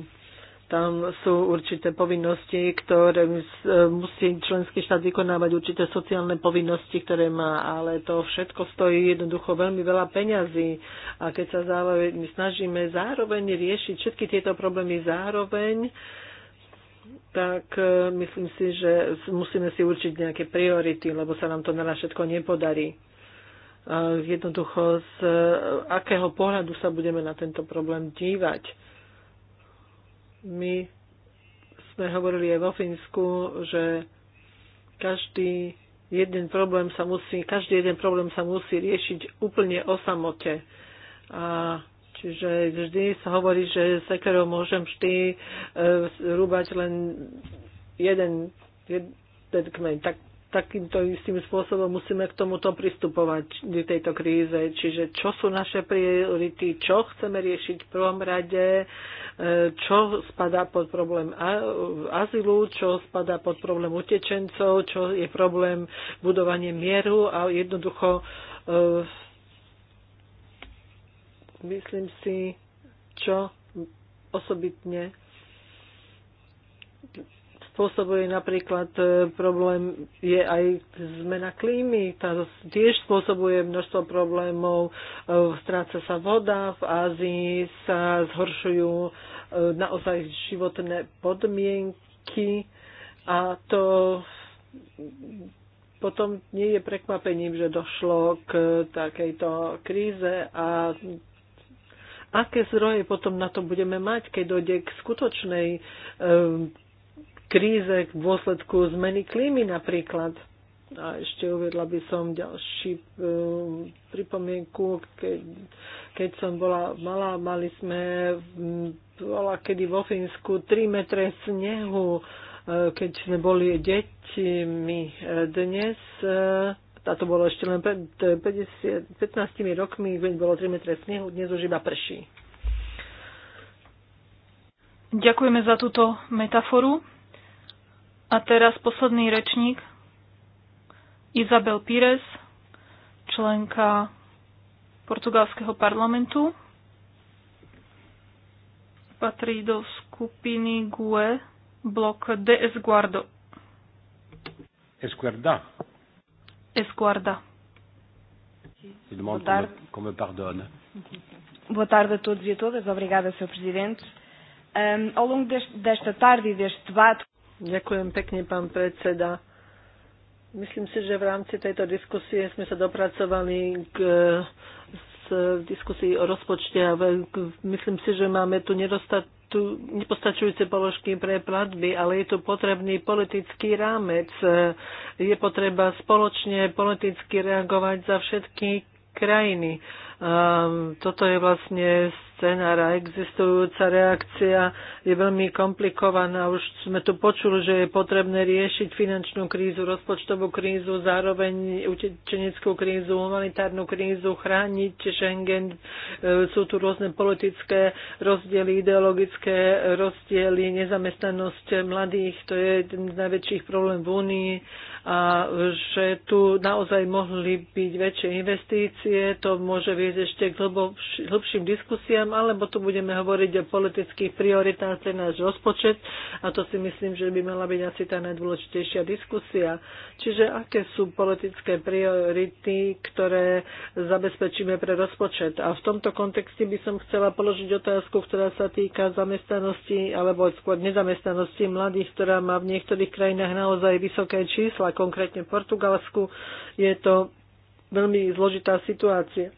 tam sú určité povinnosti, ktoré eh, musí členský štát vykonávať, určité sociálne povinnosti, ktoré má, ale to všetko stojí jednoducho veľmi veľa peňazí. A keď sa zároveň, snažíme zároveň riešiť všetky tieto problémy zároveň, tak eh, myslím si, že musíme si určiť nejaké priority, lebo sa nám to na všetko nepodarí. Jednoducho, z eh, akého pohľadu sa budeme na tento problém dívať my sme hovorili aj vo Fínsku, že každý jeden problém sa musí, každý jeden problém sa musí riešiť úplne o samote. A čiže vždy sa hovorí, že sekerou môžem vždy e, rúbať len jeden, jeden kmeň. Tak takýmto istým spôsobom musíme k tomuto pristupovať v tejto kríze. Čiže čo sú naše priority, čo chceme riešiť v prvom rade, e, čo spadá pod problém azylu, čo spadá pod problém utečencov, čo je problém budovanie mieru a jednoducho e, myslím si, čo osobitne spôsobuje napríklad e, problém, je aj zmena klímy, tá tiež spôsobuje množstvo problémov, e, stráca sa voda, v Ázii sa zhoršujú e, naozaj životné podmienky a to potom nie je prekvapením, že došlo k takejto kríze a aké zdroje potom na to budeme mať, keď dojde k skutočnej kríze v dôsledku zmeny klímy napríklad. A ešte uvedla by som ďalší e, pripomienku, keď, keď som bola malá, mali sme bola kedy vo Fínsku 3 metre snehu, e, keď sme boli deti deťmi. Dnes e, a to bolo ešte len pred 50, e, 15 rokmi, keď bolo 3 metre snehu, dnes už iba prší. Ďakujeme za túto metaforu. A teraz posledný rečník, Izabel Pires, členka portugalského parlamentu. Patrí do skupiny GUE, blok de Esguardo. Esguarda. Esguarda. Boa tarde. Como, como Boa tarde a todos e a todas. Obrigada, Sr. Presidente. Um, ao longo deste, desta tarde e deste debate... Ďakujem pekne, pán predseda. Myslím si, že v rámci tejto diskusie sme sa dopracovali k diskusii o rozpočte a myslím si, že máme tu nedostat tu nepostačujúce položky pre platby, ale je tu potrebný politický rámec. Je potreba spoločne politicky reagovať za všetky krajiny. Toto je vlastne scenár a existujúca reakcia je veľmi komplikovaná. Už sme tu počuli, že je potrebné riešiť finančnú krízu, rozpočtovú krízu, zároveň utečeneckú krízu, humanitárnu krízu, chrániť Schengen. E, sú tu rôzne politické rozdiely, ideologické rozdiely, nezamestnanosť mladých, to je jeden z najväčších problém v Únii a že tu naozaj mohli byť väčšie investície, to môže viesť ešte k hlbším diskusiám problém, alebo tu budeme hovoriť o politických prioritách pre náš rozpočet a to si myslím, že by mala byť asi tá najdôležitejšia diskusia. Čiže aké sú politické priority, ktoré zabezpečíme pre rozpočet. A v tomto kontexte by som chcela položiť otázku, ktorá sa týka zamestnanosti alebo skôr nezamestnanosti mladých, ktorá má v niektorých krajinách naozaj vysoké čísla, konkrétne v Portugalsku je to veľmi zložitá situácia.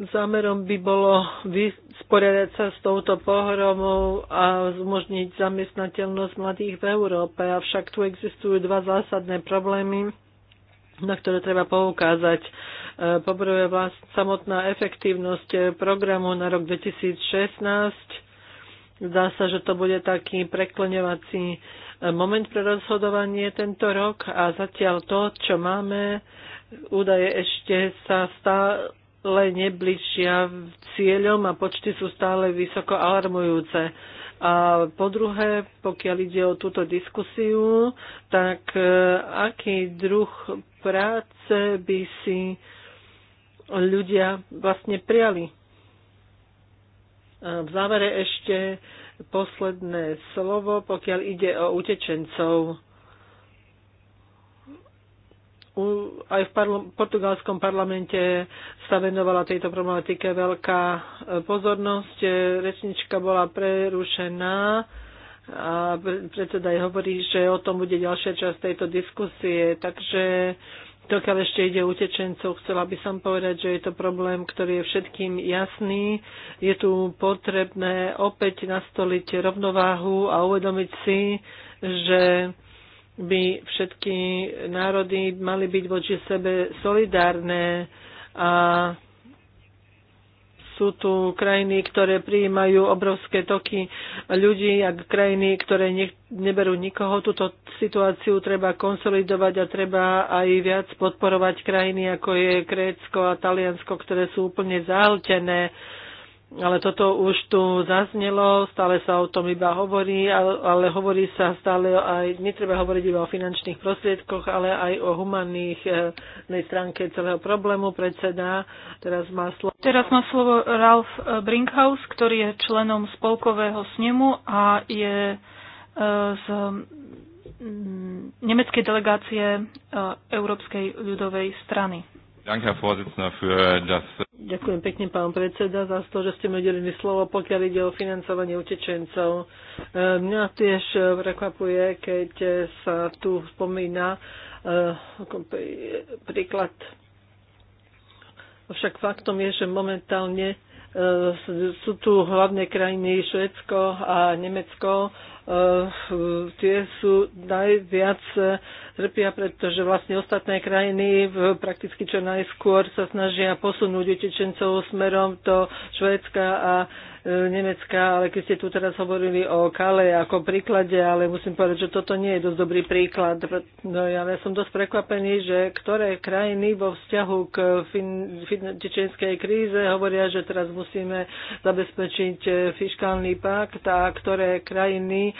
Zámerom by bolo vysporiadať sa s touto pohromou a zmožniť zamestnateľnosť mladých v Európe. Avšak tu existujú dva zásadné problémy, na ktoré treba poukázať. E, Poprvé vlast, samotná efektívnosť programu na rok 2016. Zdá sa, že to bude taký prekloňovací e, moment pre rozhodovanie tento rok a zatiaľ to, čo máme, údaje ešte sa stále stále nebližšia cieľom a počty sú stále vysoko alarmujúce. A po druhé, pokiaľ ide o túto diskusiu, tak e, aký druh práce by si ľudia vlastne prijali. v závere ešte posledné slovo, pokiaľ ide o utečencov aj v parl- portugalskom parlamente sa venovala tejto problematike veľká e, pozornosť. E, rečnička bola prerušená a predseda aj hovorí, že o tom bude ďalšia časť tejto diskusie. Takže dokiaľ ešte ide utečencov, chcela by som povedať, že je to problém, ktorý je všetkým jasný. Je tu potrebné opäť nastoliť rovnováhu a uvedomiť si, že by všetky národy mali byť voči sebe solidárne a sú tu krajiny, ktoré prijímajú obrovské toky ľudí a krajiny, ktoré ne, neberú nikoho. Túto situáciu treba konsolidovať a treba aj viac podporovať krajiny, ako je Grécko a Taliansko, ktoré sú úplne zahltené uh, ale toto už tu zaznelo, stále sa o tom iba hovorí, ale hovorí sa stále aj, netreba hovoriť iba o finančných prostriedkoch, ale aj o humanných nej stránke celého problému. Predseda teraz má slovo. Teraz má slovo Ralf Brinkhaus, ktorý je členom spolkového snemu a je e, z mm, nemeckej delegácie e, Európskej ľudovej strany. Ďakujem pekne, pán predseda, za to, že ste mi udelili slovo, pokiaľ ide o financovanie utečencov. E, mňa tiež prekvapuje, keď sa tu spomína e, príklad. Však faktom je, že momentálne sú tu hlavné krajiny Švedsko a Nemecko. E, tie sú najviac e, trpia, pretože vlastne ostatné krajiny prakticky čo najskôr sa snažia posunúť utečencov smerom do Švédska a E, Nemecka, ale keď ste tu teraz hovorili o Kale ako príklade, ale musím povedať, že toto nie je dosť dobrý príklad. No, ja, ja som dosť prekvapený, že ktoré krajiny vo vzťahu k finančnej kríze hovoria, že teraz musíme zabezpečiť e, fiskálny pakt a ktoré krajiny e,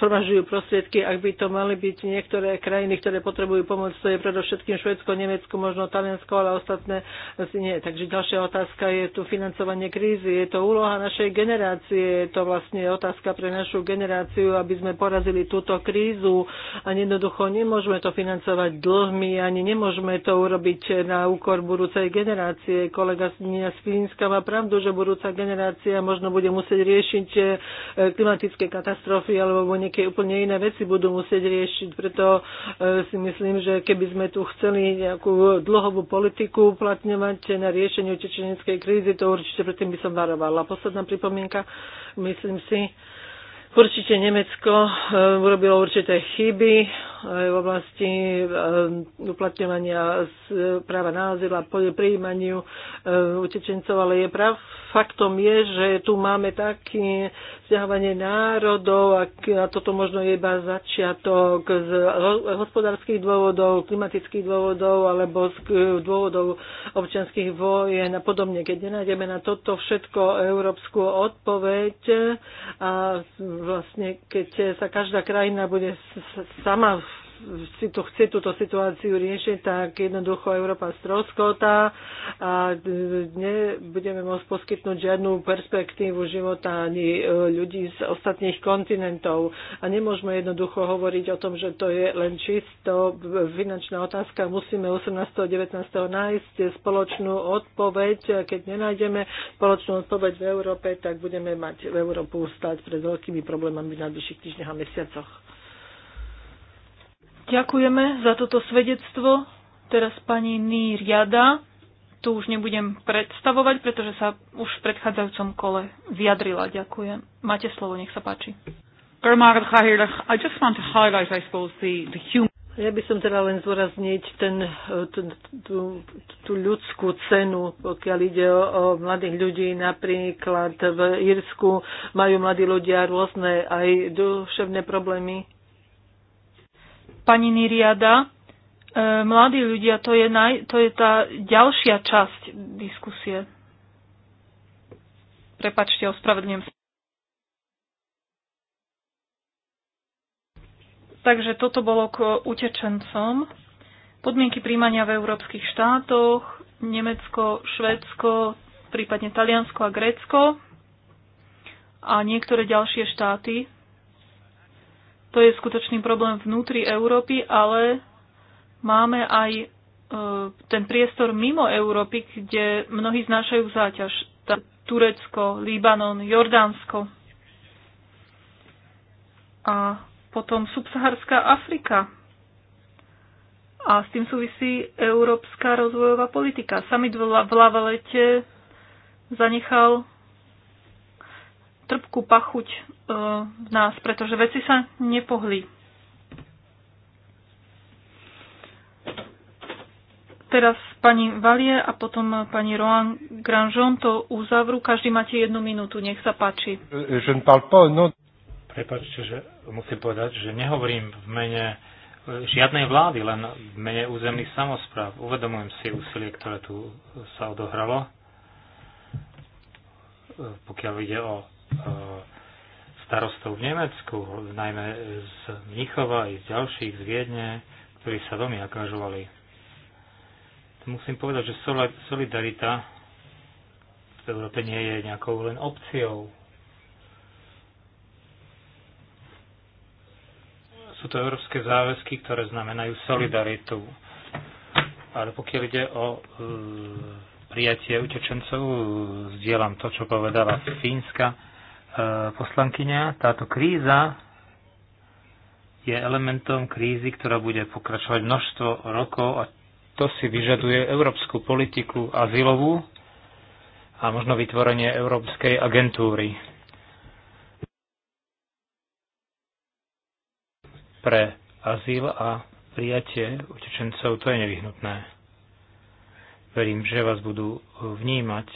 sformažujú prostriedky, ak by to mali byť niektoré krajiny, ktoré potrebujú pomoc, to je predovšetkým Švedsko, Nemecko, možno Taliansko, ale ostatné asi nie. Takže ďalšia otázka je tu finančná financovanie krízy. Je to úloha našej generácie, je to vlastne otázka pre našu generáciu, aby sme porazili túto krízu a jednoducho nemôžeme to financovať dlhmi, ani nemôžeme to urobiť na úkor budúcej generácie. Kolega z Fínska má pravdu, že budúca generácia možno bude musieť riešiť eh, klimatické katastrofy alebo nejaké úplne iné veci budú musieť riešiť. Preto eh, si myslím, že keby sme tu chceli nejakú dlhovú politiku uplatňovať na riešenie utečeneckej krízy, to určite predtým by som varovala. Posledná pripomienka, myslím si, určite Nemecko eh, urobilo určité chyby, E, v oblasti e, uplatňovania práva na azyl a prijímaniu e, utečencov, ale je prav, faktom je, že tu máme také vzťahovanie národov a, a toto možno je iba začiatok z hospodárskych dôvodov, klimatických dôvodov alebo z dôvodov občianských vojen a podobne. Keď nenájdeme na toto všetko európsku odpoveď a vlastne keď sa každá krajina bude sama si tu chce túto situáciu riešiť, tak jednoducho Európa stroskota a nebudeme môcť poskytnúť žiadnu perspektívu života ani e, ľudí z ostatných kontinentov. A nemôžeme jednoducho hovoriť o tom, že to je len čisto finančná otázka. Musíme 18. a 19. nájsť spoločnú odpoveď. Keď nenájdeme spoločnú odpoveď v Európe, tak budeme mať v Európu stať pred veľkými problémami v najbližších týždňoch a mesiacoch. Ďakujeme za toto svedectvo. Teraz pani Nýr Jada. Tu už nebudem predstavovať, pretože sa už v predchádzajúcom kole vyjadrila. Ďakujem. Máte slovo, nech sa páči. Ja by som teda len zvorazniť ten, tú, tú, tú ľudskú cenu, pokiaľ ide o, o mladých ľudí. Napríklad v Írsku majú mladí ľudia rôzne aj duševné problémy pani Niriada. E, mladí ľudia, to je, naj, to je tá ďalšia časť diskusie. Prepačte, ospravedlňujem sa. Takže toto bolo k utečencom. Podmienky príjmania v európskych štátoch, Nemecko, Švédsko, prípadne Taliansko a Grécko a niektoré ďalšie štáty to je skutočný problém vnútri Európy, ale máme aj e, ten priestor mimo Európy, kde mnohí znášajú záťaž. Turecko, Libanon, Jordánsko. A potom subsaharská Afrika. A s tým súvisí európska rozvojová politika. Sami v Lavalete zanechal trpkú pachuť E, v nás, pretože veci sa nepohli. Teraz pani Valie a potom pani Roan Granjon to uzavru, Každý máte jednu minútu, nech sa páči. Prepačte, že musím povedať, že nehovorím v mene e, žiadnej vlády, len v mene územných samozpráv. Uvedomujem si úsilie, ktoré tu sa odohralo, e, pokiaľ ide o starostov v Nemecku, najmä z Mnichova i z ďalších z Viedne, ktorí sa veľmi akážovali. Musím povedať, že solidarita v Európe nie je nejakou len opciou. Sú to európske záväzky, ktoré znamenajú solidaritu. Ale pokiaľ ide o e, prijatie utečencov, e, zdieľam to, čo povedala Fínska E, poslankyňa, táto kríza je elementom krízy, ktorá bude pokračovať množstvo rokov a to si vyžaduje európsku politiku azylovú a možno vytvorenie Európskej agentúry pre azyl a prijatie utečencov. To je nevyhnutné. Verím, že vás budú vnímať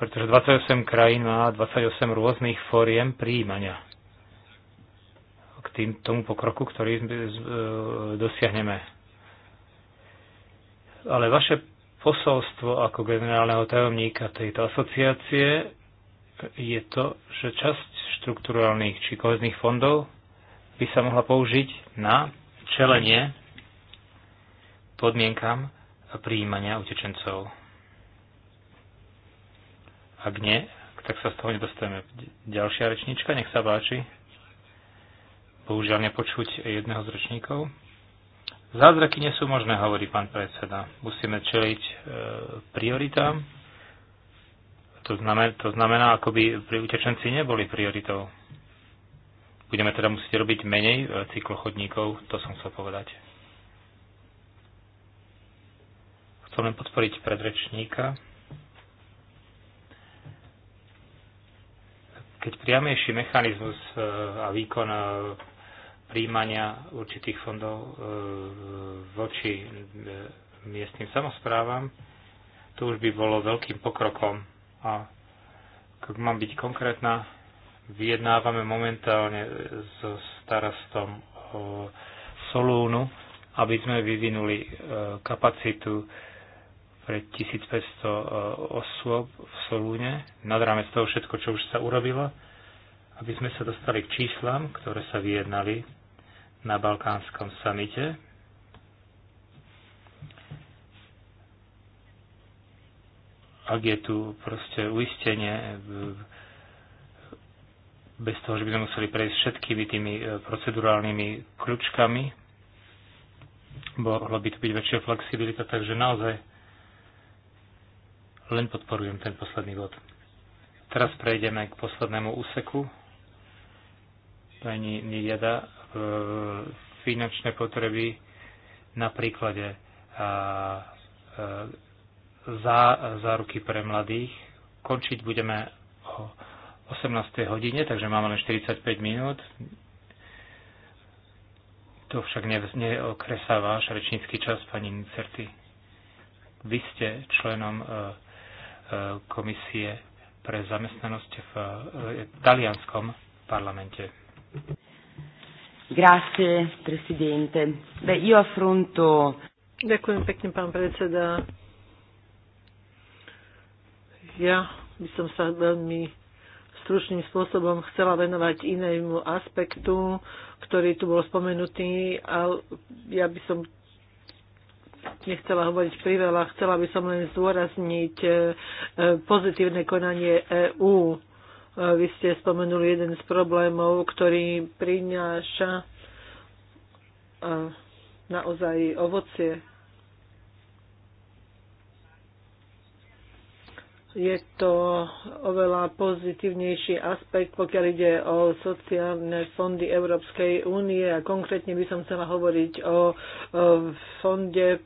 pretože 28 krajín má 28 rôznych fóriem príjmania k tým, tomu pokroku, ktorý e, dosiahneme. Ale vaše posolstvo ako generálneho tajomníka tejto asociácie je to, že časť štruktúrálnych či kohezných fondov by sa mohla použiť na čelenie podmienkam príjmania utečencov. Ak nie, tak sa z toho nedostajeme. Ďalšia rečnička, nech sa páči. Bohužiaľ nepočuť jedného z rečníkov. Zázraky nie sú možné, hovorí pán predseda. Musíme čeliť e, prioritám. To znamená, to znamená, ako by pri utečenci neboli prioritou. Budeme teda musieť robiť menej e, cyklochodníkov, to som chcel povedať. Chcem len podporiť predrečníka. keď priamejší mechanizmus e, a výkon e, príjmania určitých fondov e, voči miestnym samozprávam, to už by bolo veľkým pokrokom. A ak mám byť konkrétna, vyjednávame momentálne so starostom Solúnu, aby sme vyvinuli kapacitu pre 1500 e, osôb v Solúne, nad rámec toho všetko, čo už sa urobilo, aby sme sa dostali k číslam, ktoré sa vyjednali na Balkánskom samite. Ak je tu proste uistenie, bez toho, že by sme museli prejsť všetkými tými e, procedurálnymi kľúčkami, mohlo by tu byť väčšia flexibilita, takže naozaj len podporujem ten posledný bod. Teraz prejdeme k poslednému úseku. Pani Nijeda, e, finančné potreby na príklade a, a, e, za, záruky pre mladých. Končiť budeme o 18. hodine, takže máme len 45 minút. To však neokresá váš rečnícky čas, pani Nicerty. Vy ste členom a, e, komisie pre zamestnanosť eh, v talianskom parlamente. Grazie, presidente. Beh, io affronto... Ďakujem pekne, pán predseda. Ja by som sa veľmi stručným spôsobom chcela venovať inému aspektu, ktorý tu bol spomenutý, ale ja by som nechcela hovoriť priveľa, chcela by som len zdôrazniť e, e, pozitívne konanie EÚ. E, vy ste spomenuli jeden z problémov, ktorý prináša naozaj ovocie je to oveľa pozitívnejší aspekt, pokiaľ ide o sociálne fondy Európskej únie a konkrétne by som chcela hovoriť o, o fonde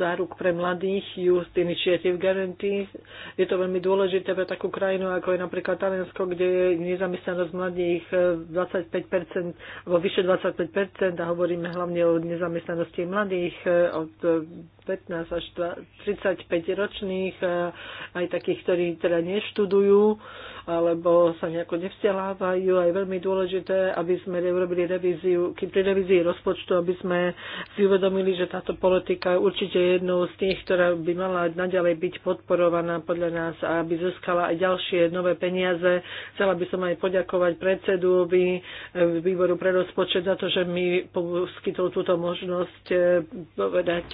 záruk pre mladých Youth Initiative Guarantee. Je to veľmi dôležité pre takú krajinu, ako je napríklad Talensko, kde je nezamestnanosť mladých 25%, e, alebo vyše 25% a hovoríme hlavne o nezamestnanosti mladých e, od e, 15 až 35 ročných, e, aj takých, ktorí teda neštudujú alebo sa nejako nevzdelávajú. A je veľmi dôležité, aby sme urobili revíziu, pri revízii rozpočtu, aby sme si uvedomili, že táto politika je určite jednou z tých, ktorá by mala naďalej byť podporovaná podľa nás a aby získala aj ďalšie nové peniaze. Chcela by som aj poďakovať predsedovi e, výboru pre rozpočet za to, že mi poskytol túto možnosť e, povedať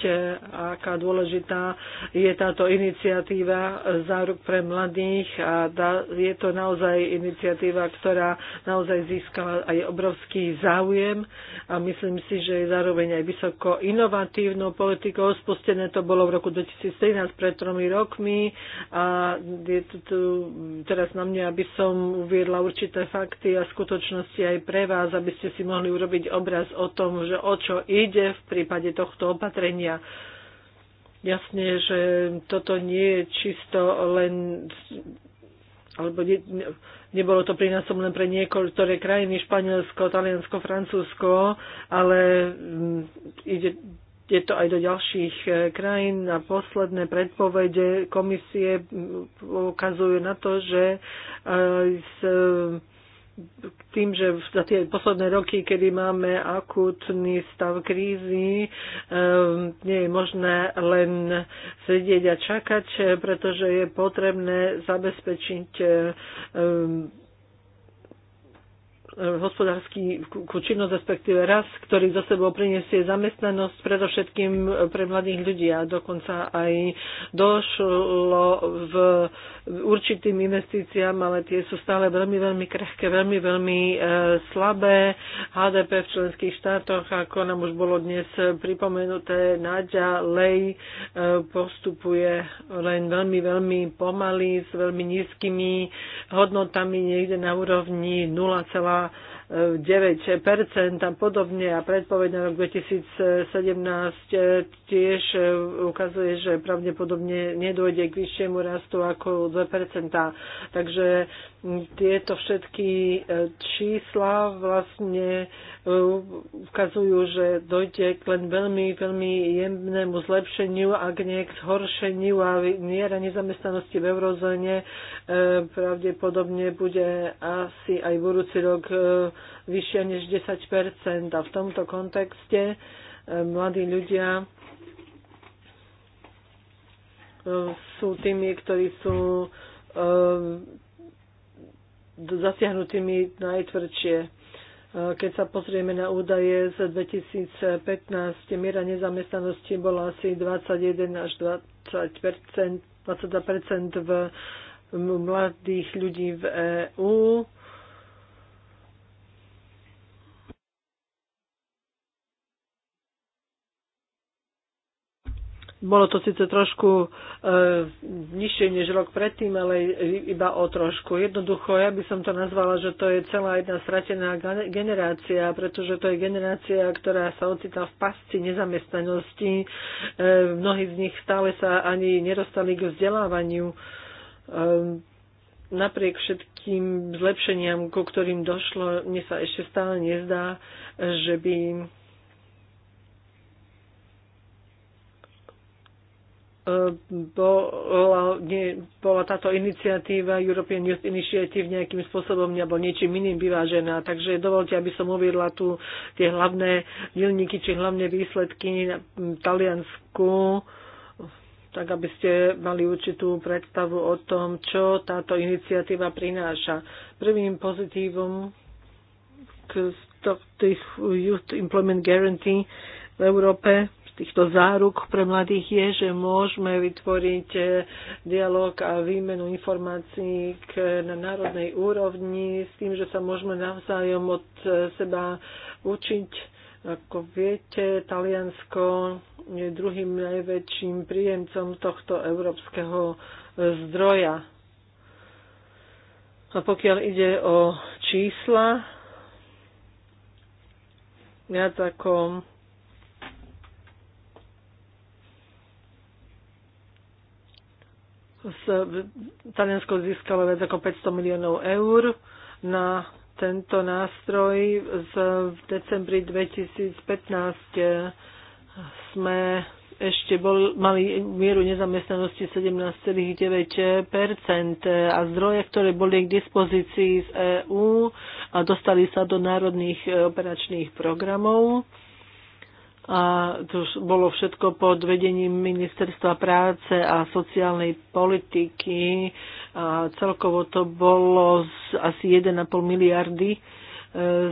a aká dôležitá je táto iniciatíva Záruk pre mladých a je to naozaj iniciatíva, ktorá naozaj získala aj obrovský záujem a myslím si, že je zároveň aj vysoko inovatívnou politikou. Spustené to bolo v roku 2013 pred tromi rokmi a je tu, tu teraz na mňa, aby som uviedla určité fakty a skutočnosti aj pre vás, aby ste si mohli urobiť obraz o tom, že o čo ide v prípade tohto opatrenia jasne, že toto nie je čisto len alebo ne, nebolo to prinásom len pre niektoré krajiny, Španielsko, Taliansko, Francúzsko, ale mm, ide, je to aj do ďalších e, krajín a posledné predpovede komisie mm, ukazujú na to, že z, e, tým, že za tie posledné roky, kedy máme akutný stav krízy, ehm, nie je možné len sedieť a čakať, pretože je potrebné zabezpečiť ehm, Eh, hospodársky činnosť, respektíve raz, ktorý zo sebou priniesie zamestnanosť predovšetkým eh, pre mladých ľudí a dokonca aj došlo v určitým investíciám, ale tie sú stále veľmi, veľmi krehké, veľmi, veľmi e, slabé. HDP v členských štátoch, ako nám už bolo dnes pripomenuté, naďalej e, postupuje len veľmi, veľmi pomaly, s veľmi nízkymi hodnotami, niekde na úrovni 9% a podobne a predpoveď na rok 2017 eh, tiež eh, ukazuje, že pravdepodobne nedôjde k vyššiemu rastu ako 2%. Takže tieto všetky e, čísla vlastne e, ukazujú, že dojde k len veľmi, veľmi jemnému zlepšeniu, ak nie k zhoršeniu a miera nezamestnanosti v eurozóne e, pravdepodobne bude asi aj v budúci rok vyššia než 10 A v tomto kontexte mladí ľudia sú tými, ktorí sú zasiahnutými najtvrdšie. E, keď sa pozrieme na údaje z 2015, miera nezamestnanosti bola asi 21 až 20 22 v mladých ľudí v EÚ Bolo to síce trošku e, nižšie než rok predtým, ale iba o trošku. Jednoducho, ja by som to nazvala, že to je celá jedna stratená generácia, pretože to je generácia, ktorá sa ocitá v pasci nezamestnanosti. E, mnohí z nich stále sa ani nedostali k vzdelávaniu. E, napriek všetkým zlepšeniam, ku ktorým došlo, mne sa ešte stále nezdá, že by bola, nie, bola táto iniciatíva European Youth Initiative nejakým spôsobom alebo niečím iným vyvážená. Takže dovolte, aby som uviedla tu tie hlavné milníky či hlavné výsledky na Taliansku tak aby ste mali určitú predstavu o tom, čo táto iniciatíva prináša. Prvým pozitívom k tých Youth Employment Guarantee v Európe týchto záruk pre mladých je, že môžeme vytvoriť e, dialog a výmenu informácií k, na národnej úrovni s tým, že sa môžeme navzájom od e, seba učiť. Ako viete, Taliansko je druhým najväčším príjemcom tohto európskeho e, zdroja. A pokiaľ ide o čísla, viac ako Taliansko získalo viac ako 500 miliónov eur na tento nástroj. V decembri 2015 eh, sme ešte bol, mali mieru nezamestnanosti 17,9 eh, a zdroje, ktoré boli k dispozícii z EÚ a dostali sa do národných eh, operačných programov a to už bolo všetko pod vedením Ministerstva práce a sociálnej politiky a celkovo to bolo z asi 1,5 miliardy e,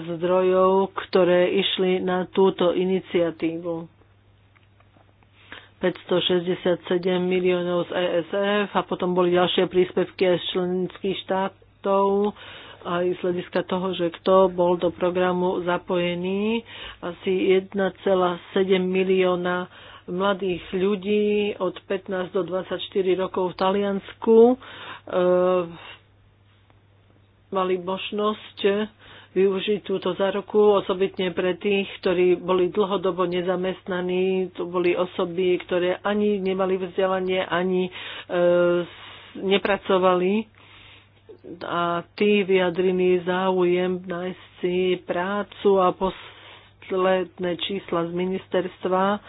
zdrojov, ktoré išli na túto iniciatívu. 567 miliónov z ESF a potom boli ďalšie príspevky aj z členských štátov aj z hľadiska toho, že kto bol do programu zapojený. Asi 1,7 milióna mladých ľudí od 15 do 24 rokov v Taliansku e, mali možnosť využiť túto zároku, osobitne pre tých, ktorí boli dlhodobo nezamestnaní. To boli osoby, ktoré ani nemali vzdelanie, ani e, nepracovali a tí vyjadrili záujem nájsť si prácu a posledné čísla z ministerstva, e,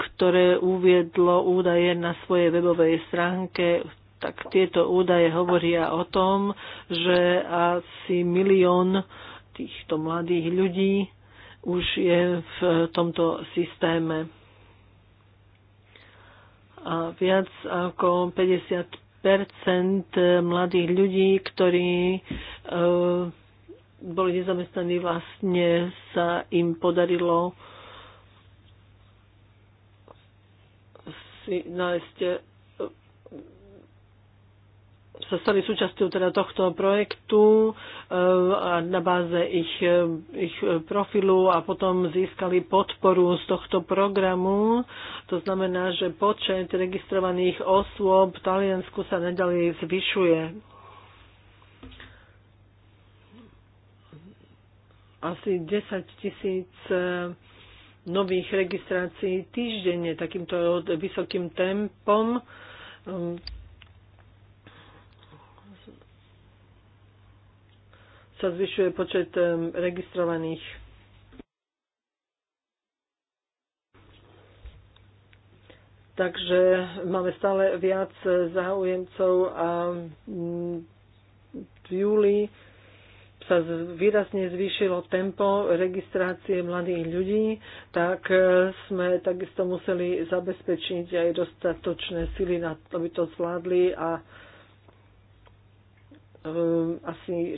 ktoré uviedlo údaje na svojej webovej stránke, tak tieto údaje hovoria o tom, že asi milión týchto mladých ľudí už je v tomto systéme. A viac ako 50 percent mladých ľudí, ktorí eh, boli nezamestnaní, vlastne sa im podarilo si nájsť sa stali súčasťou teda tohto projektu eh, a na báze ich, eh, ich profilu a potom získali podporu z tohto programu. To znamená, že počet registrovaných osôb v Taliansku sa nedali zvyšuje. Asi 10 tisíc eh, nových registrácií týždenne takýmto vysokým tempom sa zvyšuje počet registrovaných Takže máme stále viac záujemcov a v júli sa výrazne zvýšilo tempo registrácie mladých ľudí, tak e, sme takisto museli zabezpečiť aj dostatočné sily, aby to zvládli a Ehm, asi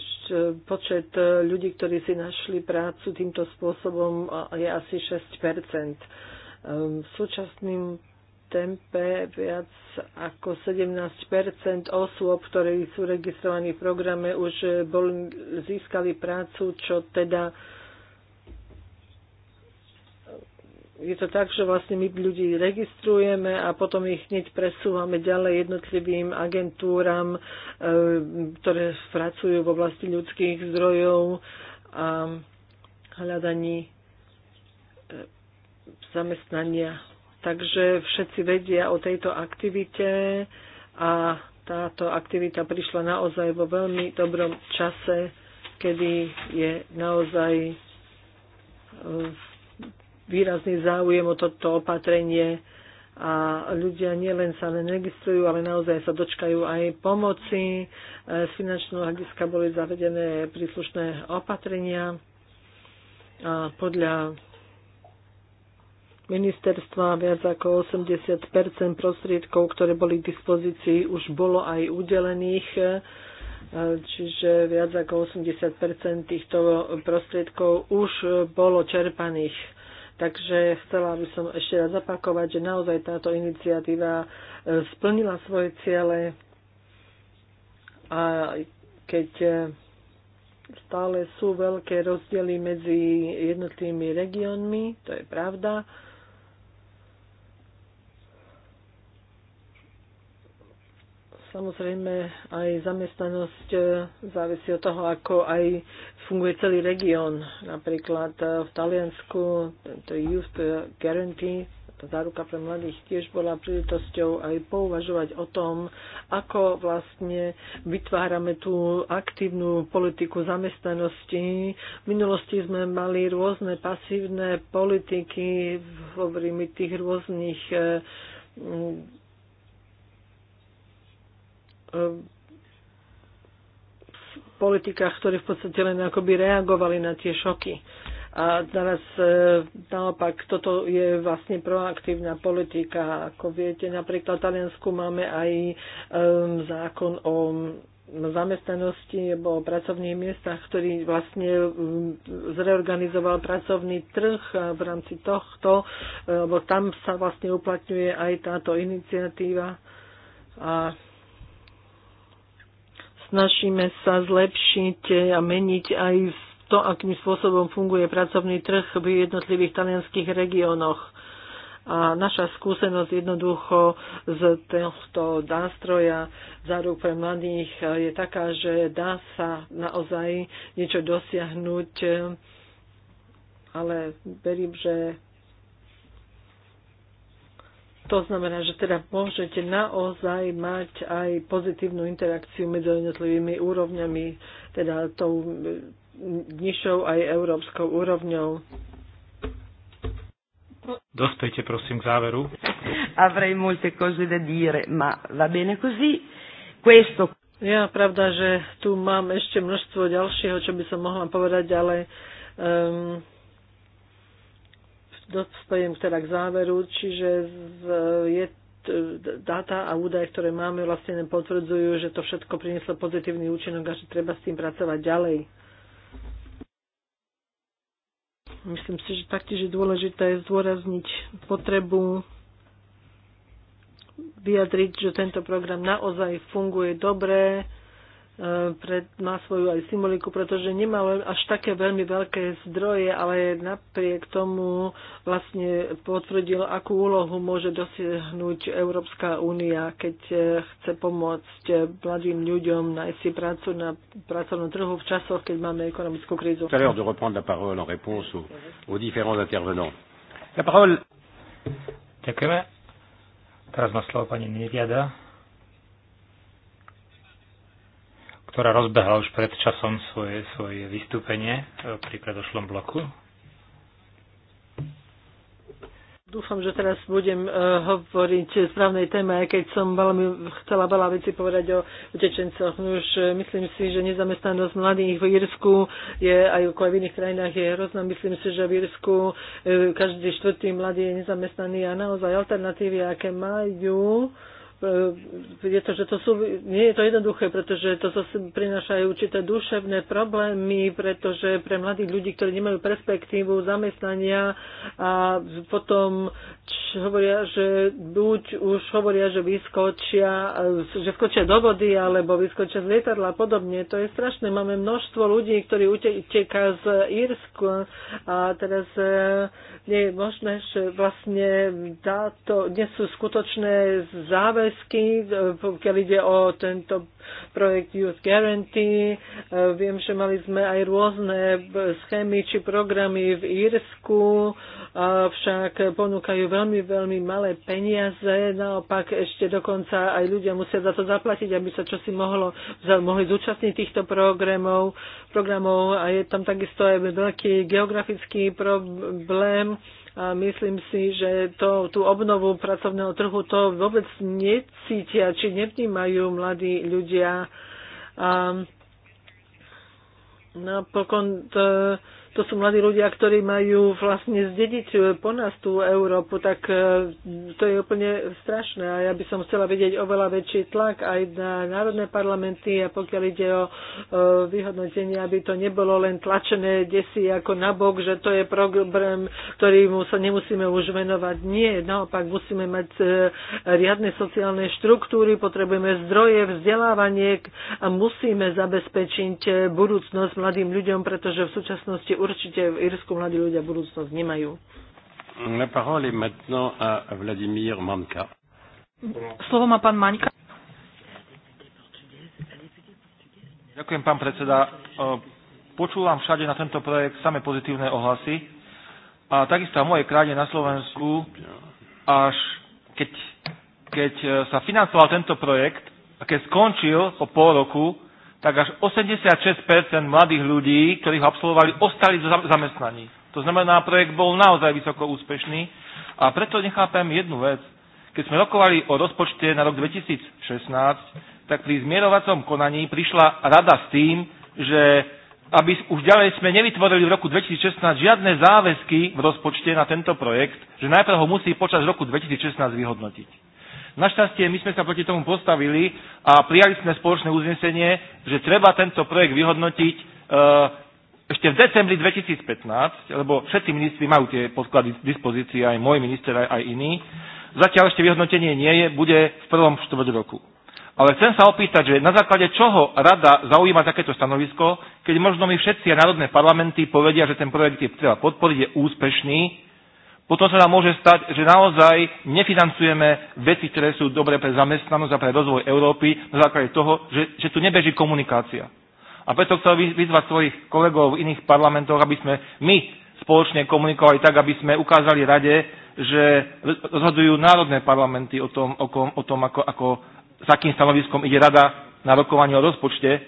počet e, ľudí, ktorí si našli prácu týmto spôsobom je asi 6 ehm, V súčasným tempe viac ako 17 osôb, ktorí sú registrovaní v programe, už bol, získali prácu, čo teda je to tak, že vlastne my ľudí registrujeme a potom ich hneď presúvame ďalej jednotlivým agentúram, e, ktoré pracujú v oblasti ľudských zdrojov a hľadaní e, zamestnania. Takže všetci vedia o tejto aktivite a táto aktivita prišla naozaj vo veľmi dobrom čase, kedy je naozaj v výrazný záujem o toto opatrenie a ľudia nielen sa len registrujú, ale naozaj sa dočkajú aj pomoci. E, z finančného hľadiska boli zavedené príslušné opatrenia a podľa ministerstva viac ako 80 prostriedkov, ktoré boli k dispozícii, už bolo aj udelených e, čiže viac ako 80 týchto prostriedkov už bolo čerpaných. Takže chcela by som ešte raz zapakovať, že naozaj táto iniciatíva e, splnila svoje ciele a keď e, stále sú veľké rozdiely medzi jednotlivými regiónmi, to je pravda, Samozrejme, aj zamestnanosť e, závisí od toho, ako aj funguje celý región. Napríklad e, v Taliansku to Youth Guarantee, tá záruka pre mladých tiež bola príležitosťou aj pouvažovať o tom, ako vlastne vytvárame tú aktívnu politiku zamestnanosti. V minulosti sme mali rôzne pasívne politiky, hovoríme tých rôznych e, v politikách, ktorí v podstate len akoby reagovali na tie šoky. A teraz e, naopak toto je vlastne proaktívna politika. Ako viete, napríklad v Taliansku máme aj e, zákon o zamestnanosti alebo o pracovných miestach, ktorý vlastne e, zreorganizoval pracovný trh v rámci tohto, lebo tam sa vlastne uplatňuje aj táto iniciatíva. A snažíme sa zlepšiť a meniť aj to, akým spôsobom funguje pracovný trh v jednotlivých talianských regiónoch. A naša skúsenosť jednoducho z tohto nástroja rúk pre mladých je taká, že dá sa naozaj niečo dosiahnuť, ale verím, že to znamená, že teda môžete naozaj mať aj pozitívnu interakciu medzi jednotlivými úrovňami, teda tou nižšou aj európskou úrovňou. Dospejte prosím k záveru. Avrei molte cose da dire, ma va bene così. Questo ja, pravda, že tu mám ešte množstvo ďalšieho, čo by som mohla povedať, ale um, dostajem teda k záveru, čiže z, je dáta a údaje, ktoré máme, vlastne len potvrdzujú, že to všetko prinieslo pozitívny účinok a že treba s tým pracovať ďalej. Myslím si, že taktiež je dôležité zdôrazniť potrebu vyjadriť, že tento program naozaj funguje dobre, E, pred, má svoju aj symboliku, pretože nemá len až také veľmi veľké zdroje, ale napriek tomu vlastne potvrdil, akú úlohu môže dosiahnuť Európska únia, keď e, chce pomôcť mladým ľuďom nájsť si prácu na pracovnom trhu v časoch, keď máme ekonomickú krízu. Ďakujeme. Teraz má slovo pani Niriada ktorá rozbehla už pred časom svoje, svoje vystúpenie e, pri predošlom bloku. Dúfam, že teraz budem uh, hovoriť správnej téme, aj keď som veľmi chcela veľa veci povedať o utečencoch. No už uh, myslím si, že nezamestnanosť mladých v Írsku je aj ako aj v iných krajinách je hrozná. Myslím si, že v Írsku uh, každý štvrtý mladý je nezamestnaný a naozaj alternatívy, aké majú, uh, E, je to, že to sú, nie je to jednoduché, pretože to prinášajú určité duševné problémy, pretože pre mladých ľudí, ktorí nemajú perspektívu zamestnania a potom hovoria, že buď už hovoria, že vyskočia, e, že skočia do vody alebo vyskočia z lietadla a podobne. To je strašné. Máme množstvo ľudí, ktorí uteká z Írsku a teraz e, nie je možné, že vlastne táto, dnes sú skutočné záväzky Česky, pokiaľ ide o tento projekt Youth Guarantee. E, viem, že mali sme aj rôzne schémy či programy v Írsku, však ponúkajú veľmi, veľmi malé peniaze. Naopak ešte dokonca aj ľudia musia za to zaplatiť, aby sa čosi mohlo, mohli zúčastniť týchto programov, programov a je tam takisto aj veľký geografický problém a myslím si, že to, tú obnovu pracovného trhu to vôbec necítia, či nevnímajú mladí ľudia. A napokon to, to sú mladí ľudia, ktorí majú vlastne zdediť po nás tú Európu, tak e, to je úplne strašné a ja by som chcela vidieť oveľa väčší tlak aj na národné parlamenty a pokiaľ ide o e, vyhodnotenie, aby to nebolo len tlačené desi ako nabok, že to je problém, ktorýmu sa nemusíme už venovať. Nie, naopak musíme mať e, riadne sociálne štruktúry, potrebujeme zdroje, vzdelávanie a musíme zabezpečiť budúcnosť mladým ľuďom, pretože v súčasnosti určite v Irsku mladí ľudia budúcnosť nemajú. La parole est maintenant à Vladimir Manka. Slovo má pán Manka. Ďakujem, pán predseda. Počúvam všade na tento projekt same pozitívne ohlasy. A takisto v mojej krajine na Slovensku, až keď, keď e, sa financoval tento projekt a keď skončil po pol roku, tak až 86% mladých ľudí, ktorí ho absolvovali, ostali v zamestnaní. To znamená, projekt bol naozaj vysoko úspešný a preto nechápem jednu vec. Keď sme rokovali o rozpočte na rok 2016, tak pri zmierovacom konaní prišla rada s tým, že aby už ďalej sme nevytvorili v roku 2016 žiadne záväzky v rozpočte na tento projekt, že najprv ho musí počas roku 2016 vyhodnotiť. Našťastie my sme sa proti tomu postavili a prijali sme spoločné uznesenie, že treba tento projekt vyhodnotiť eh, ešte v decembri 2015, lebo všetci ministri majú tie podklady k dispozícii, aj môj minister, aj iný. Zatiaľ ešte vyhodnotenie nie je, bude v prvom štvrť roku. Ale chcem sa opýtať, že na základe čoho rada zaujíma takéto stanovisko, keď možno my všetci a národné parlamenty povedia, že ten projekt je treba podporiť, je úspešný, potom sa nám môže stať, že naozaj nefinancujeme veci, ktoré sú dobre pre zamestnanosť a pre rozvoj Európy na základe toho, že, že tu nebeží komunikácia. A preto chcel vyzvať svojich kolegov v iných parlamentoch, aby sme my spoločne komunikovali tak, aby sme ukázali rade, že rozhodujú národné parlamenty o tom, o, kom, o tom ako, ako, s akým stanoviskom ide rada na rokovanie o rozpočte,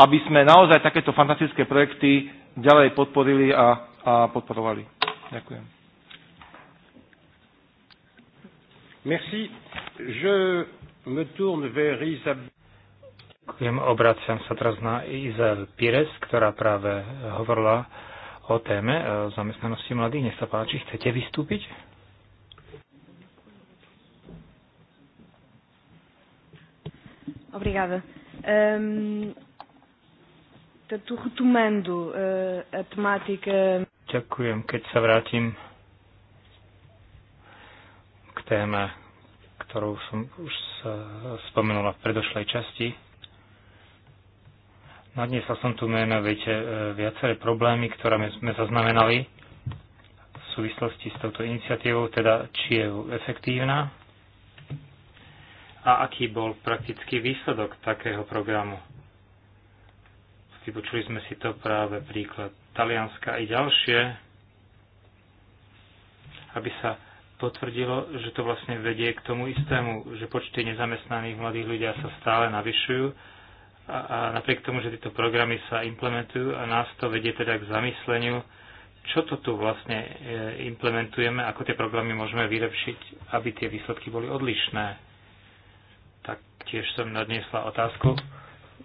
aby sme naozaj takéto fantastické projekty ďalej podporili a, a podporovali. Ďakujem. Merci. Je me tourne vers Isabelle. Ďakujem, obraciam sa teraz na Izabel Pires, ktorá práve eh, hovorila o téme eh, zamestnanosti mladých. Nech sa páči, chcete vystúpiť? Obrigada. Um, ehm, portanto, retomando uh, eh, a temática. Ďakujem, keď sa vrátim téme, ktorú som už spomenula v predošlej časti. Nadniesla som tu viete, e, viaceré problémy, ktoré sme zaznamenali v súvislosti s touto iniciatívou, teda či je efektívna a aký bol praktický výsledok takého programu. Vypočuli sme si to práve príklad Talianska i ďalšie, aby sa potvrdilo, že to vlastne vedie k tomu istému, že počty nezamestnaných mladých ľudia sa stále navyšujú a, a napriek tomu, že tieto programy sa implementujú a nás to vedie teda k zamysleniu, čo to tu vlastne e, implementujeme, ako tie programy môžeme vylepšiť, aby tie výsledky boli odlišné. Tak tiež som nadniesla otázku,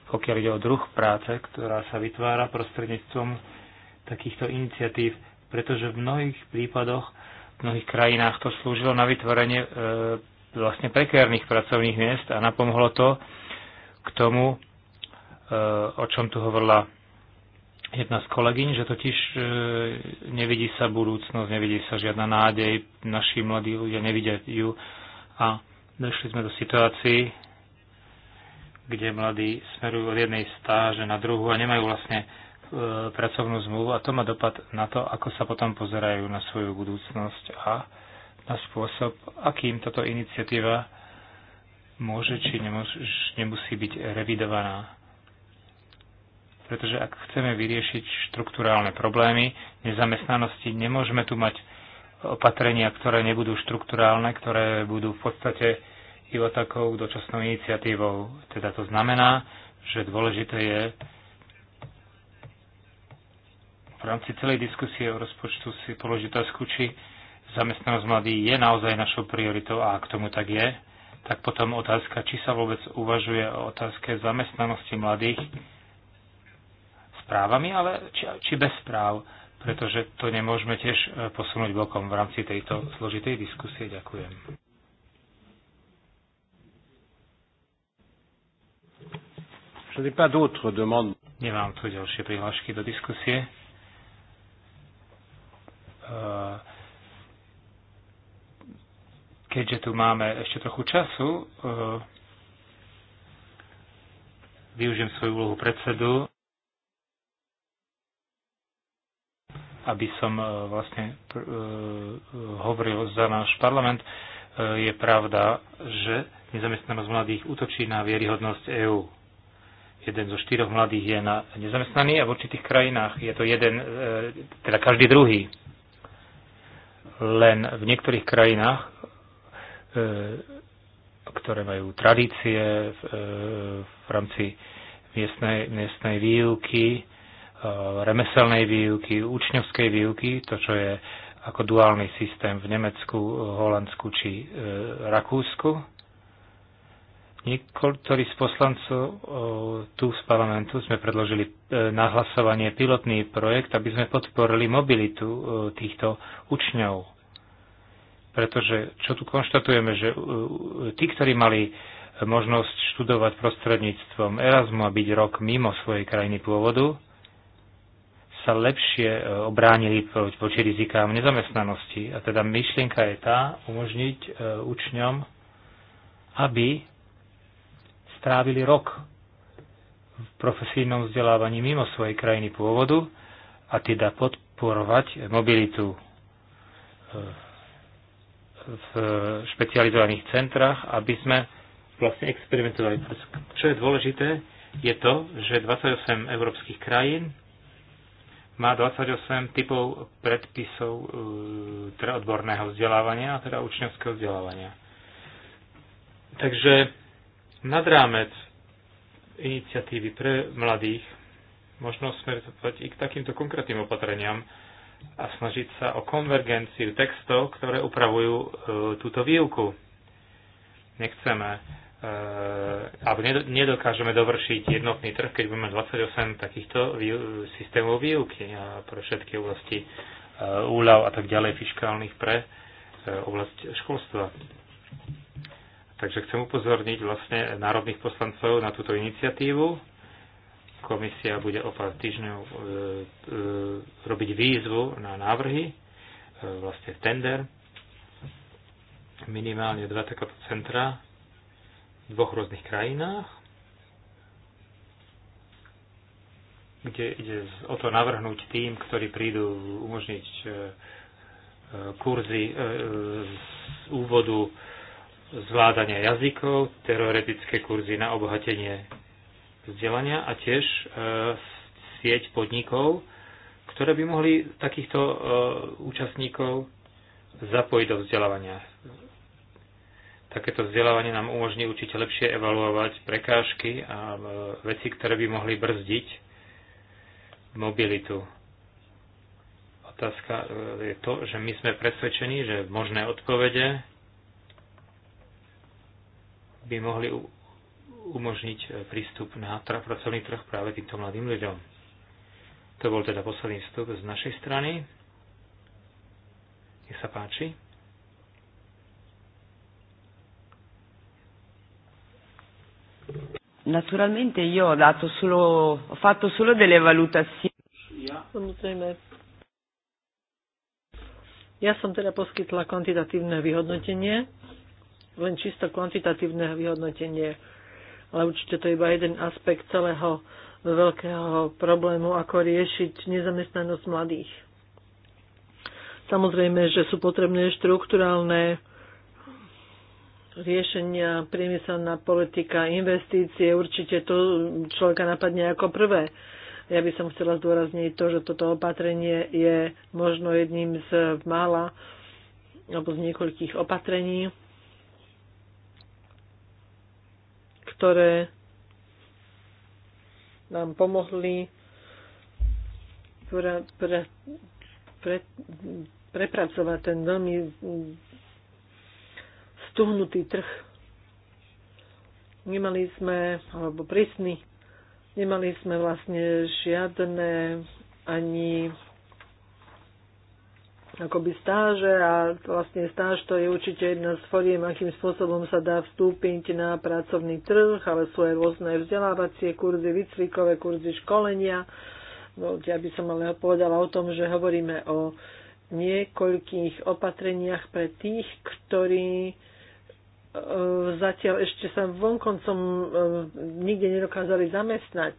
pokiaľ ide o druh práce, ktorá sa vytvára prostredníctvom takýchto iniciatív, pretože v mnohých prípadoch v mnohých krajinách to slúžilo na vytvorenie e, vlastne prekérnych pracovných miest a napomohlo to k tomu, e, o čom tu hovorila jedna z kolegyň, že totiž e, nevidí sa budúcnosť, nevidí sa žiadna nádej, naši mladí ľudia nevidia ju a došli sme do situácií, kde mladí smerujú od jednej stáže na druhú a nemajú vlastne E, pracovnú zmluvu a to má dopad na to, ako sa potom pozerajú na svoju budúcnosť a na spôsob, akým táto iniciatíva môže či nemusí byť revidovaná. Pretože ak chceme vyriešiť štruktúrálne problémy nezamestnanosti, nemôžeme tu mať opatrenia, ktoré nebudú štruktúrálne, ktoré budú v podstate iba takou dočasnou iniciatívou. Teda to znamená, že dôležité je rámci celej diskusie o rozpočtu si položiť otázku, či zamestnanosť mladých je naozaj našou prioritou a ak tomu tak je, tak potom otázka, či sa vôbec uvažuje o otázke zamestnanosti mladých s právami, ale či, či bez práv, pretože to nemôžeme tiež e, posunúť bokom v rámci tejto zložitej diskusie. Ďakujem. Nemám tu ďalšie prihlášky do diskusie. Eh, keďže tu máme ešte trochu času, eh, využijem svoju úlohu predsedu, aby som eh, vlastne hovoril za náš parlament. Je pravda, že nezamestnanosť mladých útočí na vieryhodnosť EÚ. Jeden zo štyroch mladých je na nezamestnaný a v určitých krajinách je to jeden, teda každý druhý len v niektorých krajinách, e, ktoré majú tradície e, v rámci miestnej, miestnej výuky, e, remeselnej výuky, učňovskej výuky, to, čo je ako duálny systém v Nemecku, Holandsku či Rakúsku. Niektorí z poslancov tu z parlamentu sme predložili e, na hlasovanie pilotný projekt, aby sme podporili mobilitu e, týchto učňov. Pretože čo tu konštatujeme, že e, tí, ktorí mali možnosť študovať prostredníctvom Erasmu a byť rok mimo svojej krajiny pôvodu, sa lepšie obránili voči rizikám nezamestnanosti. A teda myšlienka je tá, umožniť učňom, aby strávili rok v profesijnom vzdelávaní mimo svojej krajiny pôvodu a teda podporovať mobilitu e, v špecializovaných centrách, aby sme vlastne experimentovali. Čo je dôležité, je to, že 28 európskych krajín má 28 typov predpisov e, teda odborného vzdelávania, teda učňovského vzdelávania. Takže nad rámec iniciatívy pre mladých možno smerovať i k takýmto konkrétnym opatreniam a snažiť sa o konvergenciu textov, ktoré upravujú e, túto výuku. Nechceme, e, alebo nedokážeme dovršiť jednotný trh, keď budeme 28 takýchto výu- systémov výuky a pre všetky oblasti e, úľav a tak ďalej fiskálnych pre e, oblasť školstva Takže chcem upozorniť vlastne národných poslancov na túto iniciatívu. Komisia bude o pár týždňov e, e, robiť výzvu na návrhy, e, vlastne tender. Minimálne dva takáto centra v dvoch rôznych krajinách, kde ide o to navrhnúť tým, ktorí prídu umožniť kurzy z úvodu zvládania jazykov, teoretické kurzy na obohatenie vzdelania a tiež e, sieť podnikov, ktoré by mohli takýchto e, účastníkov zapojiť do vzdelávania. Takéto vzdelávanie nám umožní určite lepšie evaluovať prekážky a e, veci, ktoré by mohli brzdiť mobilitu. Otázka e, je to, že my sme presvedčení, že možné odpovede by mohli umožniť e, prístup na pracovný trh práve týmto mladým ľuďom. To bol teda posledný vstup z našej strany. Nech sa páči. Naturalmente io ho dato solo ho fatto solo delle valutazioni. Samozrejme. Ja som teda poskytla kvantitatívne vyhodnotenie len čisto kvantitatívne vyhodnotenie, ale určite to je iba jeden aspekt celého veľkého problému, ako riešiť nezamestnanosť mladých. Samozrejme, že sú potrebné štruktúrálne riešenia, priemyselná politika, investície, určite to človeka napadne ako prvé. Ja by som chcela zdôrazniť to, že toto opatrenie je možno jedným z mála alebo z niekoľkých opatrení, ktoré nám pomohli pre, pre, pre, prepracovať ten veľmi stuhnutý trh. Nemali sme, alebo prísny, nemali sme vlastne žiadne ani akoby stáže a vlastne stáž to je určite jedna z foriem, akým spôsobom sa dá vstúpiť na pracovný trh, ale sú aj rôzne vzdelávacie kurzy, výcvikové kurzy, školenia. No, ja by som ale povedala o tom, že hovoríme o niekoľkých opatreniach pre tých, ktorí e, zatiaľ ešte sa vonkoncom e, nikde nedokázali zamestnať.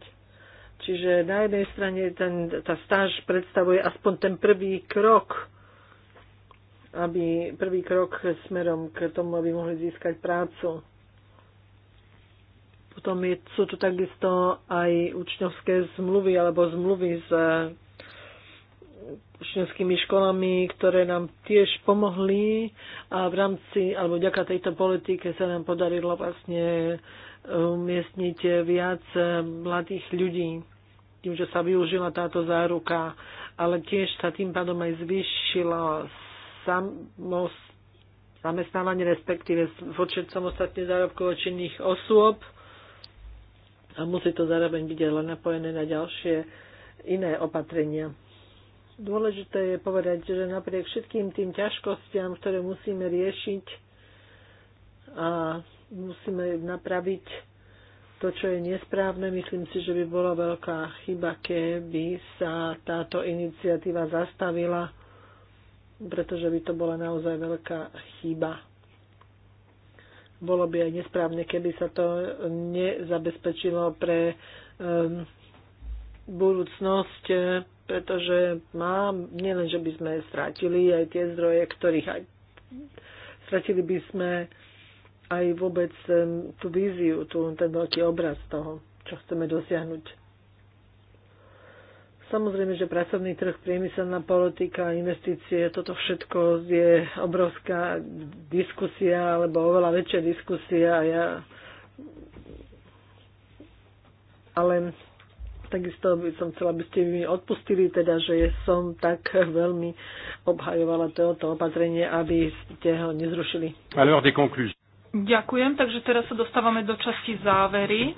Čiže na jednej strane ten, tá stáž predstavuje aspoň ten prvý krok aby prvý krok smerom k tomu, aby mohli získať prácu. Potom je, sú tu takisto aj učňovské zmluvy alebo zmluvy s e, učňovskými školami, ktoré nám tiež pomohli a v rámci, alebo vďaka tejto politike sa nám podarilo vlastne umiestniť viac mladých ľudí tým, že sa využila táto záruka, ale tiež sa tým pádom aj zvýšila samos, zamestnávanie, respektíve počet samostatne zárobkovo činných osôb a musí to zároveň byť len napojené na ďalšie iné opatrenia. Dôležité je povedať, že napriek všetkým tým ťažkostiam, ktoré musíme riešiť a musíme napraviť to, čo je nesprávne, myslím si, že by bola veľká chyba, keby sa táto iniciatíva zastavila pretože by to bola naozaj veľká chyba. Bolo by aj nesprávne, keby sa to nezabezpečilo pre um, budúcnosť, pretože mám, nielen, že by sme strátili aj tie zdroje, ktorých aj stratili by sme aj vôbec ehm, tú víziu, tú, ten veľký obraz toho, čo chceme dosiahnuť. Samozrejme, že pracovný trh, priemyselná politika, investície, toto všetko je obrovská diskusia, alebo oveľa väčšia diskusia. Ja... Ale takisto by som chcela, aby ste mi odpustili, teda, že som tak veľmi obhajovala toto opatrenie, aby ste ho nezrušili. Ďakujem, takže teraz sa dostávame do časti závery.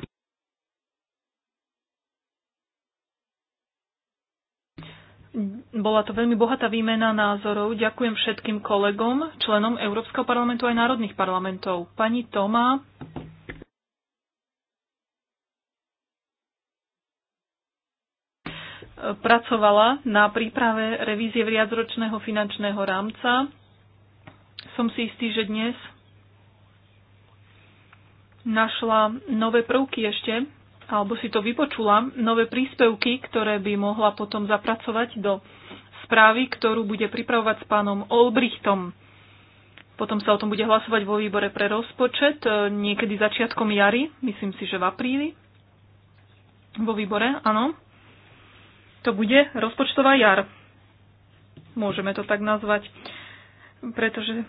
Bola to veľmi bohatá výmena názorov. Ďakujem všetkým kolegom, členom Európskeho parlamentu aj národných parlamentov. Pani Toma. pracovala na príprave revízie viacročného finančného rámca. Som si istý, že dnes našla nové prvky ešte alebo si to vypočula, nové príspevky, ktoré by mohla potom zapracovať do správy, ktorú bude pripravovať s pánom Olbrichtom. Potom sa o tom bude hlasovať vo výbore pre rozpočet e, niekedy začiatkom jary, myslím si, že v apríli. Vo výbore, áno. To bude rozpočtová jar. Môžeme to tak nazvať, pretože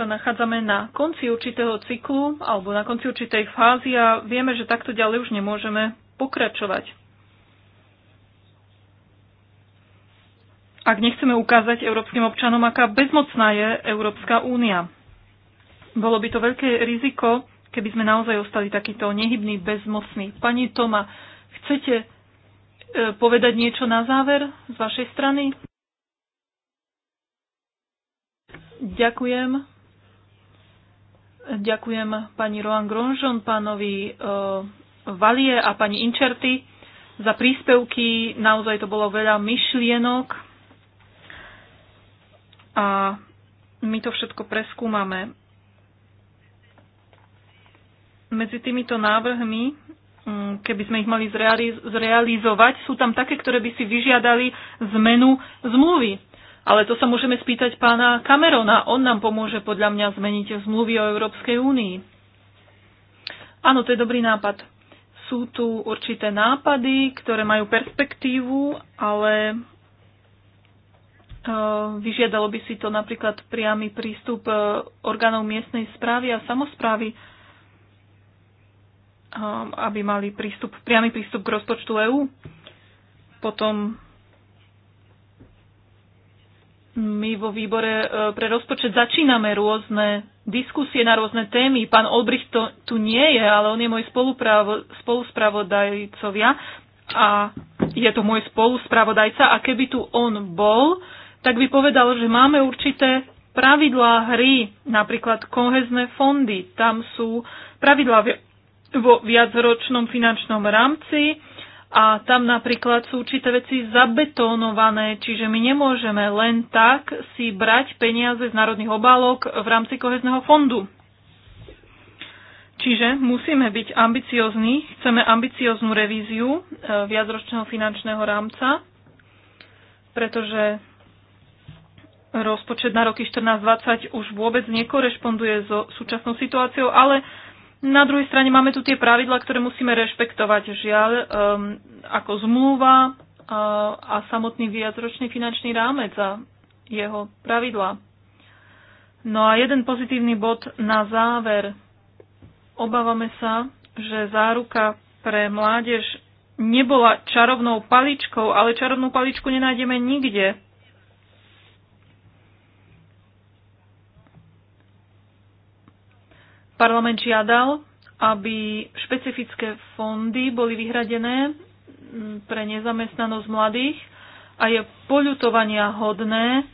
sa nachádzame na konci určitého cyklu alebo na konci určitej fázy a vieme, že takto ďalej už nemôžeme pokračovať. Ak nechceme ukázať európskym občanom, aká bezmocná je Európska únia. Bolo by to veľké riziko, keby sme naozaj ostali takýto nehybný, bezmocný. Pani Toma, chcete e, povedať niečo na záver z vašej strany? Ďakujem. Ďakujem pani Roan Gronžon, pánovi eh, Valie a pani Inčerty za príspevky. Naozaj to bolo veľa myšlienok a my to všetko preskúmame. Medzi týmito návrhmi, mm, keby sme ich mali zrealizovať, sú tam také, ktoré by si vyžiadali zmenu zmluvy ale to sa môžeme spýtať pána Camerona. On nám pomôže podľa mňa zmeniť zmluvy o Európskej únii. Áno, to je dobrý nápad. Sú tu určité nápady, ktoré majú perspektívu, ale e, vyžiadalo by si to napríklad priamy prístup e, orgánov miestnej správy a samozprávy, e, aby mali prístup, priamy prístup k rozpočtu EÚ. Potom my vo výbore e, pre rozpočet začíname rôzne diskusie na rôzne témy. Pán Olbricht to, tu nie je, ale on je môj spoluspravodajcovia a je to môj spoluspravodajca a keby tu on bol, tak by povedal, že máme určité pravidlá hry, napríklad kohezné fondy. Tam sú pravidlá vo viacročnom finančnom rámci, a tam napríklad sú určité veci zabetónované, čiže my nemôžeme len tak si brať peniaze z národných obálok v rámci kohezného fondu. Čiže musíme byť ambiciozní, chceme ambicioznú revíziu e, viacročného finančného rámca, pretože rozpočet na roky 14-20 už vôbec nekorešponduje so súčasnou situáciou, ale na druhej strane máme tu tie pravidla, ktoré musíme rešpektovať. Žiaľ, um, ako zmluva uh, a samotný viacročný finančný rámec a jeho pravidla. No a jeden pozitívny bod na záver. Obávame sa, že záruka pre mládež nebola čarovnou paličkou, ale čarovnú paličku nenájdeme nikde. Parlament žiadal, aby špecifické fondy boli vyhradené pre nezamestnanosť mladých a je poľutovania hodné,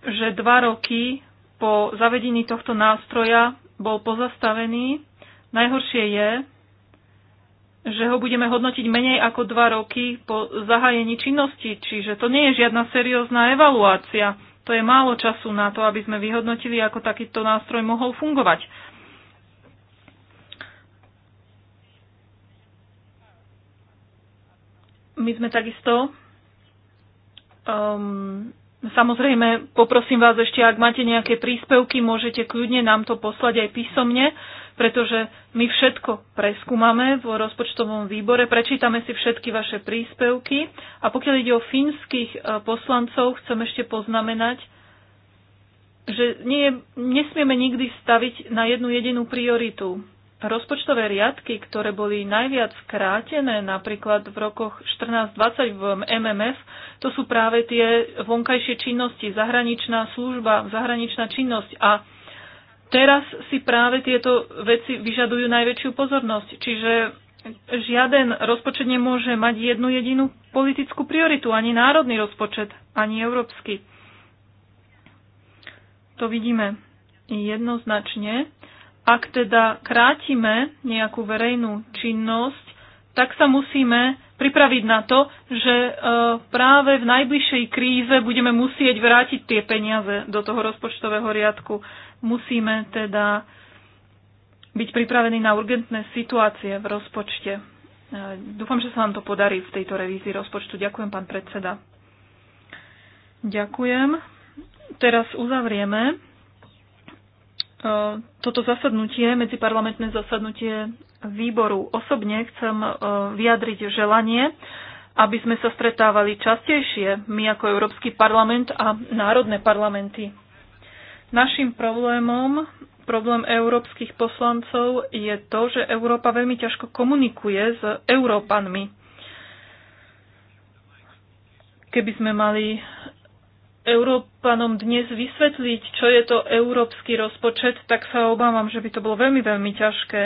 že dva roky po zavedení tohto nástroja bol pozastavený. Najhoršie je, že ho budeme hodnotiť menej ako dva roky po zahájení činnosti, čiže to nie je žiadna seriózna evaluácia. To je málo času na to, aby sme vyhodnotili, ako takýto nástroj mohol fungovať. My sme takisto um, Samozrejme, poprosím vás ešte, ak máte nejaké príspevky, môžete kľudne nám to poslať aj písomne, pretože my všetko preskúmame v rozpočtovom výbore, prečítame si všetky vaše príspevky a pokiaľ ide o fínskych e, poslancov, chcem ešte poznamenať, že nie, nesmieme nikdy staviť na jednu jedinú prioritu rozpočtové riadky, ktoré boli najviac krátené, napríklad v rokoch 14-20 v MMF, to sú práve tie vonkajšie činnosti, zahraničná služba, zahraničná činnosť a teraz si práve tieto veci vyžadujú najväčšiu pozornosť. Čiže žiaden rozpočet nemôže mať jednu jedinú politickú prioritu, ani národný rozpočet, ani európsky. To vidíme jednoznačne. Ak teda krátime nejakú verejnú činnosť, tak sa musíme pripraviť na to, že e, práve v najbližšej kríze budeme musieť vrátiť tie peniaze do toho rozpočtového riadku. Musíme teda byť pripravení na urgentné situácie v rozpočte. E, dúfam, že sa vám to podarí v tejto revízii rozpočtu. Ďakujem, pán predseda. Ďakujem. Teraz uzavrieme E, toto zasadnutie, medziparlamentné zasadnutie výboru. Osobne chcem e, vyjadriť želanie, aby sme sa stretávali častejšie, my ako Európsky parlament a národné parlamenty. Našim problémom, problém európskych poslancov je to, že Európa veľmi ťažko komunikuje s Európanmi. Keby sme mali Európanom dnes vysvetliť, čo je to európsky rozpočet, tak sa obávam, že by to bolo veľmi, veľmi ťažké.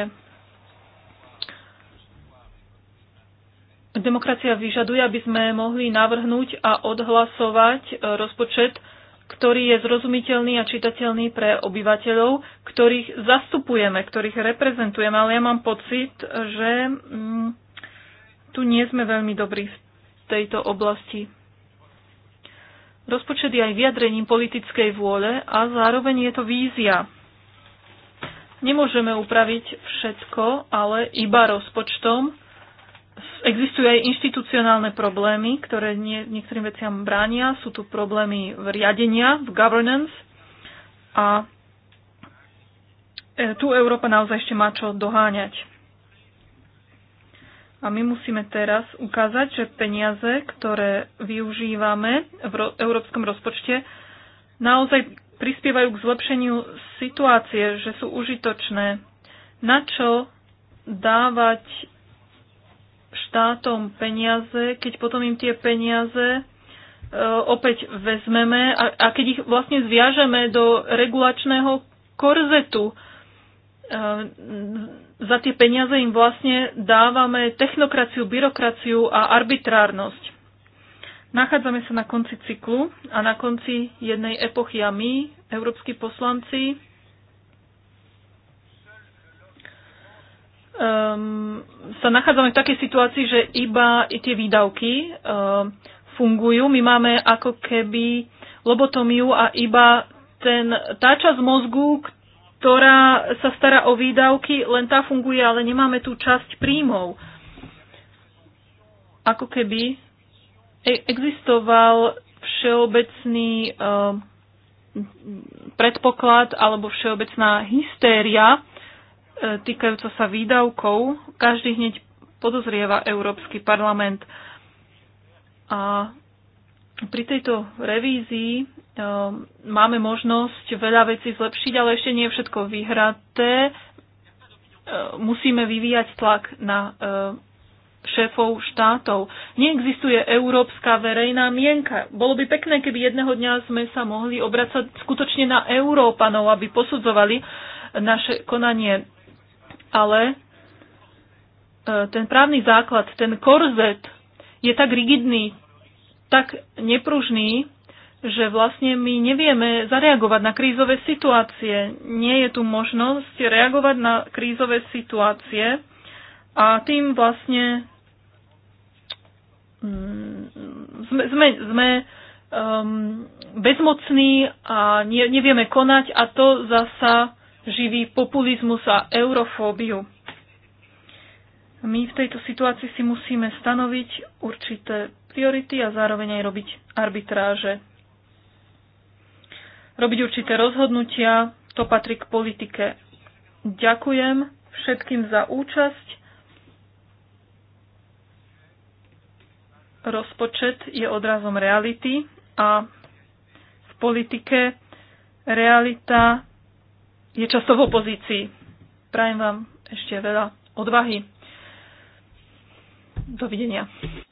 Demokracia vyžaduje, aby sme mohli navrhnúť a odhlasovať rozpočet, ktorý je zrozumiteľný a čitateľný pre obyvateľov, ktorých zastupujeme, ktorých reprezentujeme, ale ja mám pocit, že mm, tu nie sme veľmi dobrí v tejto oblasti. Rozpočet je aj vyjadrením politickej vôle a zároveň je to vízia. Nemôžeme upraviť všetko, ale iba rozpočtom. Existujú aj inštitucionálne problémy, ktoré nie, niektorým veciam bránia. Sú tu problémy v riadenia, v governance a e, tu Európa naozaj ešte má čo doháňať. A my musíme teraz ukázať, že peniaze, ktoré využívame v európskom rozpočte, naozaj prispievajú k zlepšeniu situácie, že sú užitočné. Na čo dávať štátom peniaze, keď potom im tie peniaze e, opäť vezmeme a, a keď ich vlastne zviažeme do regulačného korzetu, E, za tie peniaze im vlastne dávame technokraciu, byrokraciu a arbitrárnosť. Nachádzame sa na konci cyklu a na konci jednej epochy a my, európsky poslanci, um, sa nachádzame v takej situácii, že iba i tie výdavky um, fungujú. My máme ako keby lobotomiu a iba ten, tá časť mozgu, ktorá sa stará o výdavky, len tá funguje, ale nemáme tú časť príjmov. Ako keby e- existoval všeobecný eh, predpoklad alebo všeobecná hystéria eh, týkajúca sa výdavkov. Každý hneď podozrieva Európsky parlament. A pri tejto revízii Ehm, máme možnosť veľa vecí zlepšiť, ale ešte nie je všetko vyhraté. Ehm, musíme vyvíjať tlak na ehm, šéfov štátov. Neexistuje európska verejná mienka. Bolo by pekné, keby jedného dňa sme sa mohli obracať skutočne na Európanov, aby posudzovali naše konanie. Ale ten právny základ, ten korzet je tak rigidný, tak nepružný, že vlastne my nevieme zareagovať na krízové situácie. Nie je tu možnosť reagovať na krízové situácie a tým vlastne mm, sme, sme, sme um, bezmocní a nie, nevieme konať a to zasa živí populizmus a eurofóbiu. My v tejto situácii si musíme stanoviť určité priority a zároveň aj robiť arbitráže robiť určité rozhodnutia. To patrí k politike. Ďakujem všetkým za účasť. Rozpočet je odrazom reality a v politike realita je často v opozícii. Prajem vám ešte veľa odvahy. Dovidenia.